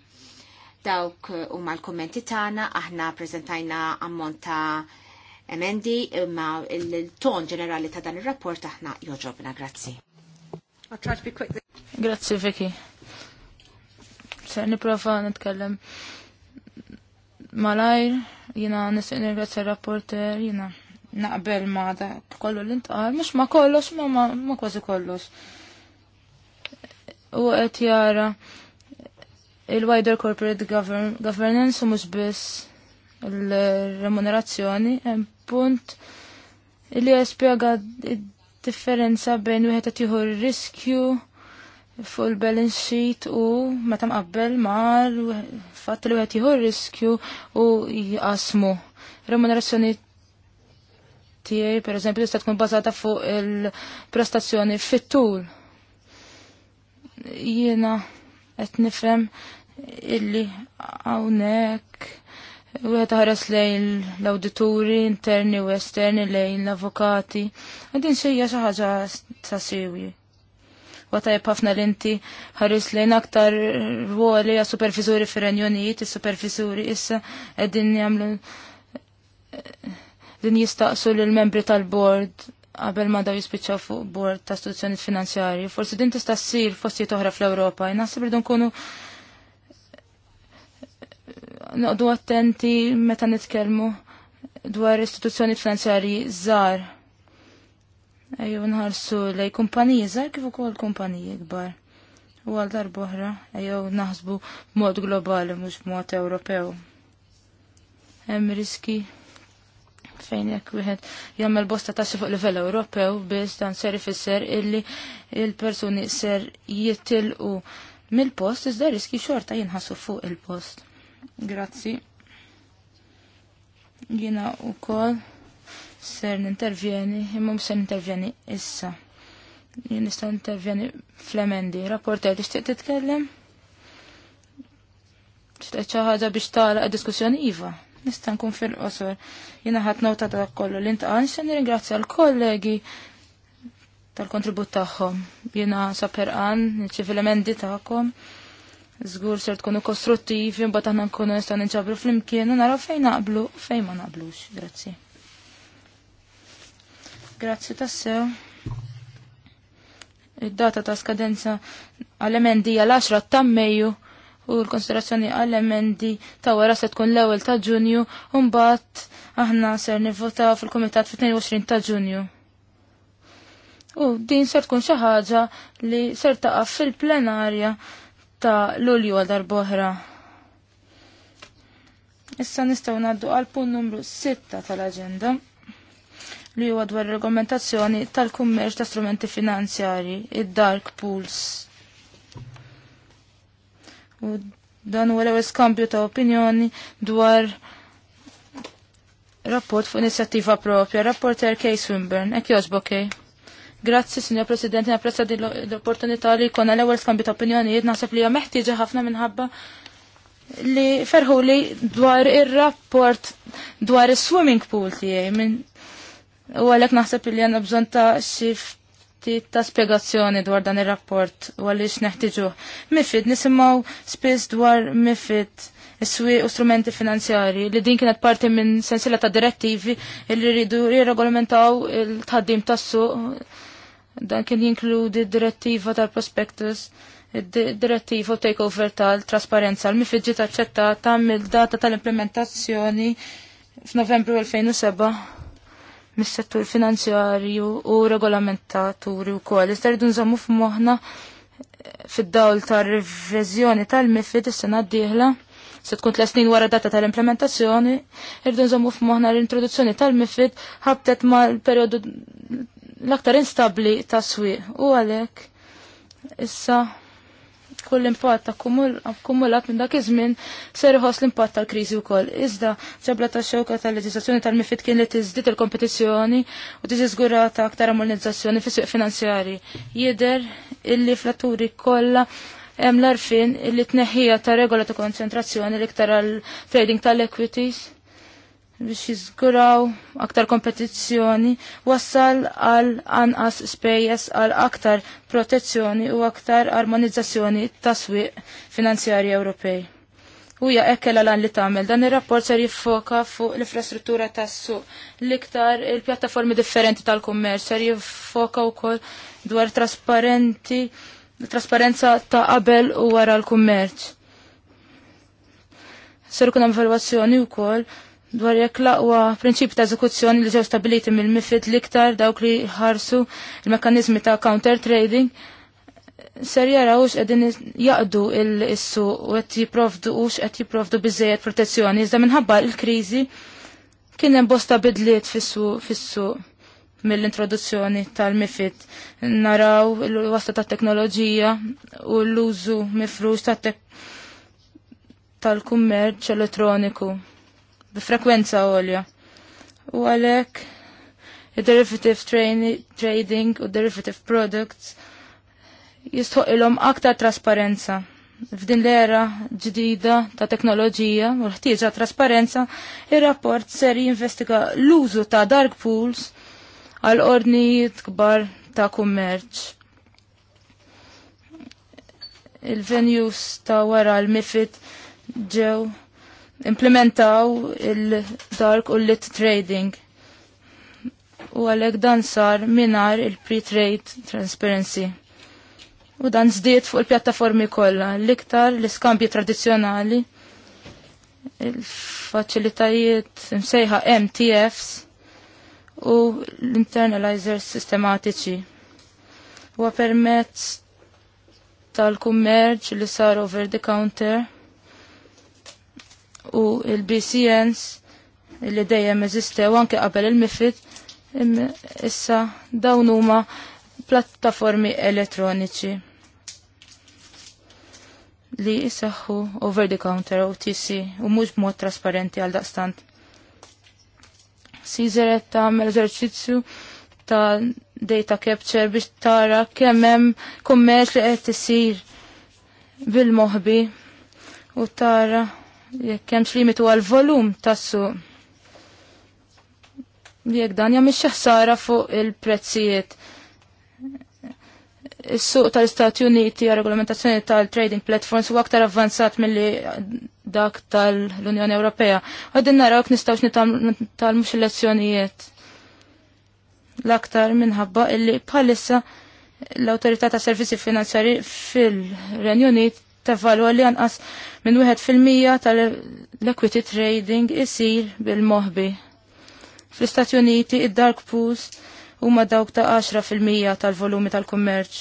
dawk eh, u mal-kommenti tagħna aħna prezentajna ammont ta' emendi imma il-ton ġenerali ta' dan il-rapport aħna joġobna. Grazzi. Grazzi Vicky. Se niprofa nitkellem malajr, jina nisiq nirgrazzi il-rapporter, jina naqbel ma da kollu l intqar mux ma kollox, ma ma, ma kważi kollox. U qed jara il-wider corporate governance u mhux biss l remunerazzjoni hemm punt li d differenza bejn wieħed qed jieħu riskju fuq il-balance sheet u meta mqabbel ma' fatt li wieħed jieħu riskju u jqasmu. Remunerazzjoni tiegħi pereżempju tista' tkun bbażata fuq il-prestazzjoni fit-tul. Jiena qed nifhem illi hawnhekk Wieħed ħares lejn l-awdituri interni u esterni lejn l-avukati. Għadin xejja xi ħaġa sassiwi. siwi. ħafna l-inti ħares lejn aktar ruoli għas supervizuri fir-Renjonijiet, is-supervizuri issa għedin jagħmlu din jistaqsu lill-membri tal-bord qabel ma daw jispiċċaw fuq bord ta' istituzzjonijiet finanzjarji. Forsi din tista' ssir fosti toħra fl-Ewropa. Naħseb irdu nkunu noqdu attenti meta nitkellmu dwar istituzzjoni finanzjarji żgħar. Ejju nħarsu lej kumpaniji żgħar kif ukoll kumpaniji kbar. U għal darboħra ejjew naħsbu b'mod globali mhux b'mod Ewropew. Hemm riski fejn jekk wieħed jagħmel bosta tassi fuq livell Ewropew biss dan ser ifisser illi il-persuni ser jitilqu mill-post iżda riski xorta jinħassu fuq il-post. Grazzi. Jina u kol ser nintervjeni, imma ser nintervjeni issa. Jien nista' nintervjeni fl-emendi. Rapporter tixtieq titkellem? Tixtieq xi ħaġa biex tagħlaq diskussjoni iva. Nista' nkun fil-qosor. Jiena ħadd nota ta' kollu li ntqal se nirringrazzja l-kollegi tal-kontribut tagħhom. Jiena saperqan, nċi emendi tagħkom. Ta Zgur ser tkunu kostruttivi, mbagħad aħna nkunu nistgħu nċabru flimkien u naraw fejn naqblu fejn ma naqblux. Grazzi. Grazzi tassew. Id-data ta' skadenza għal-emendi għal-10 ta' Mejju u l-konsiderazzjoni għal-emendi ta' wara se tkun l-ewwel ta' Ġunju u mbagħad aħna ser nivvotaw fil-Kumitat fil 22 ta' Ġunju. U din ser tkun xi ħaġa li ser taqaf fil-plenarja ta' Lulju għal darboħra. Issa nistgħu ngħaddu għal punt numru 6 tal-aġenda li huwa dwar regolamentazzjoni tal-kummerċ ta' strumenti finanzjari, id-dark pools. U dan huwa l-ewwel skambju ta' opinjoni dwar rapport fuq inizjattiva propja, rapporter Kay Swinburne, ek jożbok Kay. Grazzi, Signor President, napprezza din l-opportunità li jkollna l-ewwel ta' opinjonijiet naħseb li hija meħtieġa ħafna minħabba li ferħu li dwar ir-rapport dwar is-swimming pool tiegħi minn u għalhekk naħseb li għandna bżonn ta' xi ftit ta' spjegazzjoni dwar dan ir-rapport u għaliex xneħtiġu. Mifid nisimgħu spiss dwar mifid s-swi u strumenti finanzjari li din kienet parti minn sensila ta' direttivi li rridu jirregolamentaw il-tħaddim tas-suq. Dan kien jinkludi direttiva tal-prospectus, direttiva u takeover tal-trasparenza l-mifidġi taċċettata mill-data tal-implementazzjoni f'Novembru 2007 mis-settur finanzjarju u regolamentaturi u kol. Iżdardu nżammu f'moħna fid-dawl tal-revizjoni tal-mifid is-sena d-dieħla se tkun tles snin wara data tal-implementazzjoni, irdu nżommu f'moħna l-introduzzjoni tal-mifid ħabtet ma l-periodu l-aktar instabli ta' swieq u għalhekk issa kull impatt akkumulat minn dak iż-żmien ser iħoss l-impatt tal-kriżi wkoll. Iżda ġabla ta' xewka tal-leġiżlazzjoni tal-mifid kien li tiżdied il-kompetizzjoni u tiżgurata aktar armonizzazzjoni fis-suq finanzjari. Jidher illi flatturi kollha hemm l-arfin illi tneħħija ta' regola ta' konċentrazzjoni l-iktar għal trading tal-equities biex jizguraw aktar kompetizzjoni wassal għal anqas spejjeż għal aktar protezzjoni u aktar armonizzazzjoni taswiq finanzjarji Ewropej. Uja ekkela lan li tamel, dan il-rapport ser jiffoka fuq l-infrastruttura tassu l-iktar il-pjattaformi differenti tal-kummerċ, ser jiffoka u kol dwar trasparenti, trasparenza ta' qabel u wara l-kummerċ. Ser kun evalwazzjoni u kol, dwar jekk laqwa prinċip ta' eżekuzzjoni li ġew stabiliti mill-mifid liktar dawk li ħarsu il-mekkaniżmi ta' counter trading ser jaraw qegħdin jaqdu il-issu u qed jipprovdu u qed jipprovdu biżejjed protezzjoni. Iżda minħabba il-kriżi kien hemm bosta bidliet fis-suq mill-introduzzjoni tal-mifid. Naraw il-wasta ta' teknoloġija u l-użu mifrux ta' tal-kummerċ elettroniku b'frekwenza għolja. U għalhekk il-derivative trading u derivative products jistħoq ilhom aktar trasparenza. F'din l-era ġdida ta' teknoloġija u l-ħtieġa trasparenza, ir-rapport ser jinvestiga l-użu ta' dark pools għal ordnijiet kbar ta' kummerċ. Il-venues ta' wara l mifit ġew implementaw il-dark u lit trading. U għalek dan sar minar il-pre-trade transparency. U dan zdiet fuq il-pjattaformi kollha, l-iktar l-iskambji tradizzjonali, il-faċilitajiet msejħa MTFs u l-internalizers sistematiċi. Huwa permezz tal-kummerċ li sar over the counter u il-BCNs li dejjem eżistew anke qabel il-MIFID issa dawn huma plattaformi elettroniċi li jisaxħu over the counter OTC u mhux b'mod trasparenti għal daqstant. Caesar tagħmel eżerċizzju ta' data capture biex tara kemm hemm kummerċ li qed isir bil-moħbi u tara jekk hemmx limitu għal volum tas-suq. Jekk dan jagħmel ħsara fuq il-prezzijiet. Is-suq tal-Istati Uniti għal regolamentazzjoni tal-trading platforms huwa aktar avvanzat milli dak tal-Unjoni Ewropea. Għadin naraw jekk nistgħux nitalmux il-lezzjonijiet. L-aktar minħabba illi bħalissa l-autorità ta' servizzi finanzjari fil-Renju Unit tevalwa li għanqas minn wieħed fil-mija tal-equity trading isir bil mohbi Fl-Istati Uniti id-dark pools huma dawk ta' 10% fil-mija tal-volumi tal-kummerċ.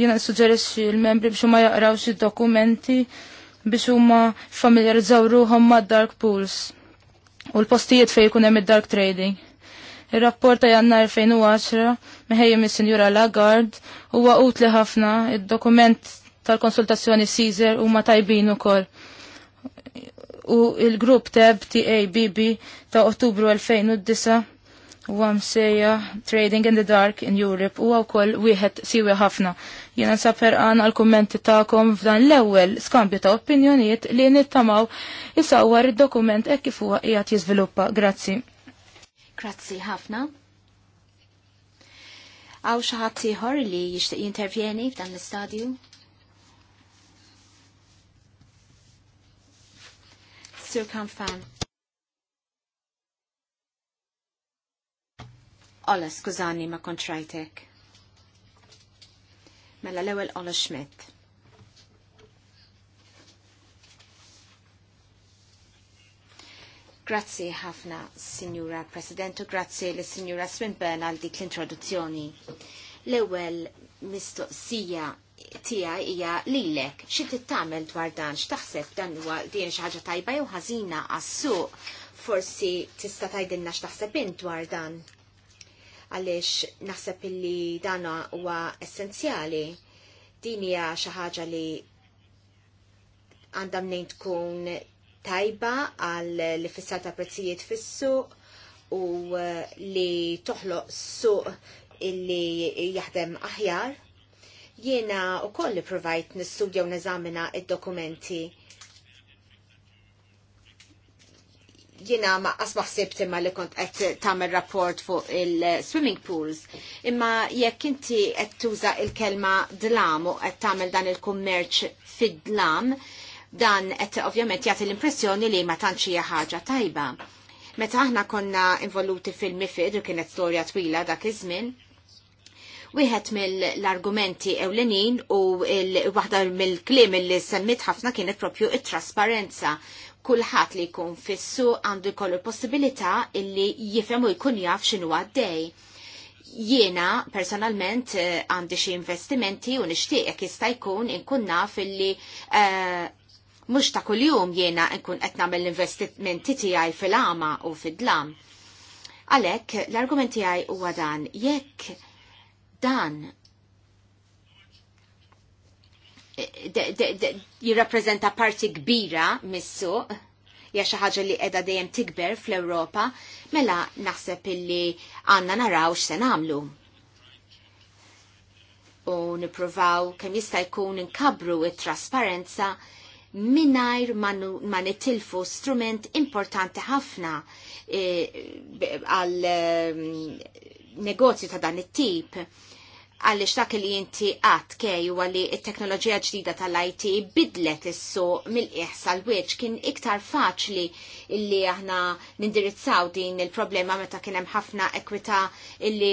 Jiena nsuġġerixxi l-membri biex huma jaqrawx id-dokumenti biex huma familjarizzaw ruhom mad-dark pools u l-postijiet fejn ikun hemm id-dark trading. Ir-rapport ta' jannar 2010 meħejjem is-Sinjura Lagarde huwa utli ħafna id-dokument tal-konsultazzjoni Caesar u ma tajbin ukoll. U il-grupp TEB TABB ta' Ottubru 2009 u għam sejja Trading in the Dark in Europe u għaw kol wieħed siwi ħafna. Jena saper għan għal-kommenti ta'kom f'dan l-ewel skambju ta' opinjoniet li nittamaw jisawar il-dokument e kifu huwa qiegħed jiżviluppa. Grazzi. Grazzi ħafna. Għaw xaħat li jishtiq jintervjeni f'dan l-istadju? Sur Kanfan. Ola, skużani ma kontrajtek. Mela l-ewel Ola Schmidt. Grazzi ħafna, Signora Presidentu, grazzi l signora Swinburne għal dik l-introduzzjoni. L-ewel mistoqsija Tija hija lilek. xie tittamel dwar dan x'taħseb dan huwa din xi ħaġa tajba jew ħażina għas-suq forsi tista' tgħidilna x'taħseb int dwar dan. Għaliex naħseb illi dan huwa essenzjali. Din hija xi ħaġa li għandha mnejn tkun tajba għal li fissar ta' prezzijiet fis-suq u eh, li toħloq suq illi jaħdem aħjar Jiena u koll provajt nistudja u neżamina id-dokumenti Jiena ma asma xsebt imma li kont qed tagħmel rapport fuq il-swimming pools. Imma jekk inti qed tuża il-kelma dlam u qed tagħmel dan il-kummerċ fid-dlam, dan qed ovvjament jagħti l-impressjoni li ma tantx hija ħaġa tajba. Meta aħna konna involuti fil-mifid u kienet storja twila dak iż-żmien, Wieħed mill-argumenti ewlenin u waħda mill-klim li semmit ħafna kienet propju it-trasparenza. Kulħadd li jkun fissu għandu jkollu possibilità illi jifhem u jkun jaf x'inhu għaddej. Jiena personalment eh, għandi xi investimenti u nixtieq jista' jkun inkun naf illi eh, mhux ta' kuljum jiena nkun qed nagħmel l-investimenti tiegħi fil-għama u fid-dlam. Għalhekk l-argumenti għaj huwa dan jekk dan e, jirrappreżenta parti kbira missu suq hija xi ħaġa li qiegħda dejjem tikber fl-Ewropa, mela naħseb illi għandna naraw x'se nagħmlu. U nippruvaw kemm jista' jkun inkabru it-trasparenza mingħajr ma nitilfu strument importanti ħafna e, għal mm, negozju ta' dan it-tip għalix dak li jinti għat kej u għalli il-teknoloġija ġdida tal-IT bidlet issu mill-iħsa l weċ kien iktar faċli illi aħna nindirizzaw din il-problema meta kien hemm ħafna ekwita illi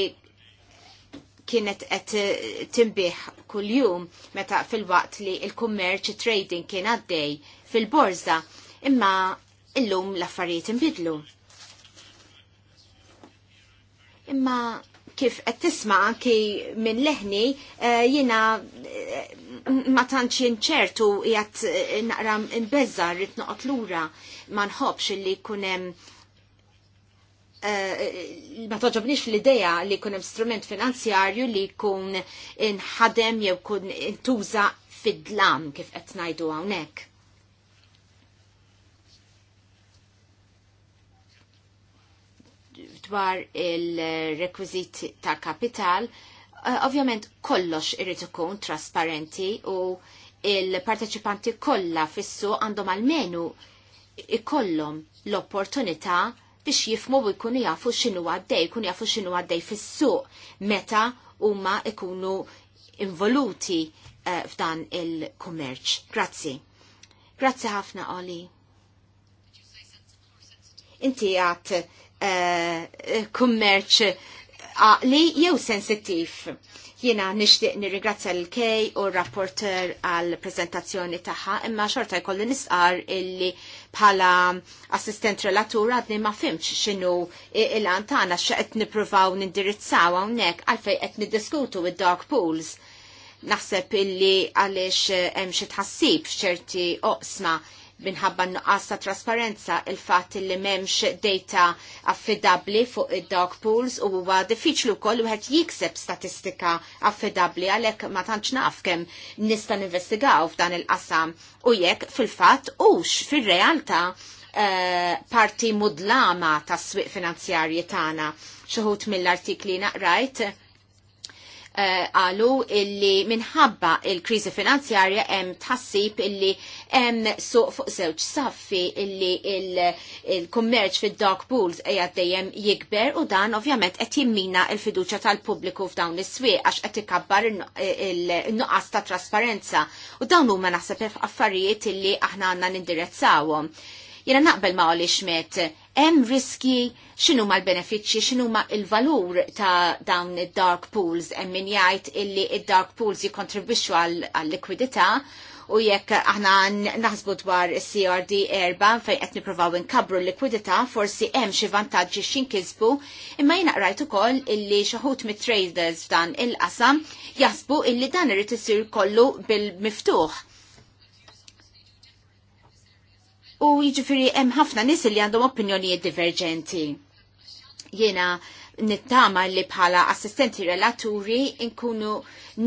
kienet qed kull kuljum meta fil-waqt li il-kummerċ trading kien għaddej fil-borza imma illum l-affarijiet inbidlu. Imma kif qed tisma' anki minn leħni eh, jina eh, ma tantx inċertu qiegħed eh, naqra imbeżza rrid noqgħod lura ma nħobbx li jkun hemm ma toġobniex l-ideja li jkun hemm strument finanzjarju li jkun inħadem jew kun intuża fid-dlam kif qed ngħidu hawnhekk. dwar il-rekwiziti ta' kapital, eh, ovvjament kollox irrid ikun trasparenti u il-parteċipanti kollha fissu għandhom almenu ikollhom l-opportunità biex jifmu u jkunu jafu x'inhu għaddej, jkunu jafu x'inhu għaddej fis-suq meta huma ikunu involuti eh, f'dan il-kummerċ. Grazzi. Grazzi ħafna Oli. Inti għat Eh, kummerċ għaqli jew sensittiv. Jiena nixtieq nirringrazzja l-Kej u rapporter għal prezentazzjoni tagħha, imma xorta jkolli nisqar illi bħala assistent relatur għadni ma fimx x'inhu il-għan tagħna qed nippruvaw nindirizzaw hawnhekk għalfejn qed niddiskutu id dark pools. Naħseb illi għaliex hemm xi tħassib f'ċerti oqsma minħabba nuqqas ta' trasparenza il fat li memx data affidabli fuq id-dog pools u huwa diffiċlu wkoll wieħed jikseb statistika affidabli għalhekk ma tantx naf kemm nista' ninvestigaw f'dan il-qasam u jekk fil-fatt hux fir-realtà eh, parti mudlama tas swieq finanzjarji tagħna. Xi mill-artikli naqrajt Eh, għalu illi minħabba il-krizi finanzjarja hemm tħassib illi hemm suq fuq żewġ saffi illi il-kummerċ fid-dog pools qiegħed dejjem jikber u dan ovvjament qed jimmina l-fiduċja tal-pubbliku f'dawn is-swieq għax qed ikabbar il nuqqas ta' trasparenza u dawn huma naħseb affarijiet illi aħna għandna nindirezzawhom. Jena naqbel ma' għolix met hemm riski x'inhu ma l-benefiċċji, x'inhu ma l-valur ta' dawn id-dark pools hemm min jgħid illi id-dark pools jikkontribwixxu għall-likwidità u jekk aħna naħsbu dwar CRD erba fejn qed nippruvaw inkabru l-likwidità forsi hemm xi vantaġġi x'inkisbu imma jien rajt ukoll illi xi ħut mit-traders f'dan il-qasam jaħsbu illi dan irid isir kollu bil-miftuħ u jiġifieri hemm ħafna nis li għandhom opinjonijiet diverġenti. Jiena nittama li bħala assistenti relaturi inkunu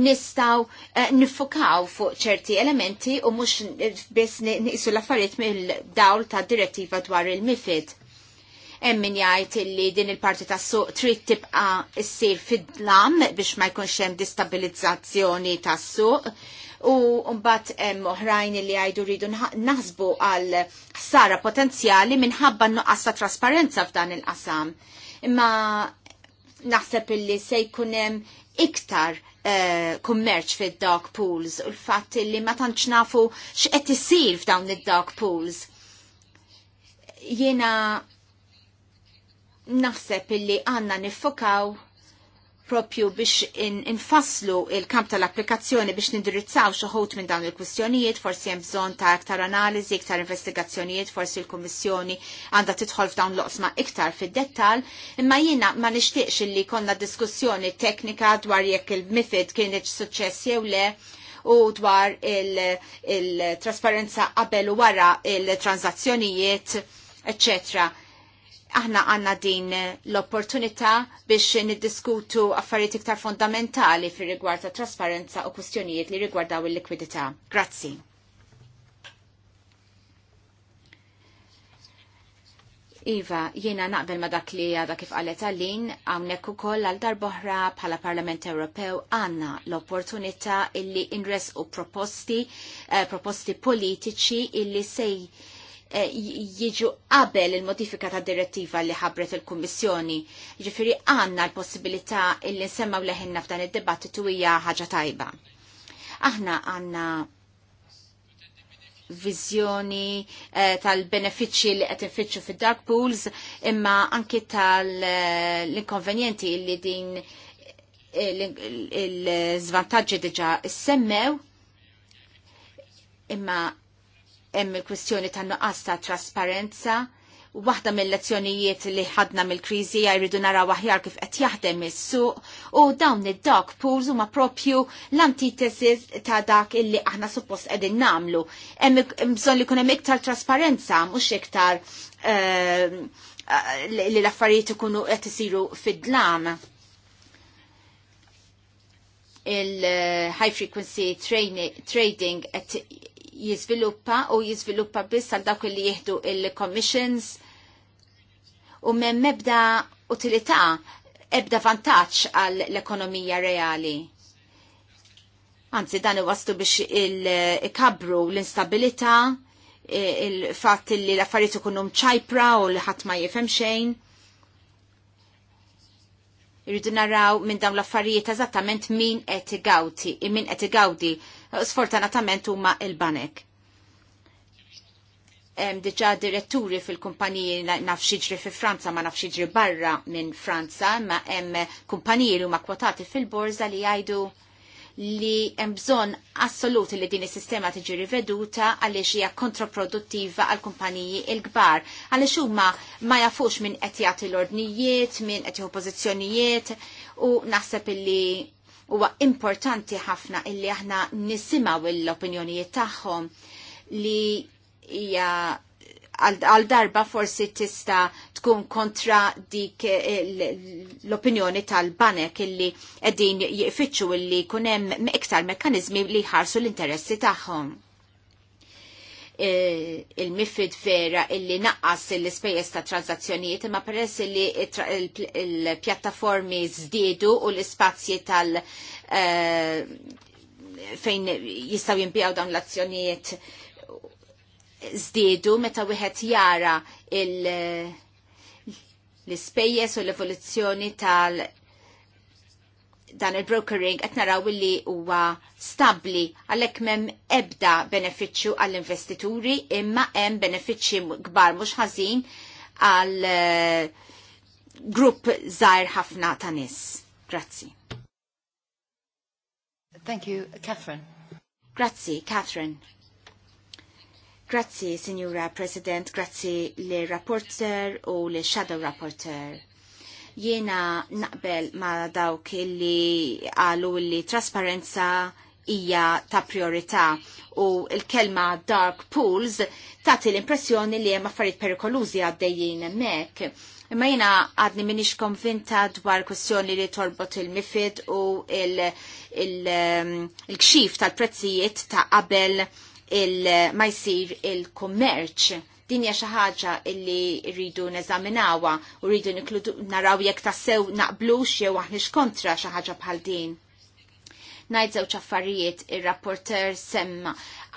nistaw eh, nifukaw fuq ċerti elementi u mux biss nisu l-affarijiet mill-dawl ta' direttiva dwar il-mifid. Emmin jgħid li din il-parti ta' suq trid tibqa' issir fid-dlam biex ma jkunx hemm distabilizzazzjoni ta' suq u mbagħad hemm oħrajn li jgħidu rridu naħsbu għal ħsara potenzjali minħabba nuqqas ta' trasparenza f'dan il-qasam. Imma naħseb illi se jkun hemm iktar eh, kummerċ uh, fid dark pools u l-fatt li ma tantx nafu x'qed isir f'dawn id-dark pools. Jiena naħseb illi għandna niffokaw propju biex infasslu in il-kamp tal-applikazzjoni biex nindirizzaw xoħut minn dawn il-kwistjonijiet, forsi hemm bżonn ta' iktar analiżi, iktar investigazzjonijiet, forsi l-Kummissjoni għandha tidħol f'dawn l-oqsma iktar fid-dettal, imma jina ma nixtieqx li konna diskussjoni teknika dwar jekk il-MIFID kienet suċċess jew le u dwar il-trasparenza il qabel u wara il-transazzjonijiet, eccetera aħna għanna din l-opportunità biex niddiskutu affarijiet iktar fondamentali fir rigward ta' trasparenza u kwistjonijiet li rigwardaw il-likwidità. Grazzi. Iva, jiena naqbel ma dak li għada kif għalet għallin, għawnek u koll għal darboħra bħala Parlament Ewropew għanna l-opportunità illi inres u proposti, eh, proposti politiċi illi sej jiġu qabel il-modifika ta' direttiva li ħabret il-Kummissjoni. Ġifiri għanna l-possibilità illi nsemmaw leħinna f'dan id-dibattitu hija ħaġa tajba. Aħna għanna viżjoni tal-benefiċċji li qed infittxu fid-dark pools, imma anki tal-inkonvenjenti li din il-żvantaġġi diġà semmew imma hemm il-kwistjoni ta' nuqqas ta' trasparenza. Waħda mill-lezzjonijiet li ħadna mill-kriżi jridu naraw aħjar kif qed jaħdem is-suq u dawn id-dog pools huma propju l-antitesis ta' dak illi aħna suppost qegħdin nagħmlu. Hemm bżonn li jkun hemm iktar trasparenza mhux iktar ehm, eh, li l-affarijiet ikunu qed isiru fid-dlam il-high frequency trading jizviluppa u jizviluppa biss għal dawk li jieħdu il-commissions u minn mebda utilità ebda vantaġġ għall l-ekonomija reali. Anzi, dan iwastu biex il-kabru l-instabilita, il-fat li l-affarijiet ikunu ċajpra u li ħadd ma jifhem xejn. Irridu naraw minn dawn l-affarijiet eżattament min qed igawdi, min qed igawdi sfortunatament huma il-banek. Hemm diġà diretturi fil-kumpaniji naf fi Franza ma naf barra minn Franza, ma hemm kumpaniji li huma kwotati fil borza li jgħidu li hemm bżonn assolut li din is-sistema tiġi riveduta għaliex hija kontraproduttiva għal kumpaniji l-kbar. Għaliex huma ma jafux minn qed jagħti l-ordnijiet, minn qed jieħu pożizzjonijiet u naħseb illi Huwa importanti ħafna illi aħna nisimaw l-opinjonijiet tagħhom li hija għal darba forsi tista tkun kontra dik eh, l-opinjoni tal-banek illi edin jifittxu illi kunem iktar mekanizmi li ħarsu l-interessi tagħhom. Eh, il-mifid vera illi naqqas l-ispejjeż ta' tranzazzjonijiet imma peress li il-pjattaformi żdiedu u l-ispazji tal- eh, fejn jistaw jimbijaw dawn l-azzjonijiet żdiedu meta wieħed jara l-ispejjeż u l-evoluzzjoni tal- dan il-brokering qed naraw li huwa stabbli għalhekk m'hemm ebda benefiċċju għall-investituri imma hemm benefiċċji kbar mhux ħażin għal eh, grupp żgħir ħafna ta' nies. Grazzi. Thank you, Catherine. Grazzi, Catherine. Grazzi, Signora President, grazzi le rapporter u le shadow rapporter Jiena naqbel ma dawk li għalu li trasparenza hija ta' priorità u l-kelma dark pools tagħti l-impressjoni li hemm affarijiet perikolużi għaddejjin hemmhekk. Imma jiena għadni minix konvinta dwar kwestjoni li torbot il-mifid u um, il-kxif tal-prezzijiet ta' qabel ma jsir il-kummerċ Din hija xi ħaġa illi rridu neżaminawha u rridu naraw jekk tassew naqblux jew aħniex kontra xi ħaġa bħal din. Ngħid żewġ affarijiet ir-rapporter semma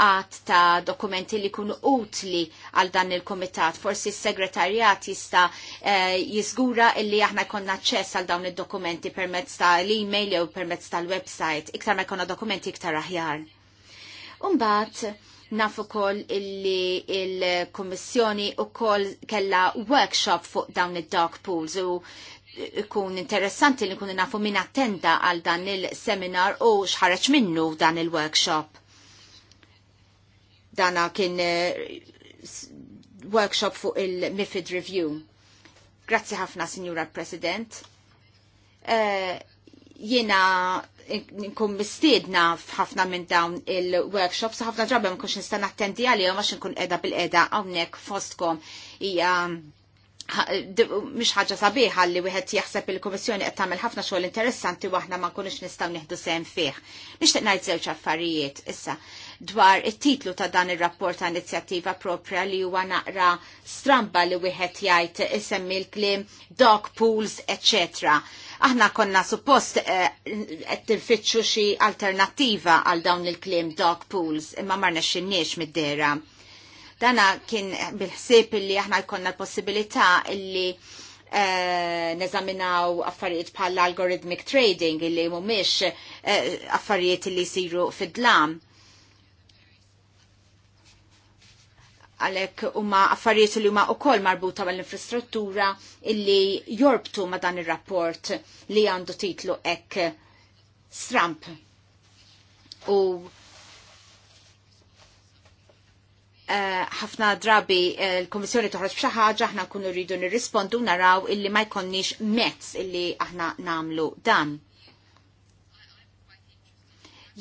għad ta' dokumenti li kunu utli għal dan il-komitat. Forsi s-segretarjat jista eh, jiżgura jizgura illi aħna konna ċess għal dawn il-dokumenti permezz ta' l-email jew permezz tal-website. Iktar ma jkollna dokumenti iktar aħjar. Umbat, Nafu kol illi il-Kommissjoni u kol kella workshop fuq dawn id dark pools u ikun interessanti li kun nafu min attenda għal dan il-seminar u xħarraċ minnu dan il-workshop. Dana kien eh, workshop fuq il-MIFID Review. Grazzi ħafna, Signora President. Uh, eh, jina nkun mistiedna f'ħafna minn dawn il-workshops, ħafna drabi ma nkunx nista' nattendi għalihom għax nkun qiegħda bil-qiegħda hawnhekk fostkom hija mhix ħaġa sabiħa li wieħed jaħseb il-Kummissjoni qed tagħmel ħafna xogħol interessanti u aħna ma nkunux nistgħu nieħdu sehem fih. Nixtieq ngħid żewġ affarijiet issa dwar it-titlu ta' dan ir-rapport ta' inizjattiva propria li huwa naqra stramba li wieħed jgħid isemmi l-klim dog pools, eccetera Aħna konna suppost eh, qed tinfittxu xi alternattiva għal dawn il-klim dog pools imma marna xinniex mid-dera. Dana kien bil-ħsieb illi aħna jkollna l-possibilità Uh, neżaminaw affarijiet bħal algorithmic trading illi mhumiex eh, affarijiet li jsiru fid-dlam għalek huma affarijiet li huma wkoll marbuta mal-infrastruttura illi jorbtu ma' dan ir-rapport li għandu titlu ek Stramp. U eh, ħafna uh, drabi uh, l-Komissjoni toħroġ b'xi ħaġa aħna nkunu rridu nirrispondu naraw illi ma jkonniex mezz illi aħna namlu dan.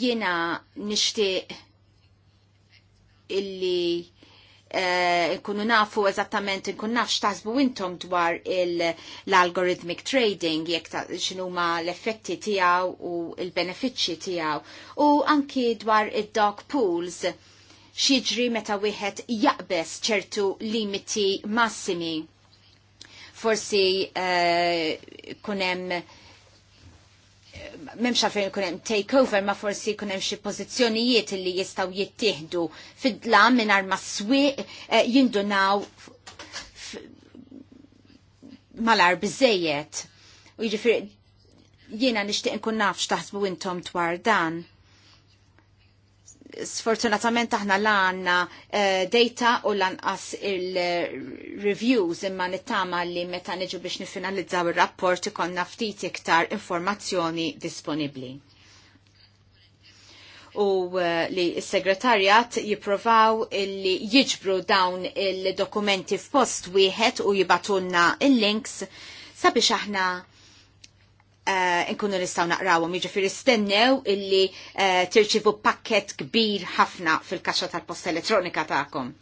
Jiena nixtieq illi Eh, nkunu nafu eżattament nkun naf x'taħsbu intom dwar l-algorithmic trading jekk x'inhuma l-effetti tiegħu u l-benefiċċji tiegħu u anki dwar id-dog pools x'jiġri meta wieħed jaqbes ċertu limiti massimi. Forsi uh, eh, kunem hemm memx għafin kunem takeover ma forsi kunem xie pozizjonijiet li jistaw jittihdu fidla minn arma swi eh, jindunaw malar bizzejiet. U jġifir jiena nishtiq nkun naf xtaħsbu intom dwar dan sfortunatament aħna l-għanna uh, eh, data u lanqas il-reviews imma nittama li meta niġu biex nifinalizzaw il-rapport ikonna ftit iktar informazzjoni disponibli. U uh, li s-segretarjat il jiprovaw illi jiġbru dawn il-dokumenti f'post wieħed u jibatunna il-links sabiex aħna Eh, nkunu nistaw naqrawhom, jiġifieri stennew illi eh, tirċivu pakket kbir ħafna fil-kaxxa tal-posta elettronika tagħkom.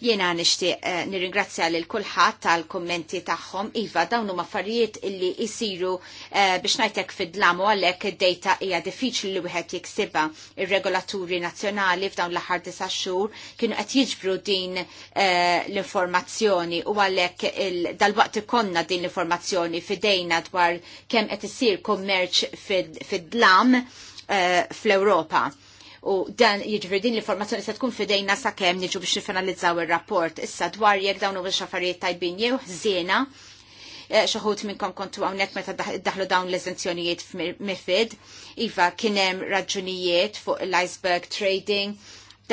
Jena nishtiq uh, eh, nirringrazzja lil kulħadd tal-kommenti tagħhom. Iva, dawn huma affarijiet illi jsiru uh, biex ngħidlek fid-dlamu għalhekk id-dejta hija diffiċli li wieħed jiksibha. Ir-regolaturi nazzjonali f'dawn l-aħħar disa' xhur kienu qed jiġbru din uh, l-informazzjoni u għalhekk dal-waqt ikonna din l-informazzjoni fidejna dwar kemm qed isir kummerċ fid-dlam fl-Europa. U dan jiġri din l-informazzjoni se tkun fidejna sakemm niġu biex nifinalizzaw ir-rapport. Issa dwar jekk dawn huwa xaffarijiet tajbin jew ħżiena e, xaħut minnkom kontu għawnek meta daħlu dawn l-eżenzjonijiet mifid. Iva, kienem raġunijiet fuq l-iceberg trading,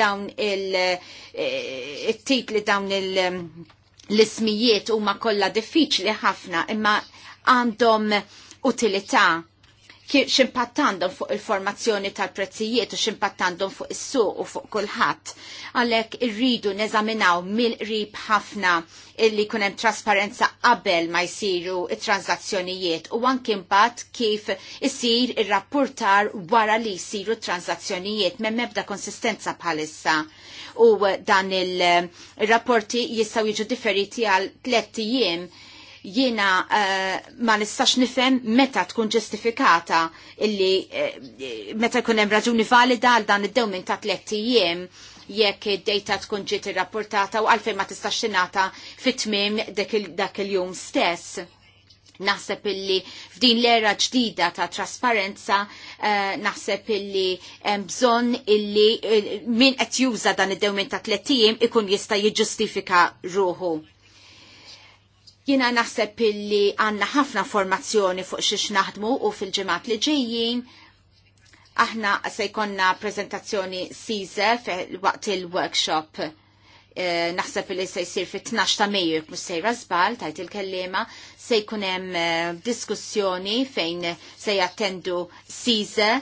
dawn il-tit e, li dawn mm, l-ismijiet u ma kolla diffiċli ħafna, imma għandhom utilità ximpattandum fuq il-formazzjoni tal-prezzijiet u ximpattandum fuq is-suq u fuq kulħadd. Għalhekk irridu neżaminaw mill-qrib ħafna illi jkun hemm trasparenza qabel ma jsiru il transazzjonijiet u anke mbagħad kif isir il-rapportar wara li jsiru transazzjonijiet me mebda konsistenza bħalissa u dan il-rapporti jistgħu jiġu differiti għal tliet jiem jiena uh, ma nistax nifhem meta tkun ġustifikata illi uh, meta jkun hemm raġuni valida għal dan id minn ta' tliet ijiem jekk id-data tkun ġiet irrapportata u għalfejn ma tistax tingħata fit-tmiem dak il-jum stess. Naħseb illi f'din l-era ġdida ta' trasparenza uh, naħseb illi hemm bżonn illi uh, min qed juża dan id-dewmin ta' tlettijiem ikun jista' jiġġustifika ruħu Jina naħseb illi għanna ħafna formazzjoni fuq xiex naħdmu u fil-ġemat li ġejjin aħna se jkonna prezentazzjoni sizel waqt il-workshop eh, naħseb li se jsir fit-12 ta' Mejju mhux sejra żball tajt il-kellima se jkun hemm eh, diskussjoni fejn se jattendu Sise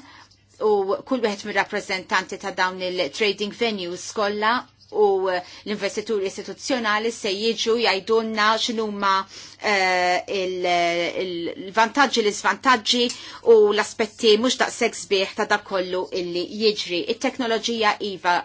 u kull wieħed mir-rappreżentanti ta' dawn il-trading venues kollha u eh, l-investituri istituzzjonali se jiġu jajdunna x'numa eh, il-vantaġġi l svantaġġi u l-aspetti mhux daqshekk sbieħ ta' dak kollu illi jiġri. It-teknoloġija iva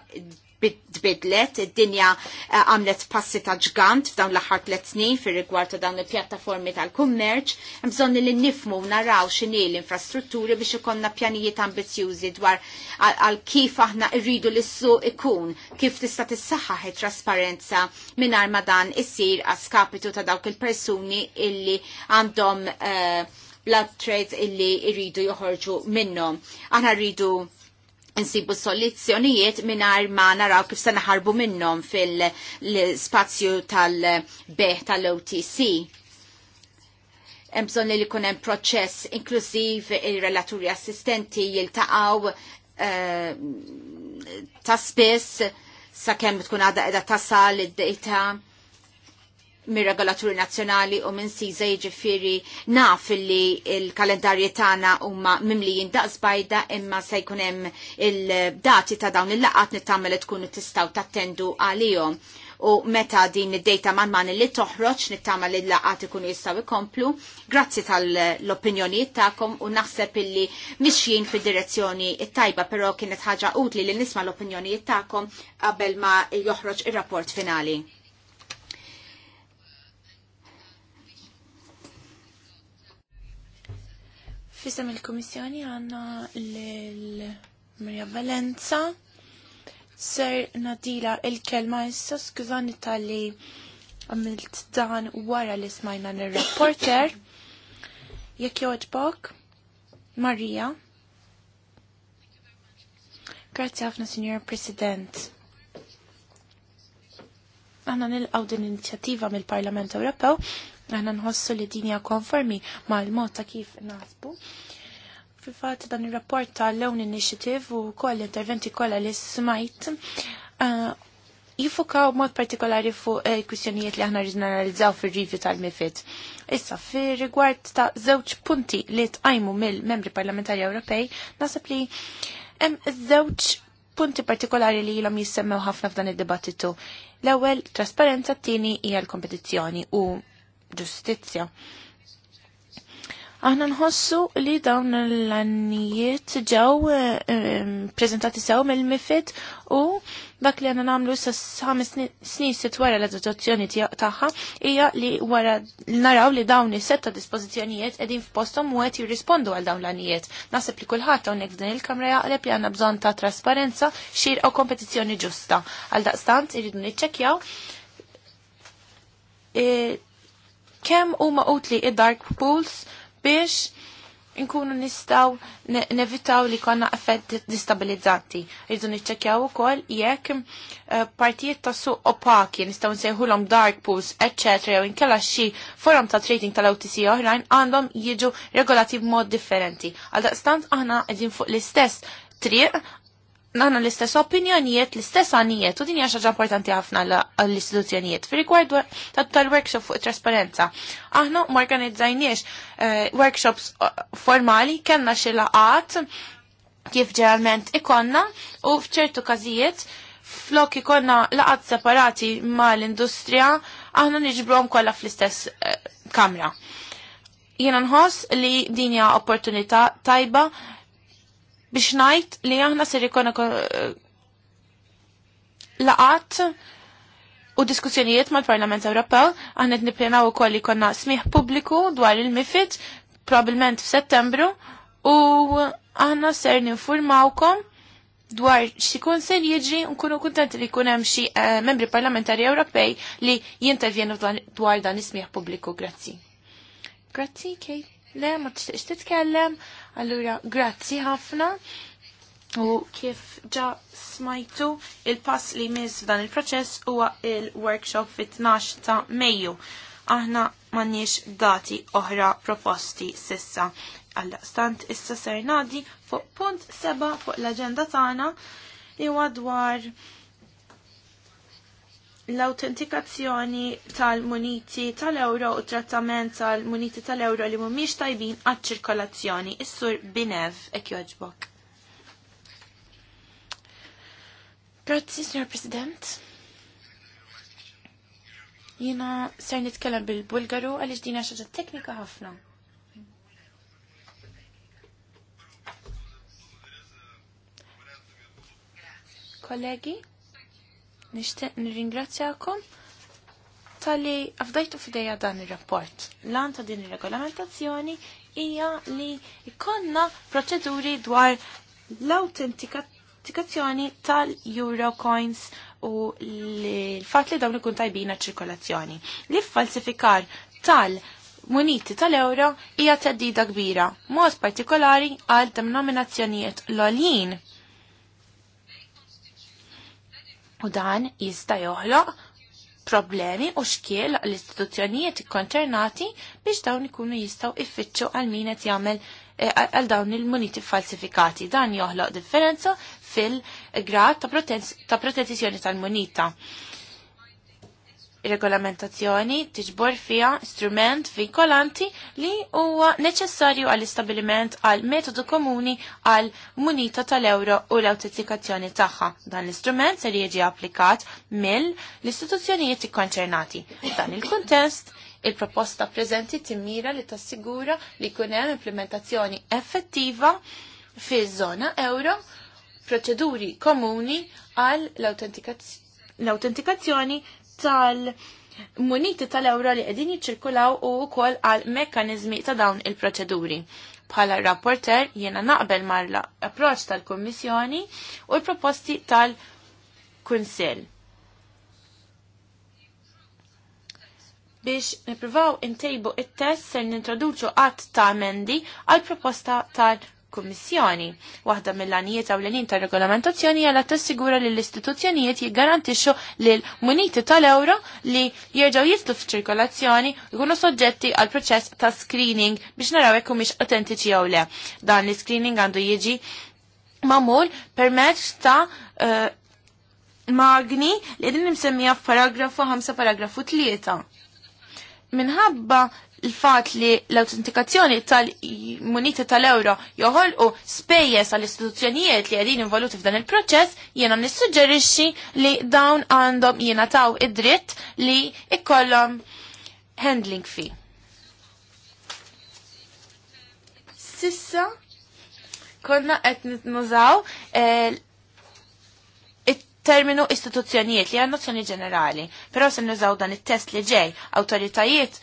tbidlet, id-dinja eh, għamlet passi ta' ġgant f'dawn l-aħħar tliet snin fir rigward ta' dawn il-pjattaformi tal-kummerċ, bżonn li nifmu naraw x'inhi l-infrastrutturi biex ikonna pjanijiet ambizjużi dwar għal kif aħna rridu l issu ikun, kif tista' tissaħħaħ it-trasparenza mingħajr ma dan issir skapitu ta' dawk il-persuni illi għandhom eh, blood trades illi rridu joħorġu minnhom. Aħna rridu nsibu soluzzjonijiet minar ma naraw kif se naħarbu minnhom fil-spazju tal-beħ tal-OTC. Hemm bżonn li jkun hemm proċess inklużiv ir-relaturi assistenti jiltaqgħu eh, ta' spess sakemm tkun għadha qiegħda tasal id-dejta mir regolaturi nazzjonali u minn siza jiġifieri naf li il-kalendarji tagħna huma mimlijin daqs bajda imma se jkun hemm il-dati ta' dawn il-laqat nittamel tkunu tistgħu tattendu għalihom u meta din id-data man man li toħroġ nittama li l-laqat ikunu jistaw ikomplu. Grazzi tal-opinjonijiet ta'kom u naħseb illi misċin fil direzzjoni it-tajba, pero kienet ħaġa utli li nisma l-opinjonijiet ta'kom qabel ma joħroġ ir-rapport finali. Fisem il-Komissjoni għanna l-Maria Valenza. Ser nadila il-kelma issa skużani tal-li għamilt dan wara li smajna nir-reporter. Jekk joġbok, Maria. Grazie ħafna, Signor President. Aħna nil din inizjattiva mill-Parlament Ewropew Aħna nħossu li dinja konformi mal-mod ta' kif nasbu. Fil-fatt dan ir-rapport tal-Lewn Initiative u koll interventi kollha li smajt uh, jifukaw mod partikolari fu eh, kwistjonijiet li aħna ġeneralizzaw fil-review tal-MIFID. Issa, fil rigward ta' żewġ punti li tqajmu mill-membri parlamentari Ewropej, nasab li hemm żewġ punti partikolari li jilhom jissemmew ħafna f'dan id-dibattitu. L-ewwel trasparenza t-tieni hija l-kompetizzjoni u ġustizzja. Aħna nħossu li dawn l-annijiet ġew eh, prezentati sew mill-mifid u dak li għanna namlu sa ħames snin sit wara l-adozzjoni tagħha hija li wara naraw li dawn is-setta dispożizzjonijiet qegħdin f'posthom u qed jirrispondu għal dawn l-annijiet. Naħseb li kulħadd hawnhekk f'din il-Kamra jaqleb li għandna bżonn ta' trasparenza, xir u kompetizzjoni ġusta. Għal daqstant irridu niċċekkjaw eh, kemm huma utli id-dark pools biex nkunu nistaw nevitaw li konna effett distabilizzati. Rridu niċċekjaw ukoll jekk eh, partijiet ta' suq opaki nistaw nsejħulhom dark pools, etc. jew inkella xi forum ta' trading tal-OTC oħrajn għandhom jiġu regolati b'mod differenti. Għaldaqstant aħna qegħdin fuq l-istess triq nana l-istess opinjonijiet, l-istess għanijiet, u din hija xaġa importanti ħafna għall-istituzzjonijiet. Fi rigward tal-workshop fuq trasparenza, aħna ma organizzajniex eh, workshops eh, formali, kellna xi laqat kif ġeralment ikonna u f'ċertu każijiet flok ikonna laqat separati mal-industrija, aħna niġbrom kollha fl-istess eh, kamra. Jiena nħoss li dinja opportunità tajba biex najt li aħna ser ikon eh, laqat u diskussjonijiet mal-Parlament Ewropew, aħna qed nippjanaw ukoll li konna smih pubbliku dwar il-MIFID, probabbilment f'Settembru, u aħna ser ninfurmawkom dwar xikun ser jiġri nkunu kuntenti li jkun hemm xi eh, membri parlamentari Ewropej li jintervjenu dwar dan is-smieħ pubbliku. Grazzi. Grazzi, Kate. Le, ma t titkellem Allura, grazzi ħafna. U kif ġa smajtu il-pass li miss f'dan il-proċess huwa il-workshop fit-12 ta' Mejju. Aħna manniex dati oħra proposti sissa. Alla stant issa ser nadi fuq punt seba' fuq l-aġenda tagħna li huwa dwar l-autentikazzjoni tal-muniti tal-euro u trattament tal-muniti tal-euro li mumiex tajbin għad-ċirkolazzjoni. Is-sur Binev, ek joġbok. Grazzi, signor President. Jina ser nitkellem bil-Bulgaru għaliex dina xaġa teknika ħafna. Kollegi? nixtieq nirringrazzjakom tal-li għafdajtu fideja dan ir-rapport. Lan ta' din ir-regolamentazzjoni hija li ikonna proċeduri dwar l-autentikazzjoni tal-Eurocoins u l-fat li dawn ikun tajbina ċirkolazzjoni. Li falsifikar tal-muniti tal-euro hija teddida kbira, mod partikolari għal denominazzjonijiet l-olin U dan jista' joħloq problemi u xkiel l-istituzzjonijiet konċernati biex dawn ikunu jistgħu iffittxu għal min qed jagħmel eh, għal dawn il-muniti falsifikati. Dan joħloq differenza fil-grad ta' protezzjoni tal-munita regolamentazzjoni tiġbor fija strument vinkolanti li huwa neċessarju għall-istabiliment għal metodu komuni għal munita tal-euro u l-autentikazzjoni tagħha. Dan l-istrument ser jiġi applikat mill l-istituzzjonijiet ikkonċernati. Dan il-kuntest, il-proposta preżenti timmira li tassigura li jkun hemm implementazzjoni effettiva fiż-żona euro proċeduri komuni għal l-autentikazzjoni l-autentikazzjoni tal- muniti tal-ewro li qegħdin jiċċirkulaw u wkoll għal mekkaniżmi ta' dawn il-proċeduri. Bħala rapporter jiena naqbel mar l-approċċ tal-Kummissjoni u l-proposti tal kunsel biex nipruvaw intejbu it-test ser nintroduċu għat ta' mendi għal proposta tal-Kummissjoni kummissjoni. Waħda mill-għanijiet għaw l-għanin ta' regolamentazzjoni t tassigura li l-istituzzjonijiet jgarantixxu li l-muniti tal-euro li jirġaw f f'ċirkolazzjoni jkunu soġġetti għal proċess ta' screening biex naraw jekk mhix autentiċi jew le. Dan l-screening għandu jiġi mamul permezz ta' uh, magni li din nimsemmija f'paragrafu 5 paragrafu 3. Minħabba il-fat li l-autentikazzjoni tal-muniti tal-euro joħolqu spejjeż għall istituzzjonijiet li għedin involuti f'dan il-proċess, jiena nissuġġerixxi li dawn għandhom jingħataw id-dritt li ikollom handling fee. Sissa konna qed nitnużaw eh, terminu istituzzjonijiet li għan nozzjoni ġenerali, pero se nużaw dan it-test li ġej, autoritajiet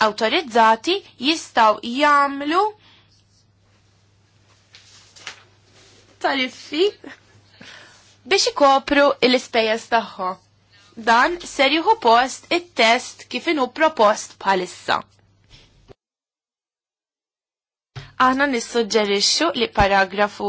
autorizzati jistaw jamlu tariffi biex ikopru l-ispejjeż tagħhom. Dan ser jieħu post it-test kif inhu propost bħalissa. Aħna nissuġġerixxu li paragrafu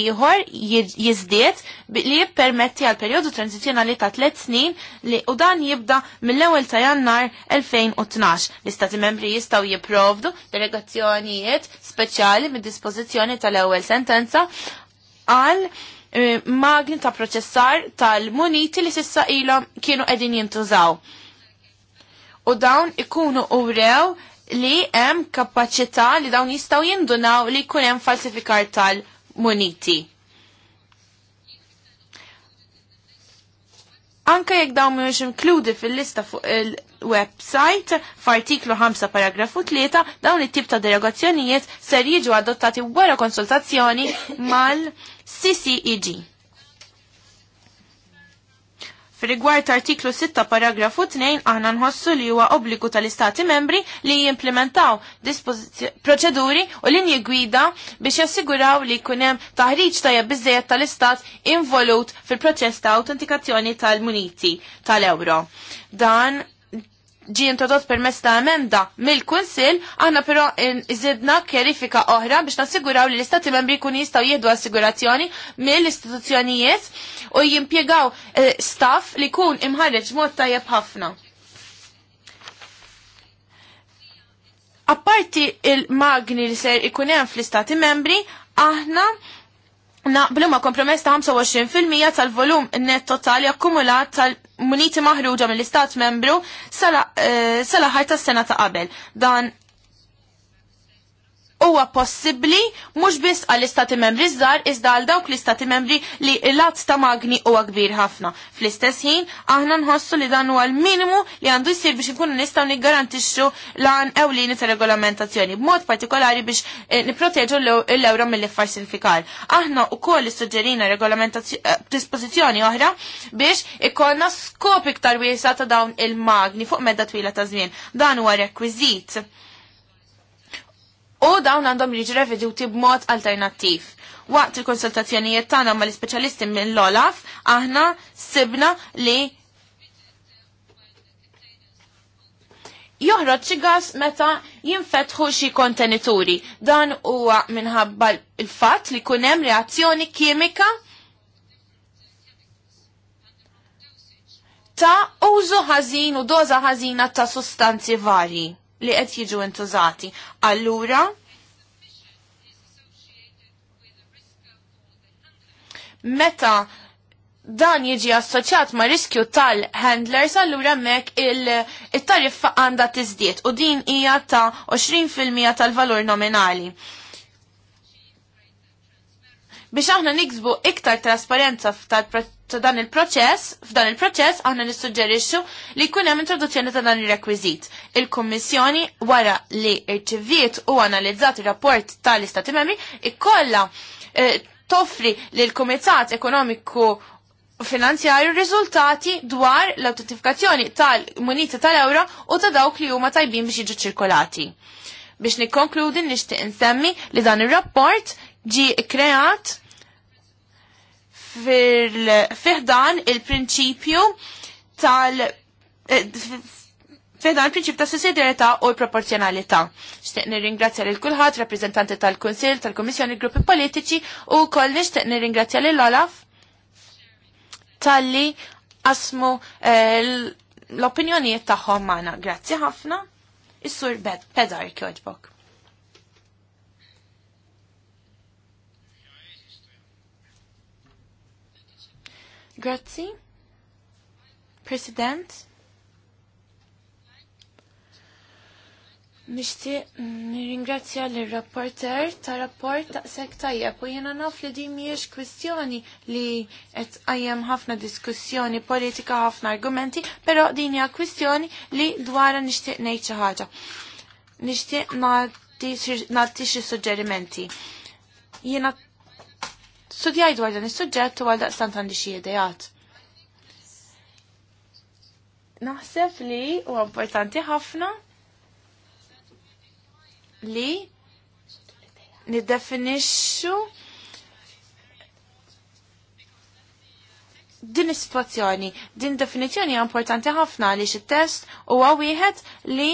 Iħor jizdiet li jippermetti għal perjodu tranzizjonali ta' tliet snin li u dan jibda mill-ewwel ta' Jannar 2012. L-Istati Membri jistgħu jipprovdu delegazzjonijiet speċjali mid-dispożizzjoni tal-ewwel sentenza għal eh, magni ta' proċessar tal-muniti li sissa ilhom kienu qegħdin jintużaw. U dawn ikunu urew li hemm kapaċità li dawn jistgħu jindunaw li jkun hemm falsifikar tal-muniti muniti. Anka jekk dawn mhux inkludi fil-lista fuq il-website f'artiklu 5 paragrafu 3 dawn it-tip ta' derogazzjonijiet ser jiġu adottati wara konsultazzjoni mal-CCEG. Fir-rigward artiklu 6 paragrafu 2 aħna nħossu li huwa obbligu tal-Istati membri li jimplementaw proċeduri u linji gwida biex jassiguraw li jkun hemm taħriġ tajjeb biżejjed tal-Istat involut fil-proċess ta' autentikazzjoni tal-muniti tal-euro. Dan ġi introdott permess ta' emenda mill-Kunsil, aħna però iżidna kjerifika oħra biex nassiguraw li l-Istati membri kun jistaw jihdu assigurazzjoni mill-istituzzjonijiet u jimpiegaw eh, staff li kun imħarreġ mod tajjeb ħafna. Apparti il-magni li ser ikunem fl-Istati membri, aħna naqblu ma' kompromess ta' 25% tal-volum net totali akkumulat tal muniti maħruġa mill-istat membru eh, sala ħar tas sena ta' qabel. Dan huwa possibbli mhux biss għall-istati membri żgħar iżda għal dawk l-istati membri li l-att ta' magni huwa kbir ħafna. Fl-istess ħin aħna nħossu li dan huwa l-minimu li għandu jsir biex ikunu nistgħu niggarantixxu lan ewlieni ta' regolamentazzjoni b'mod partikolari biex eh, nipproteġu l-ewro mill-falsifikar. Aħna wkoll issuġġerina eh, dispożizzjoni oħra biex ikollna skop iktar wiesa ta' dawn il-magni fuq medda twila ta' żmien. Dan huwa rekwiżit u dawn għandhom jiġi reveduti b'mod alternattiv. Waqt il-konsultazzjonijiet tagħna mal-ispeċjalisti mill-Olaf, aħna sibna li joħroġ xi gas meta jinfetħu xi kontenituri. Dan huwa minħabba l-fatt li kun hemm reazzjoni kimika ta' użu ħażin u doża ħażina ta' sustanzi varji li qed jiġu intużati. Allura meta dan jiġi assoċjat ma' riskju tal-handlers allura mek il-tariffa għanda tiżdiet u din hija ta' 20% tal-valur nominali. Biex aħna niksbu iktar trasparenza tal ta' dan il-proċess, f'dan il-proċess aħna nissuġġerixxu li jkun hemm introduzzjoni ta' dan ir-rekwiżit. Il-Kummissjoni wara li rċiviet u analizzat ir-rapport tal-Istati Membri ikollha eh, toffri lil kumitat Ekonomiku finanzjarju riżultati dwar l-autentifikazzjoni tal-munita tal-ewro u ta' dawk li huma tajbin biex jiġu ċirkolati. Biex nikkonkludi nixtieq insemmi li dan ir-rapport ġi kreat fil fihdan il-prinċipju tal- eh, Fedan il-prinċip ta' sussidjarietà u proporzjonalità. Xtieq nirringrazzja lil kulħadd, rappreżentanti tal kunsil tal-Kummissjoni, gruppi politiċi u wkoll nixtieq nirringrazzja lil Olaf talli asmu eh, l-opinjonijiet tagħhom magħna. Grazzi ħafna. Is-sur Pedar Kjoġbok. Grazzi. President. Nishti nirringrazzja l-rapporter ta' rapport ta' sektajja tajjeb u jena naf li di miex kwestjoni li qed għajem ħafna diskussjoni politika ħafna argumenti, però din hija kwestjoni li dwara nixtieq ngħid xi ħaġa. Nixtieq nagħti xi suġġerimenti. Jena studjaj dwar dan is-suġġett u għal daqstant għandi xi idejat. Naħseb li huwa importanti ħafna li niddefinixxu din is-sitwazzjoni, din definizzjoni importanti ħafna li xi test huwa wieħed li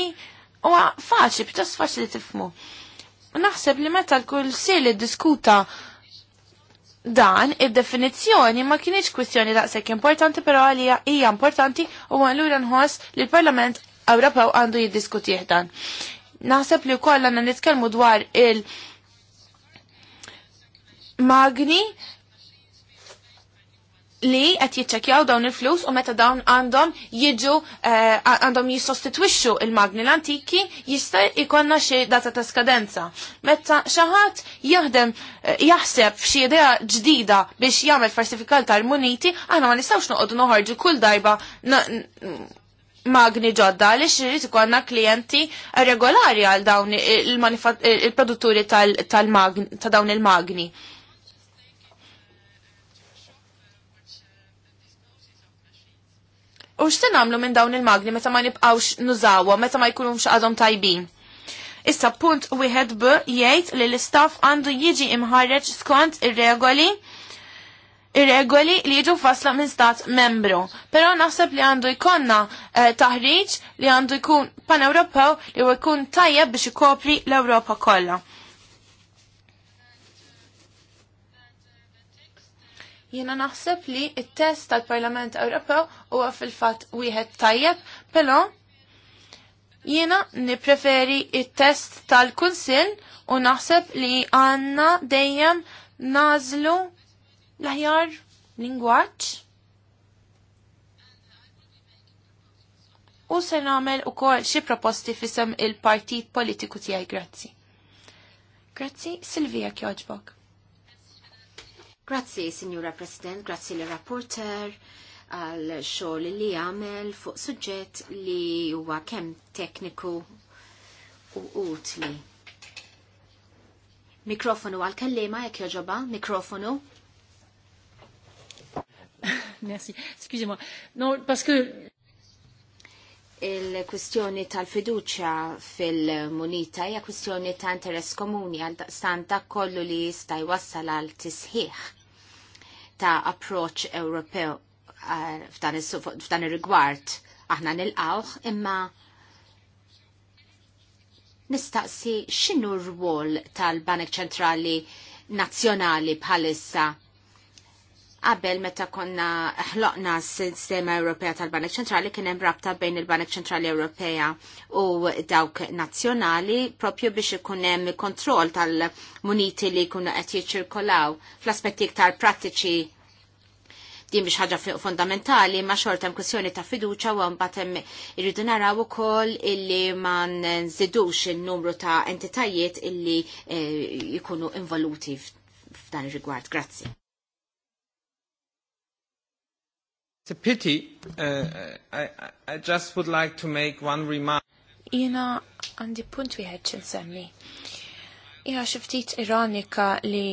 huwa faċli, pjuttost faċli tifhmu. U naħseb li meta l-kull li diskuta dan id-definizzjoni ma kienieċ kwistjoni daqshekk importanti però għalija hija importanti u allura nħoss li l-Parlament Ewropew għandu jiddiskutih dan. Naħseb li wkoll għandna nitkellmu dwar il- magni li qed jiċċekjaw dawn il-flus u meta dawn għandhom jiġu eh, għandhom jissostitwixxu il-magni l-antiki jista' jkollna xi data ta' skadenza. Meta xi ħadd jaħdem eh, jaħseb f'xi idea ġdida biex jagħmel falsifikat tal-muniti, aħna ma nistgħux noqogħdu noħorġu kull darba magni ġodda li xirrit ikonna klienti regolari għal dawn il-produtturi tal-dawn il-magni. il produtturi tal magni ta' tal dawn il magni U x'se għamlu minn dawn il-magni meta ma nibqgħux nużawa, meta ma jkunux għadhom tajbin. Issa punt wieħed b jgħid li l-istaff għandu jiġi imħarreċ skont ir-regoli ir-regoli li jiġu fasla minn stat membru. Però naħseb li għandu jkonna eh, taħriġ li għandu jkun pan-Ewropew li jkun tajjeb biex ikopri l-Ewropa kollha. Jiena naħseb li il test tal-Parlament Ewropew huwa fil-fatt wieħed tajjeb, però jiena nippreferi il test tal-Kunsill u naħseb li għandna dejjem nażlu l-aħjar lingwaġġ. U se nagħmel ukoll xi proposti fisem il-partit politiku tiegħi grazzi. Grazzi, Silvija Kjoġbok. Grazzi, Signora President, grazzi l rapporter għal xogħol li għamel fuq suġġett li huwa kemm tekniku u utli. Mikrofonu għal kellima jekk joġoba, mikrofonu. Merci, skużima. No, paske il-kwistjoni tal-fiduċa fil-munita hija kwistjoni ta' interess komuni għal daqstan kollu li jista' jwassal għal tisħiħ ta' approach Ewropew eh, f'dan ir-rigward aħna nilqawh imma nistaqsi x'inhu r-rwol tal-Banek Ċentrali Nazzjonali bħalissa Qabel meta konna ħloqna s-sistema Ewropea tal-Banek Ċentrali kien hemm rabta bejn il-Banek Ċentrali Ewropea u dawk nazzjonali propju biex ikun hemm kontroll tal-muniti li jkunu qed jiċċirkolaw fl-aspetti iktar prattiċi din biex ħaġa fondamentali ma xort hemm kwestjoni ta' fiduċa u mbagħad hemm irridu naraw ukoll illi ma nżidux in-numru ta' entitajiet illi eh, jkunu involuti f'dan ir-rigward. Grazzi. It's a pity. Uh, I, I just would like to make one remark. Jena għandi punt wieħed ċinsemmi. Jena xiftit ironika li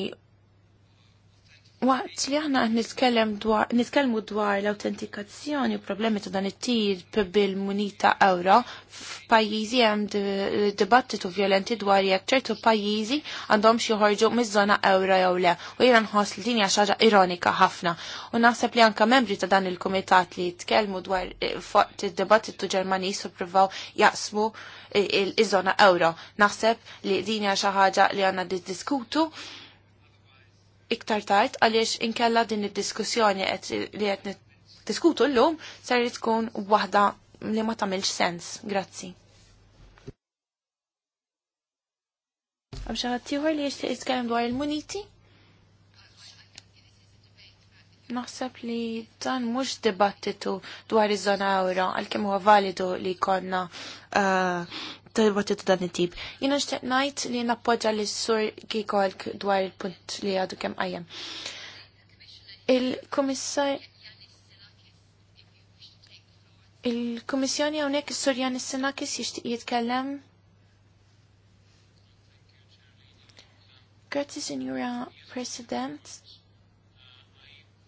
Waqt li aħna nitkellmu dwar l-autentikazzjoni u problemi ta' dan it-tir bil-munita euro f'pajjiżi hemm eh, dibattitu vjolenti dwar jekk ċertu pajjiżi għandhom xi joħorġu miż-żona euro jew le. U jiena nħoss li din hija xaġa ironika ħafna. U naħseb li anke membri ta' dan il-kumitat li jitkellmu dwar eh, fuq id-dibattitu Ġermaniż ippruvaw jaqsmu eh, iż-żona euro. Naħseb li din hija xi ħaġa li għandna diskutu iktar tard għaliex inkella din id-diskussjoni li qed diskutu llum ser tkun waħda li ma tagħmilx sens. Grazzi. Għam xaħat tiħor li jishtiq jitkellem dwar il-muniti? Naħseb li dan mhux dibattitu dwar iż-żona għal għalkemm huwa validu li konna uh, t voti ta' dan it-tip. Jina nxtieq ngħid li li s sur kikolk dwar il-punt li għadu kem għajem. Il-Kummissar Il-Kummissjoni hawnhekk is-Sur Janis Sinakis jixtieq jitkellem. Grazie, Signora President.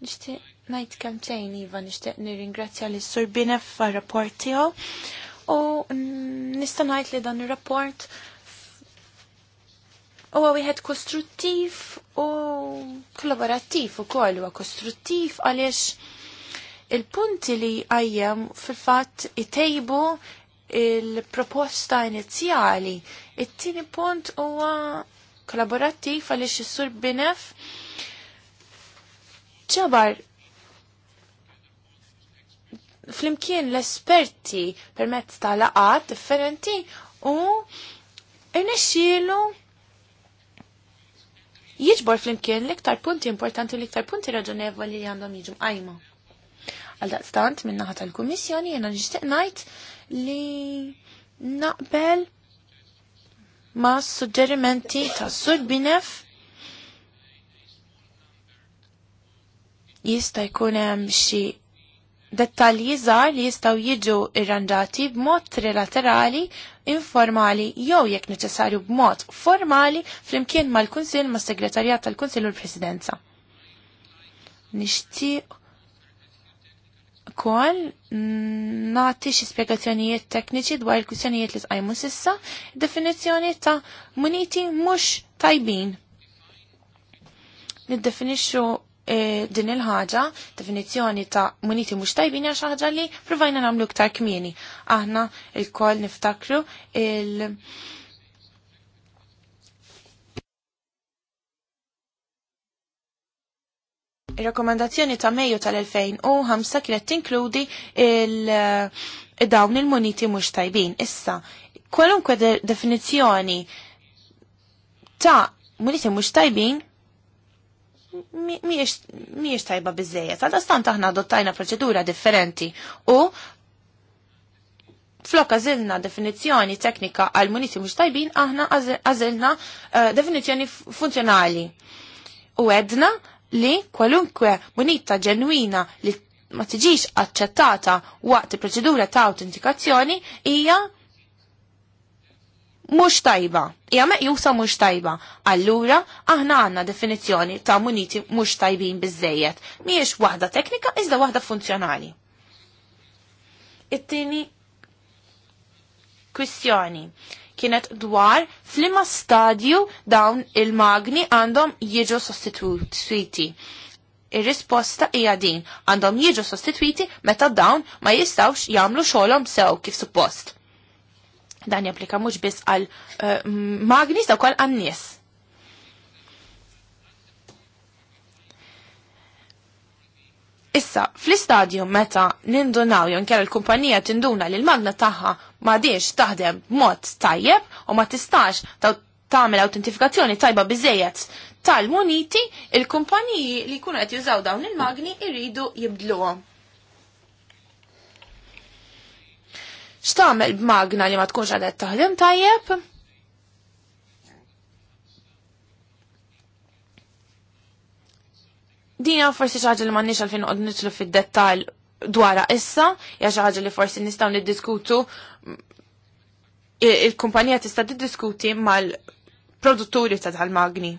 Nishtiq Nixtieq ngħid kemm tejn iva nixtieq li s sur Binef għar rapport tiegħu u nista' ngħid li dan ir-rapport huwa wieħed kostruttiv u kollaborattiv ukoll huwa kostruttiv għaliex il-punti li għajjem fil-fatt itejbu il-proposta inizjali. It-tieni punt huwa kollaborattiv għaliex is-sur binef ċabar flimkien l-esperti permezz ta' laqat differenti u irnexxielu jiġbor flimkien l-iktar punti importanti u l-iktar punti raġonevoli li għandhom jiġu mqajma. Għal daqstant minn naħa tal-Kummissjoni jena nixtieq ngħid li naqbel ma' suġġerimenti ta' Sur Binef jista' jkun hemm xi dettalji żgħar li jistgħu jiġu irranġati b'mod trilaterali, informali jew jekk neċessarju b'mod formali flimkien mal-Kunsill mas segretarjat tal-Kunsill u l-Presidenza. Nixtieq ukoll nagħti xi spjegazzjonijiet tekniċi dwar il-kwistjonijiet li tqajmu sissa, definizzjoni ta' muniti mhux tajbin. Niddefinixxu E, din il-ħaġa, definizjoni ta' muniti mux tajbin għax ħaġa li provajna namlu ktar kmieni. Aħna il kol niftakru il- Il-rekomendazzjoni ta' Mejju tal-2005 kienet tinkludi il-dawn il-muniti mux tajbin. Issa, kwalunkwe definizjoni ta' muniti mux tajbin miex tajba bizzejet. Għadda stant aħna adottajna proċedura differenti u flok għazilna definizjoni teknika għal muniti mux tajbin, aħna għazilna eh, definizjoni funzjonali. U għedna li kwalunkwe munita ġenwina li ma tiġix accettata waqt il-proċedura ta' autentikazzjoni hija mhux tajba, hija meqjusa mhux tajba. Allura aħna għandna definizzjoni ta' muniti mhux tajbin bizzejet. mhijiex waħda teknika iżda waħda funzjonali. It-tieni kwistjoni kienet dwar flima stadju dawn il-magni għandhom jiġu sostituiti. Ir-risposta hija din għandhom jiġu sostituiti meta dawn ma jistawx jagħmlu xogħolhom sew kif suppost. Dan japplika mhux biss għal eh, magni sa wkoll għan-nies. Issa, fl-istadju meta nindunaw jon kera l-kumpanija tinduna li l-magna taħħa ma diex taħdem mod tajjeb u ma tistax tagħmel autentifikazzjoni tajba bizzejet tal-muniti, il-kumpaniji li kuna qed jużaw dawn il-magni irridu jibdluhom. X'tagħmel b'magna li ma tkunx għadet taħdem tajjeb? Dina forsi xi ħaġa li m'għandniex għalfejn noqgħod nitlu fid-dettall dwara issa, hija xi ħaġa li forsi nistgħu niddiskutu il-kumpanija tista' tiddiskuti mal-produtturi ta' tal-magni.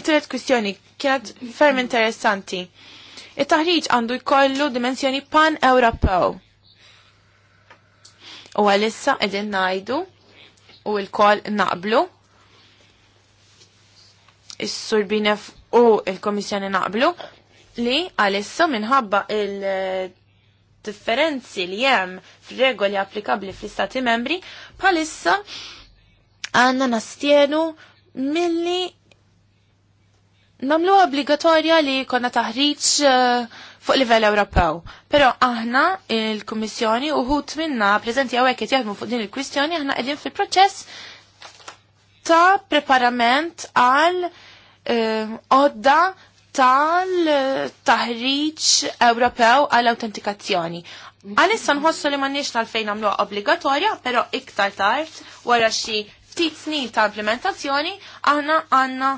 It-tret kwistjoni kienet ferm interessanti. It-taħriġ għandu jkollu dimensjoni pan europew u għalissa edin najdu u l-kol naqblu. Is-Sur Binef u il-Komissjoni naqblu li għalissa minħabba il-differenzi li jem fil-regoli applikabli fl-Stati membri, palissa għanna nastienu milli namlu obbligatorja li konna taħriċ uh, eh, fuq livell Ewropew. Però aħna il-Kummissjoni uħut minna preżenti hawnhekk qed jaħdmu fuq din il-kwistjoni aħna qegħdin fil-proċess ta' preparament għal eh, għodda tal-taħriċ Ewropew għall autentikazzjoni Għalissa nħossu li m'għandniex tal-fejn għamluha obbligatorja, pero iktar tard wara xi ftit snin ta' implementazzjoni aħna għandna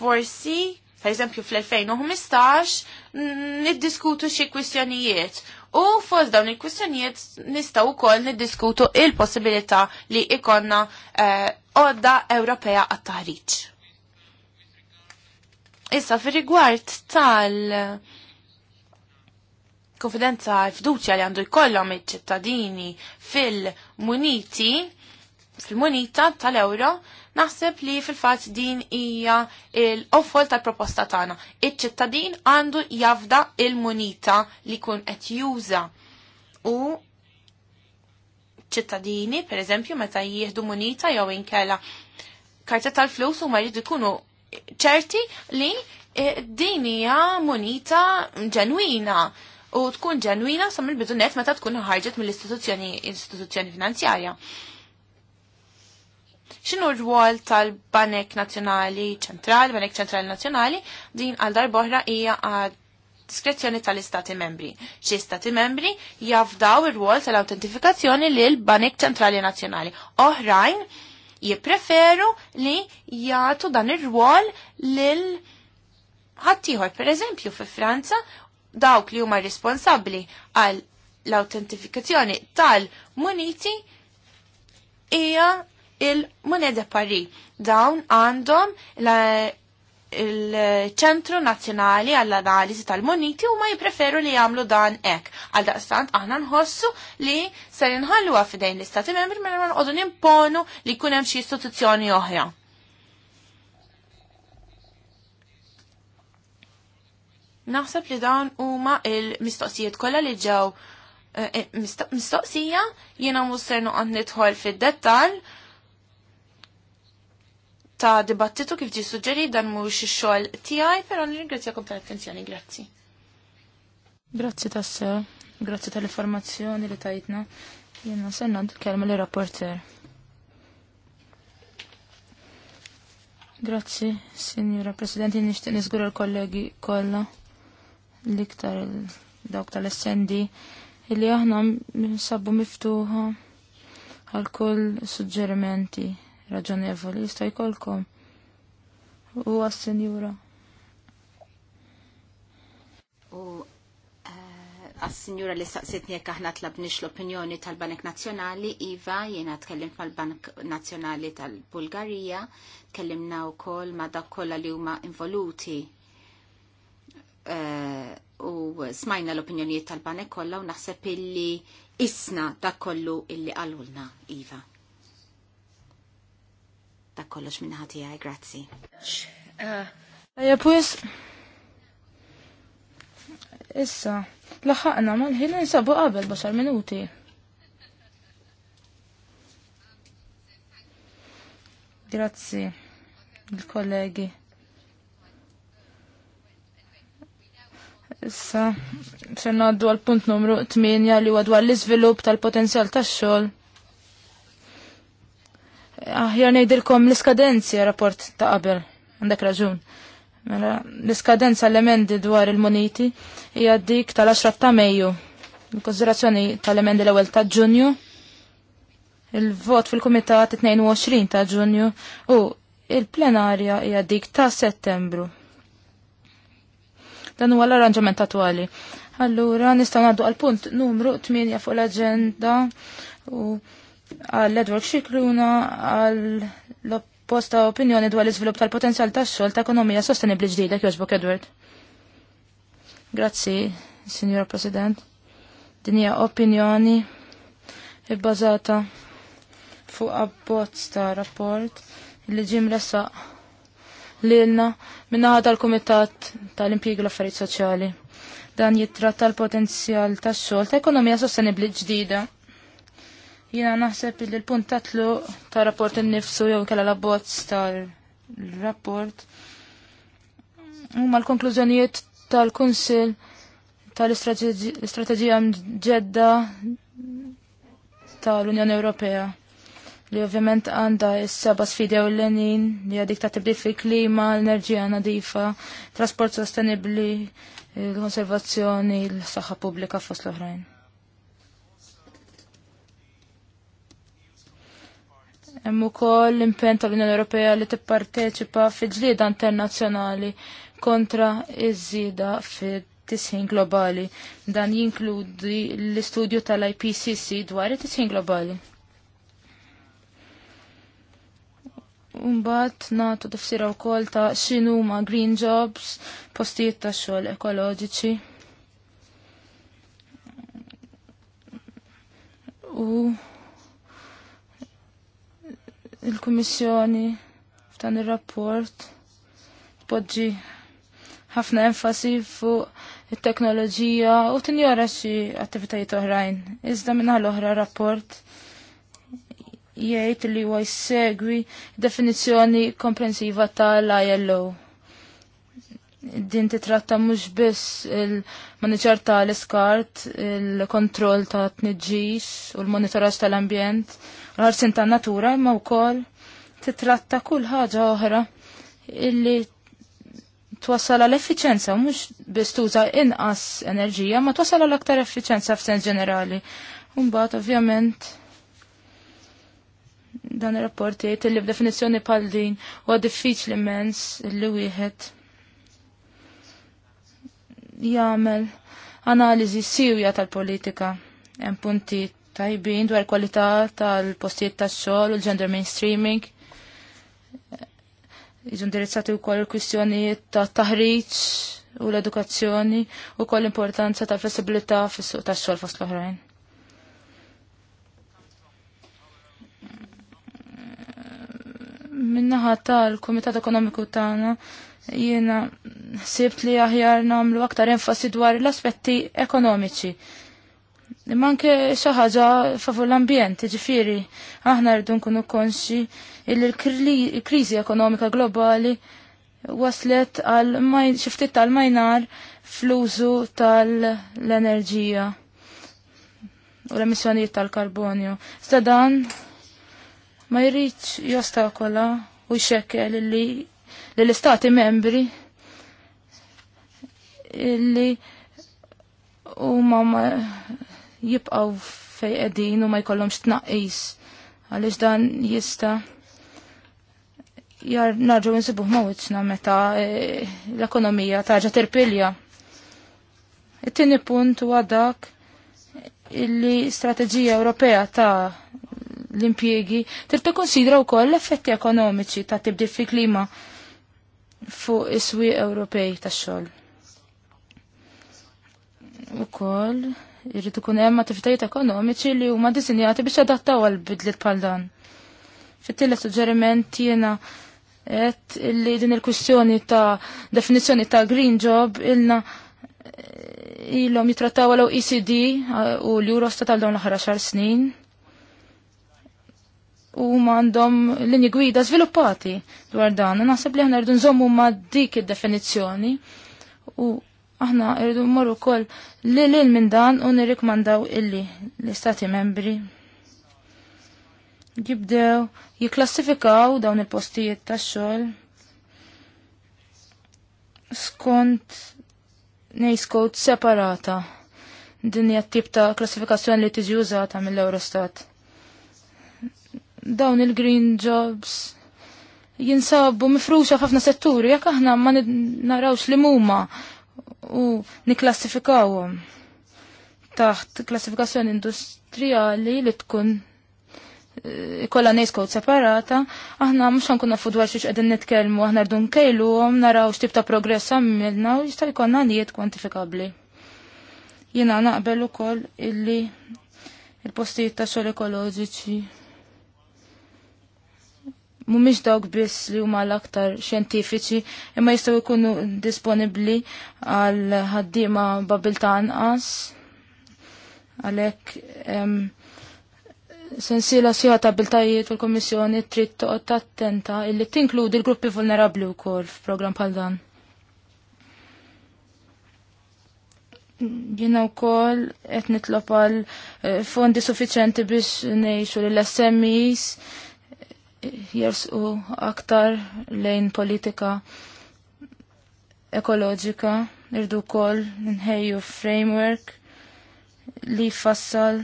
forsi Per eżempju fl-2015 niddiskutu xi kwistjonijiet u fost dawn il-kwistjonijiet u koll niddiskutu il-possibilità li ikonna eh, għodda eh, Ewropea għat Issa fir rigward tal konfidenza fiduċja li għandu jkollhom iċ-ċittadini fil-muniti fil-munita tal-euro Naħseb li fil-fatt din hija l-offol tal-proposta tagħna. Iċ-ċittadin għandu jafda il-munita li kun qed juża. U ċittadini, per eżempju, meta jieħdu munita jew inkella karta tal-flus huma jridu jkunu ċerti li e, din hija munita ġenwina u tkun ġenwina sa mill-bidu meta tkun ħarġet mill-istituzzjoni istituzzjoni finanzjarja. X'inhu r-rwol tal-Banek Nazzjonali Ċentrali, Banek Ċentrali Nazzjonali, din għal darboħra hija għad diskrezzjoni tal-Istati membri. Xi Stati membri jafdaw ir wol tal-autentifikazzjoni l Banek Ċentrali Nazzjonali. Oħrajn jippreferu li jagħtu dan ir l lil ħaddieħor. Pereżempju fi Franza dawk li huma responsabbli għal l-autentifikazzjoni tal-muniti hija il-Moneda Pari. Dawn għandhom il-ċentru nazjonali għall-analizi tal-moniti u ma jipreferu li jamlu dan ek. Għal daqstant aħna nħossu li se inħalluha f'idejn l-istati membri minn mela ma nqogħdu nimponu li jkun hemm xi istituzzjoni oħra. Naħseb li dawn huma il-mistoqsijiet kollha li ġew eh, eh, mistoqsija jiena mhux ser noqgħod nidħol fid-dettall ta' dibattitu kif ġi suġġeri dan mhuwiex ix-xogħol tiegħi, però nirringrazzjakom tal-attenzjoni, grazzi. Grazzi tassew, grazzi tal-informazzjoni li tajtna. Jiena senna kelma li rapporter. Grazzi, Sinjura Presidenti, nixtieq niżgur il-kollegi kollha l-iktar dawk tal snd illi aħna sabbu miftuħa għal kull suġġerimenti raġonevoli jistaj kolkom. U għas-senjura. U eh, għas-senjura li staqsitni jekk aħna tlabniex l-opinjoni tal-Banek Nazzjonali, Iva, jiena tkellim mal-Bank Nazzjonali tal-Bulgarija, tkellimna wkoll ma' dak li huma involuti eh, u smajna l-opinjonijiet tal-banek kollha u naħseb illi isna dak kollu illi qalulna, Iva. Da kollox minna ħati għaj, grazzi. Għaja eh, pwis. Issa, laħħaqna ma l ħin nsabu għabel baxar minuti. Grazzi, il-kollegi. Issa, xennaddu għal-punt numru 8 li għadwar l izvilup tal-potenzjal tax-xol aħjar ngħidilkom l-iskadenzi rapport ta' qabel, għandek raġun. Mela, l-iskadenza l-emendi dwar il-moniti hija dik tal-10 ta' Mejju. Il-konsiderazzjoni tal-emendi l-ewwel ta' Ġunju. Il-vot fil-kumitat 22 ta' Ġunju u il-plenarja hija dik ta' Settembru. Dan huwa l-arranġament attwali. Allura nistgħu ngħaddu għal punt numru 8 fuq l-aġenda u għall-Edward Xikruna għall-posta opinjoni dwar l izvilup tal-potenzjal tax-xogħol ta' ekonomija sostenibli ġdida kjoġbok Edward. Grazzi, Signor President. Din hija opinjoni bbażata fuq abbozz ta' rapport li ġim ressaq lilna minnaħa tal-Kumitat tal-Impjiegi l-Affarijiet Soċjali. Dan jittratta l-potenzjal tax-xogħol ta' ekonomija sostenibbli ġdida Jina naħseb li l-punt tatlu ta' rapport innifsu jew kella la bozz ta' rapport Huma l-konklużjonijiet tal-Kunsil tal-istrateġija ġedda tal-Unjoni Ewropea li ovvjament għandha s-seba sfidi u l-lenin li għadik ta' tibdi fi klima l-enerġija nadifa, trasport sostenibli, l-konservazzjoni, l-saħħa pubblika fost l-oħrajn. Hemm ukoll l-impenn tal-Unjoni Ewropea li tipparteċipa fil-ġlieda internazzjonali kontra iż-żieda fit-tisħin globali. Dan jinkludi l-istudju tal-IPCC dwar it-tisħin globali. Umbat natu tifsira u kol ta' xinu ma' green jobs, postijiet ta' xol ekoloġiċi. U il kommissjoni f'dan ir-rapport tpoġġi ħafna enfasi fuq it-teknoloġija u tinjora xi attivitajiet oħrajn. Iżda minn l-oħra rapport jgħid li huwa jsegwi definizzjoni komprensiva tal-ILO. Din titratta mhux biss il-maniġer tal-iskart, il-kontroll ta' tniġġis u l-monitoraġġ tal-ambjent, għarsin ta' natura imma wkoll titratta kull ħaġa oħra illi twassala l effiċenza mhux biss tuża inqas enerġija ma twassal l aktar effiċenza f'sens ġenerali. Mbagħad ovvjament dan ir-rapport illi b'definizzjoni pal bħal din huwa diffiċli immens li wieħed jagħmel analiżi siwja tal-politika hemm punti tajbin dwar kwalità tal-postijiet tax-xogħol u l-gender mainstreaming. Iġu indirizzati wkoll il-kwistjonijiet ta' taħriġ u l-edukazzjoni u koll importanza ta' flessibilità fis-suq tax-xogħol fost l-oħrajn. Minnaħa tal-Kumitat Ekonomiku tagħna jiena sibt li aħjar nagħmlu aktar enfasi dwar l-aspetti ekonomiċi Imma anke xi ħaġa favur l-ambjent, ġifiri, aħna rridu nkunu konxi illi l-kriżi ekonomika globali waslet għal xiftit tal-majnar fl-użu tal-enerġija u l-emissjonijiet tal-karbonju. Stadan dan ma jridx jostakola u jxekkel li l-istati membri illi u mamma jibqaw fej qegħdin u ma jkollhomx tnaqqis għaliex dan jista' jar narġu nsibuħ mawiċna meta e, l-ekonomija taġa terpilja. It-tieni punt huwa dak illi strateġija Ewropea ta' l-impjiegi trid konsidra wkoll l-effetti ekonomiċi ta' tibdil fi klima fuq is-swieq Ewropej tax-xogħol. Ukoll Irrid ikun hemm attivitajiet ekonomiċi li huma disinjati biex adattaw għal bidliet bħal dan. Fit-tielet suġġeriment jiena qed illi din il-kwistjoni ta' definizzjoni ta' green job ilna eh, ilhom jitrattaw għal ECD eh, u l-Eurostat għal dawn l-aħħar xar snin u għandhom linji gwida sviluppati dwar dan. Naħseb li ħna rridu nżommu ma' dik id-definizzjoni u Aħna irridu mmorru wkoll li lil minn dan u nirrikmandaw illi l-istati membri jibdew jiklassifikaw dawn il-postijiet tax-xogħol skont nejs code separata. Din hija tip ta' klassifikazzjoni li tiġi użata mill-Eurostat. Dawn il-green jobs jinsabu mifruxa ħafna setturi jekk aħna ma narawx li huma u niklassifikawhom taħt klassifikazzjoni industrijali li tkun eh, ikolla nejs kod separata, aħna mux għankun nafudwar xiex għedin nitkelmu, aħna rdu nkejluhom, naraw xtib ta' progress għamilna u jista' jkollna nijiet kwantifikabli. Jina naqbel ukoll illi il-postijiet ta' xogħol ekoloġiċi mhumiex dawk biss li huma l-aktar xjentifiċi imma jistgħu jkunu disponibbli għal ħaddiema babil ta' anqas għalhekk sensiela sija ta' biltajiet fil-Kommissjoni trid toqgħod attenta illi tinkludi l-gruppi vulnerabbli wkoll f'programm bħal dan. Jina u qed nitlob għal eh, fondi suffiċenti biex ngħixu lill SMEs jersqu aktar lejn politika ekoloġika, irdu kol nħejju framework li fassal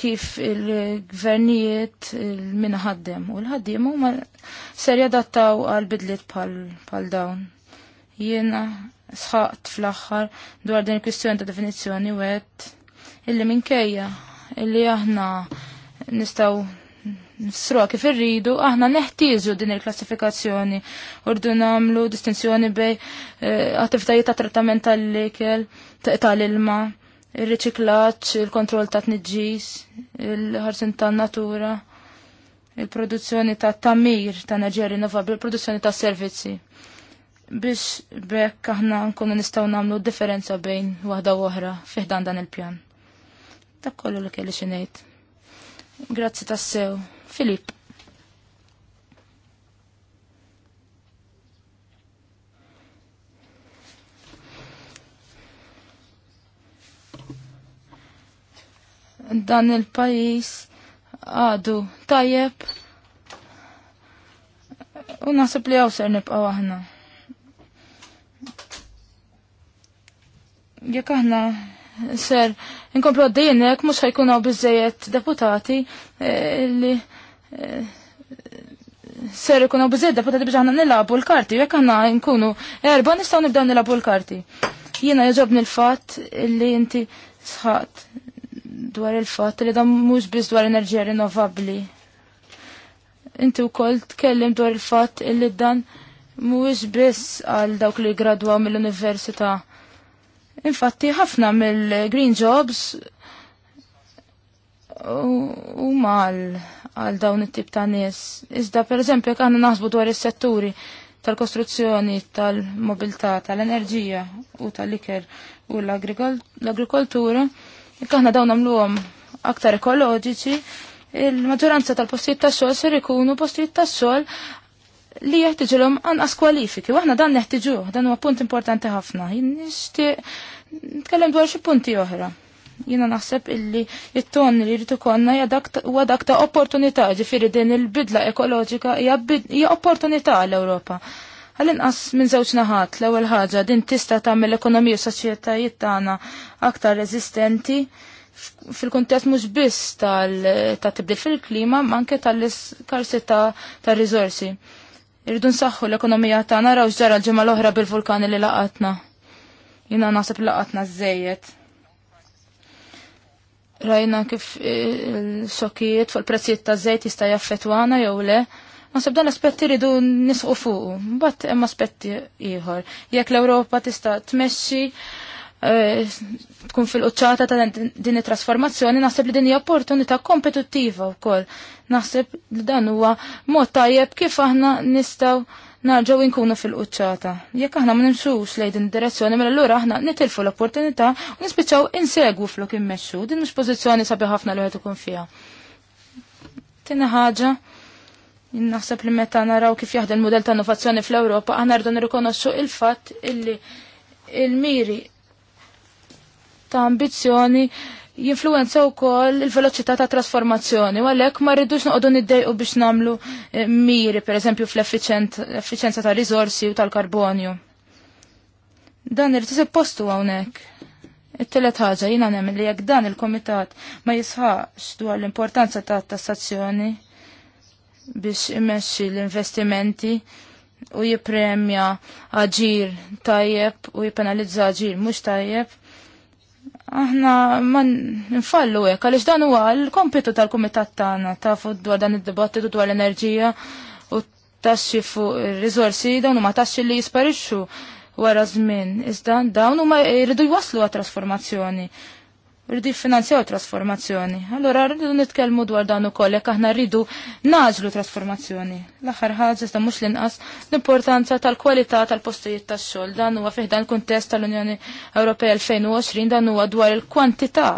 kif il-gvernijiet il-minħaddem u l-ħaddim u ma ser jadattaw għal-bidliet pal-dawn. Jiena sħaqt fl-axħar dwar din il-kwistjoni ta' definizjoni wet illi minkejja illi aħna nistaw nfsruha kif irridu, aħna neħtieżu din il-klassifikazzjoni. Urdu namlu distinzjoni bej eh, attivitajiet ta' trattament tal likel tal-ilma, il-riċiklaġġ, il-kontroll ta' tniġġis, il-ħarsin tan-natura, il-produzzjoni ta' tamir ta' enerġija rinnovabbli, il-produzzjoni ta' servizzi. Biex bekk aħna nkunu nistgħu nagħmlu differenza bejn waħda u oħra fiħdan dan il-pjan. Dak kollu li kelli xi ngħid. Grazzi tassew. Filip. Dan il-pajis għadu tajjeb u nasib li ser nibqaw aħna. Jek aħna ser inkomplu għaddejnek mux ħajkun għaw bizzejet deputati eh, li ser ikunu bżedda pota tibġa għanna nilabu l-karti, jekk għanna nkunu erba nistgħu nibdaw nilabu l-karti. Jiena jġobni l-fatt li inti sħat dwar il-fatt li dan mhux biss dwar enerġija rinnovabbli. Inti wkoll tkellim dwar il-fatt li dan mhuwiex biss għal dawk li gradwaw mill-università. Infatti ħafna mill-green jobs u mal għal dawn it-tip ta' nies. Iżda eżempju, jekk għandna naħsbu dwar is-setturi tal-kostruzzjoni, tal-mobilità, tal-enerġija u tal-iker u l-agrikoltura, jekk aħna dawn nagħmluhom aktar ekoloġiċi, il-maġġoranza tal-postijiet tas xogħol ser ikunu postijiet tas xogħol li jeħtiġilhom anqas kwalifiki, Waħna aħna dan neħtiġuh, dan huwa punt importanti ħafna. Nixtieq nitkellem dwar xi punti oħra. Jina naħseb illi jittonni li rritu konna huwa dak ta' opportunità ġifiri din il-bidla ekoloġika hija opportunità l-Ewropa. Għal-inqas minn żewġ naħat l-ewwel ħaġa din tista' tagħmel l-ekonomija u soċjetajiet tagħna aktar reżistenti fil-kuntest mhux biss ta' tibdil fil-klima, ma anke tal-iskarsità tar-riżorsi. Irridu nsaħħu l-ekonomija tagħna raw ġara l-ġimgħa l-oħra bil-vulkani li laqatna. Jina naħseb laqatna żejjed. Rajna kif eh, il sokiet fuq il-prezzijiet ta' zejt jista' jaffetwana jew le. Nasib dan aspetti ridu nisqu fuq. mbagħad hemm aspetti ieħor. Jekk l-Ewropa tista' tmexxi eh, tkun fil-qċata ta' din it-trasformazzjoni, naħseb li din hija opportunità kompetittiva wkoll. Naħseb li dan huwa mod tajjeb kif aħna nistgħu narġaw inkunu fil-quċċata. Jekk aħna ma nimxux lejn din direzzjoni mela allura aħna nitilfu l-opportunità u nispiċċaw insegwu flok immexxu. Din mhux pożizzjoni sabi ħafna li qed ikun fiha. Tieni ħaġa, naħseb li meta naraw kif jaħdem il-mudell ta' innovazzjoni fl-Ewropa aħna rridu nirrikonoxxu il-fatt illi il-miri ta' ambizzjoni jinfluenza wkoll il-veloċità ta' trasformazzjoni u għalhekk ma rridux noqogħdu niddejqu biex nagħmlu eh, miri pereżempju fl-effiċenza ta' risorsi u tal-karbonju. Dan irid postu hawnhekk. It-telet ħaġa jina nemmen li jekk dan il-komitat ma jisħax dwar l-importanza ta' tassazzjoni biex imexxi l-investimenti u jipremja aġir tajjeb u jipenalizza aġir mhux tajjeb, Aħna ma nfallu hekk għaliex dan huwa l-kompitu tal-kumitat tagħna tafu dwar dan id-dibattitu dwar l-enerġija u taxxi fuq ir-riżorsi dawn huma taxxi li jisparixxu wara żmien. Iżda dawn huma jridu jwaslu għat trasformazzjoni rridu jiffinanzjaw trasformazzjoni. Allora rridu nitkellmu dwar dan ukoll jekk aħna rridu naġlu trasformazzjoni. L-aħħar ħaġa sta mhux linqas l-importanza tal-kwalità tal-postijiet tax-xogħol. Dan huwa fih dan kuntest tal-Unjoni Ewropea 2020 dan huwa dwar il-kwantità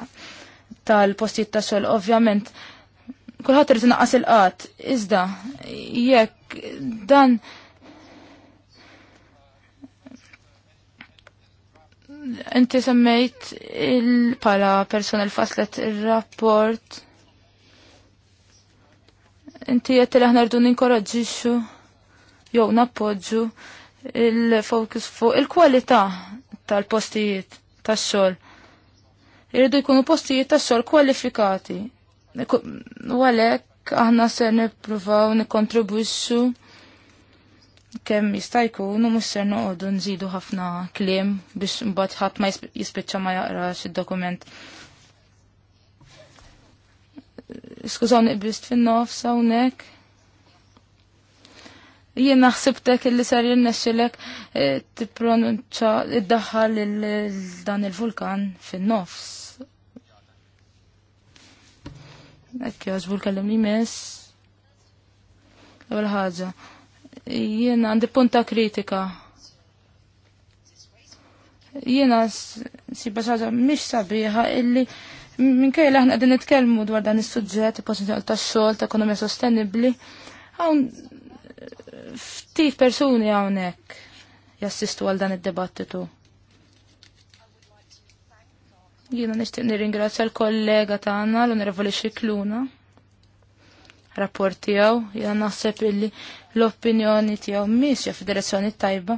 tal-postijiet tax-xogħol ovvjament. Kulħadd irid inqas il-qatt, iżda jekk dan inti semmejt il-pala persona li faslet il-rapport. Inti jett li aħna rdu ninkoraġġixxu jew nappoġġu il-fokus fuq il-kwalità tal-postijiet tax-xogħol. Irridu jkunu postijiet tax-xogħol kwalifikati. U għalhekk aħna se nippruvaw nikkontribwixxu kemm jista' jkun u mhux ser noqogħdu nżidu ħafna kliem biex mbagħad ħadd ma jispiċċa ma jaqrax id-dokument. Skużawni niqbist fin-nofs hawnhekk. Jien naħsibtek illi ser jinnexxilek eh, tippronunċa iddaħħal dan il-vulkan fin-nofs. Ekk jażbul kellimni mess. Ewwel ħaġa. Jiena għandi punta kritika. Jiena si xaġa mhix sabiħa illi minkejja li aħna qegħdin nitkellmu dwar dan is sujġet il-possibilità ta' xogħol ta' ekonomija sostenibbli, għawn ftit persuni hawnhekk jassistu għal dan id-dibattitu. Jiena nixtieq nirringrazzja l-kollega tagħna l-Onorevoli Xikluna rapport tiegħu, jiena naħseb illi l-opinjoni tiegħu mixja f'direzzjoni tajba.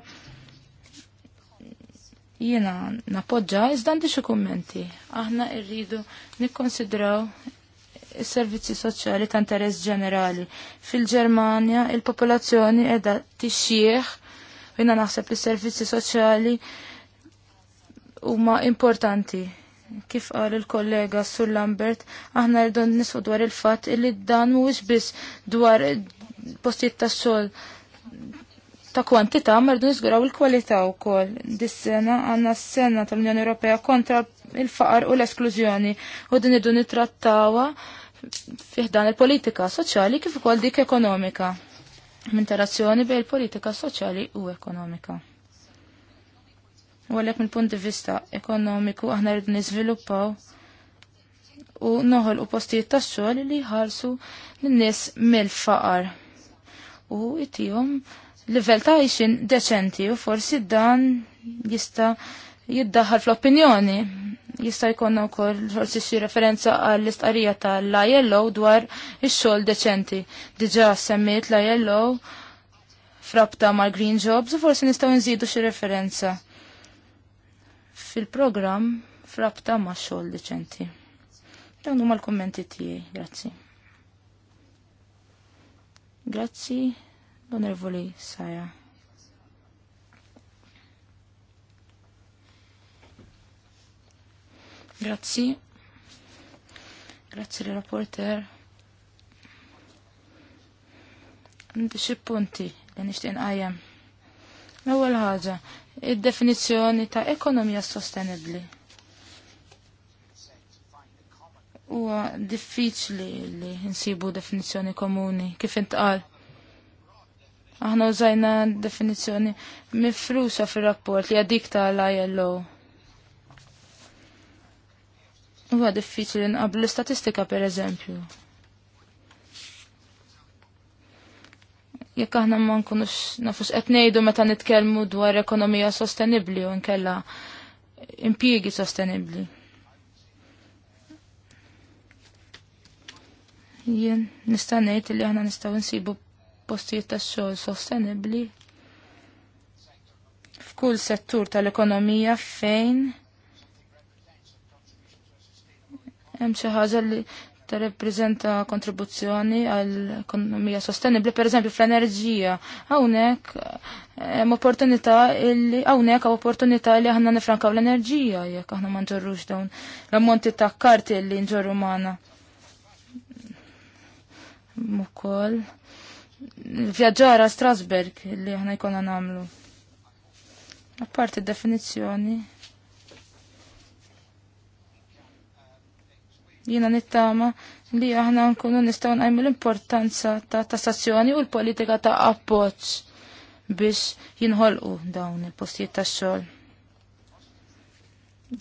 Jiena napoġġa iżda għandi xi kummenti. Aħna rridu nikkonsidraw is-servizzi soċjali ta' interess ġenerali. Fil-Ġermanja il-popolazzjoni qiegħda tixjieħ u jiena naħseb li s-servizzi soċjali huma importanti kif qal il-kollega Sur Lambert, aħna rridu nisfu dwar il-fatt li dan mhuwiex biss dwar postijiet ta' xogħol ta' kwantità merdu niżguraw il-kwalità wkoll. Dis-sena għandna s-sena tal-Unjoni Ewropea kontra il-faqar u l-esklużjoni u din idu nitrattawa fiħdan il-politika soċjali kif ukoll dik ekonomika. M'interazzjoni bejn il-politika soċjali u ekonomika. U għalhekk mill-punt di vista ekonomiku aħna rridu niżviluppaw u noħol u postijiet tax-xogħol li ħarsu lin-nies mill-faqar u jtijom livell ta' għajxin deċenti u forsi dan jista jiddaħħal fl-opinjoni. Jista jkonna wkoll forsi xi referenza għall istqarrija tal-ILO dwar ix-xogħol deċenti. Diġà semmiet l-ILO frabta mal Green Jobs u forsi nistgħu nżidu xi referenza fil-programm frabta ma' xogħol deċenti. Dawn huma l-kummenti tiegħi, grazzi. Grazzi, l'onorevole onorevoli Saja. Grazzi. Grazzi l-rapporter. Għandi xi punti li nixtieq nqajjem. L-ewwel ħaġa, id-definizzjoni ta' ekonomija sostenibbli. huwa diffiċli li nsibu definizzjoni komuni kif intqal. Aħna użajna definizzjoni mifrusa fir-rapport li għadik tal-ILO. Huwa diffiċli nqablu l-istatistika per eżempju. Jekk aħna ma nkunux nafus qed ngħidu meta nitkellmu dwar ekonomija sostenibbli u nkella impjiegi sostenibbli. Jien nista' ngħid li aħna nistgħu nsibu postijiet tax-xogħol sostenibbli f'kull settur tal-ekonomija fejn hemm xi ħaġa li tirrappreżenta kontribuzzjoni għall ekonomija sostenibbli, pereżempju fl-enerġija. Hawnhekk hemm opportunità li hawnhekk hawn opportunità li aħna nifrankaw l-enerġija jekk aħna ma nġorrux dawn l-ammonti ta' karti li nġorru magħna ukoll vjaġġara Strasberg li aħna jkollna nagħmlu. Apparti definizzjoni. Jiena nittama li aħna nkunu nistgħu najmu l-importanza ta' tassazzjoni u l-politika ta' appoġġ biex jinħolqu dawn il-postijiet tax-xogħol.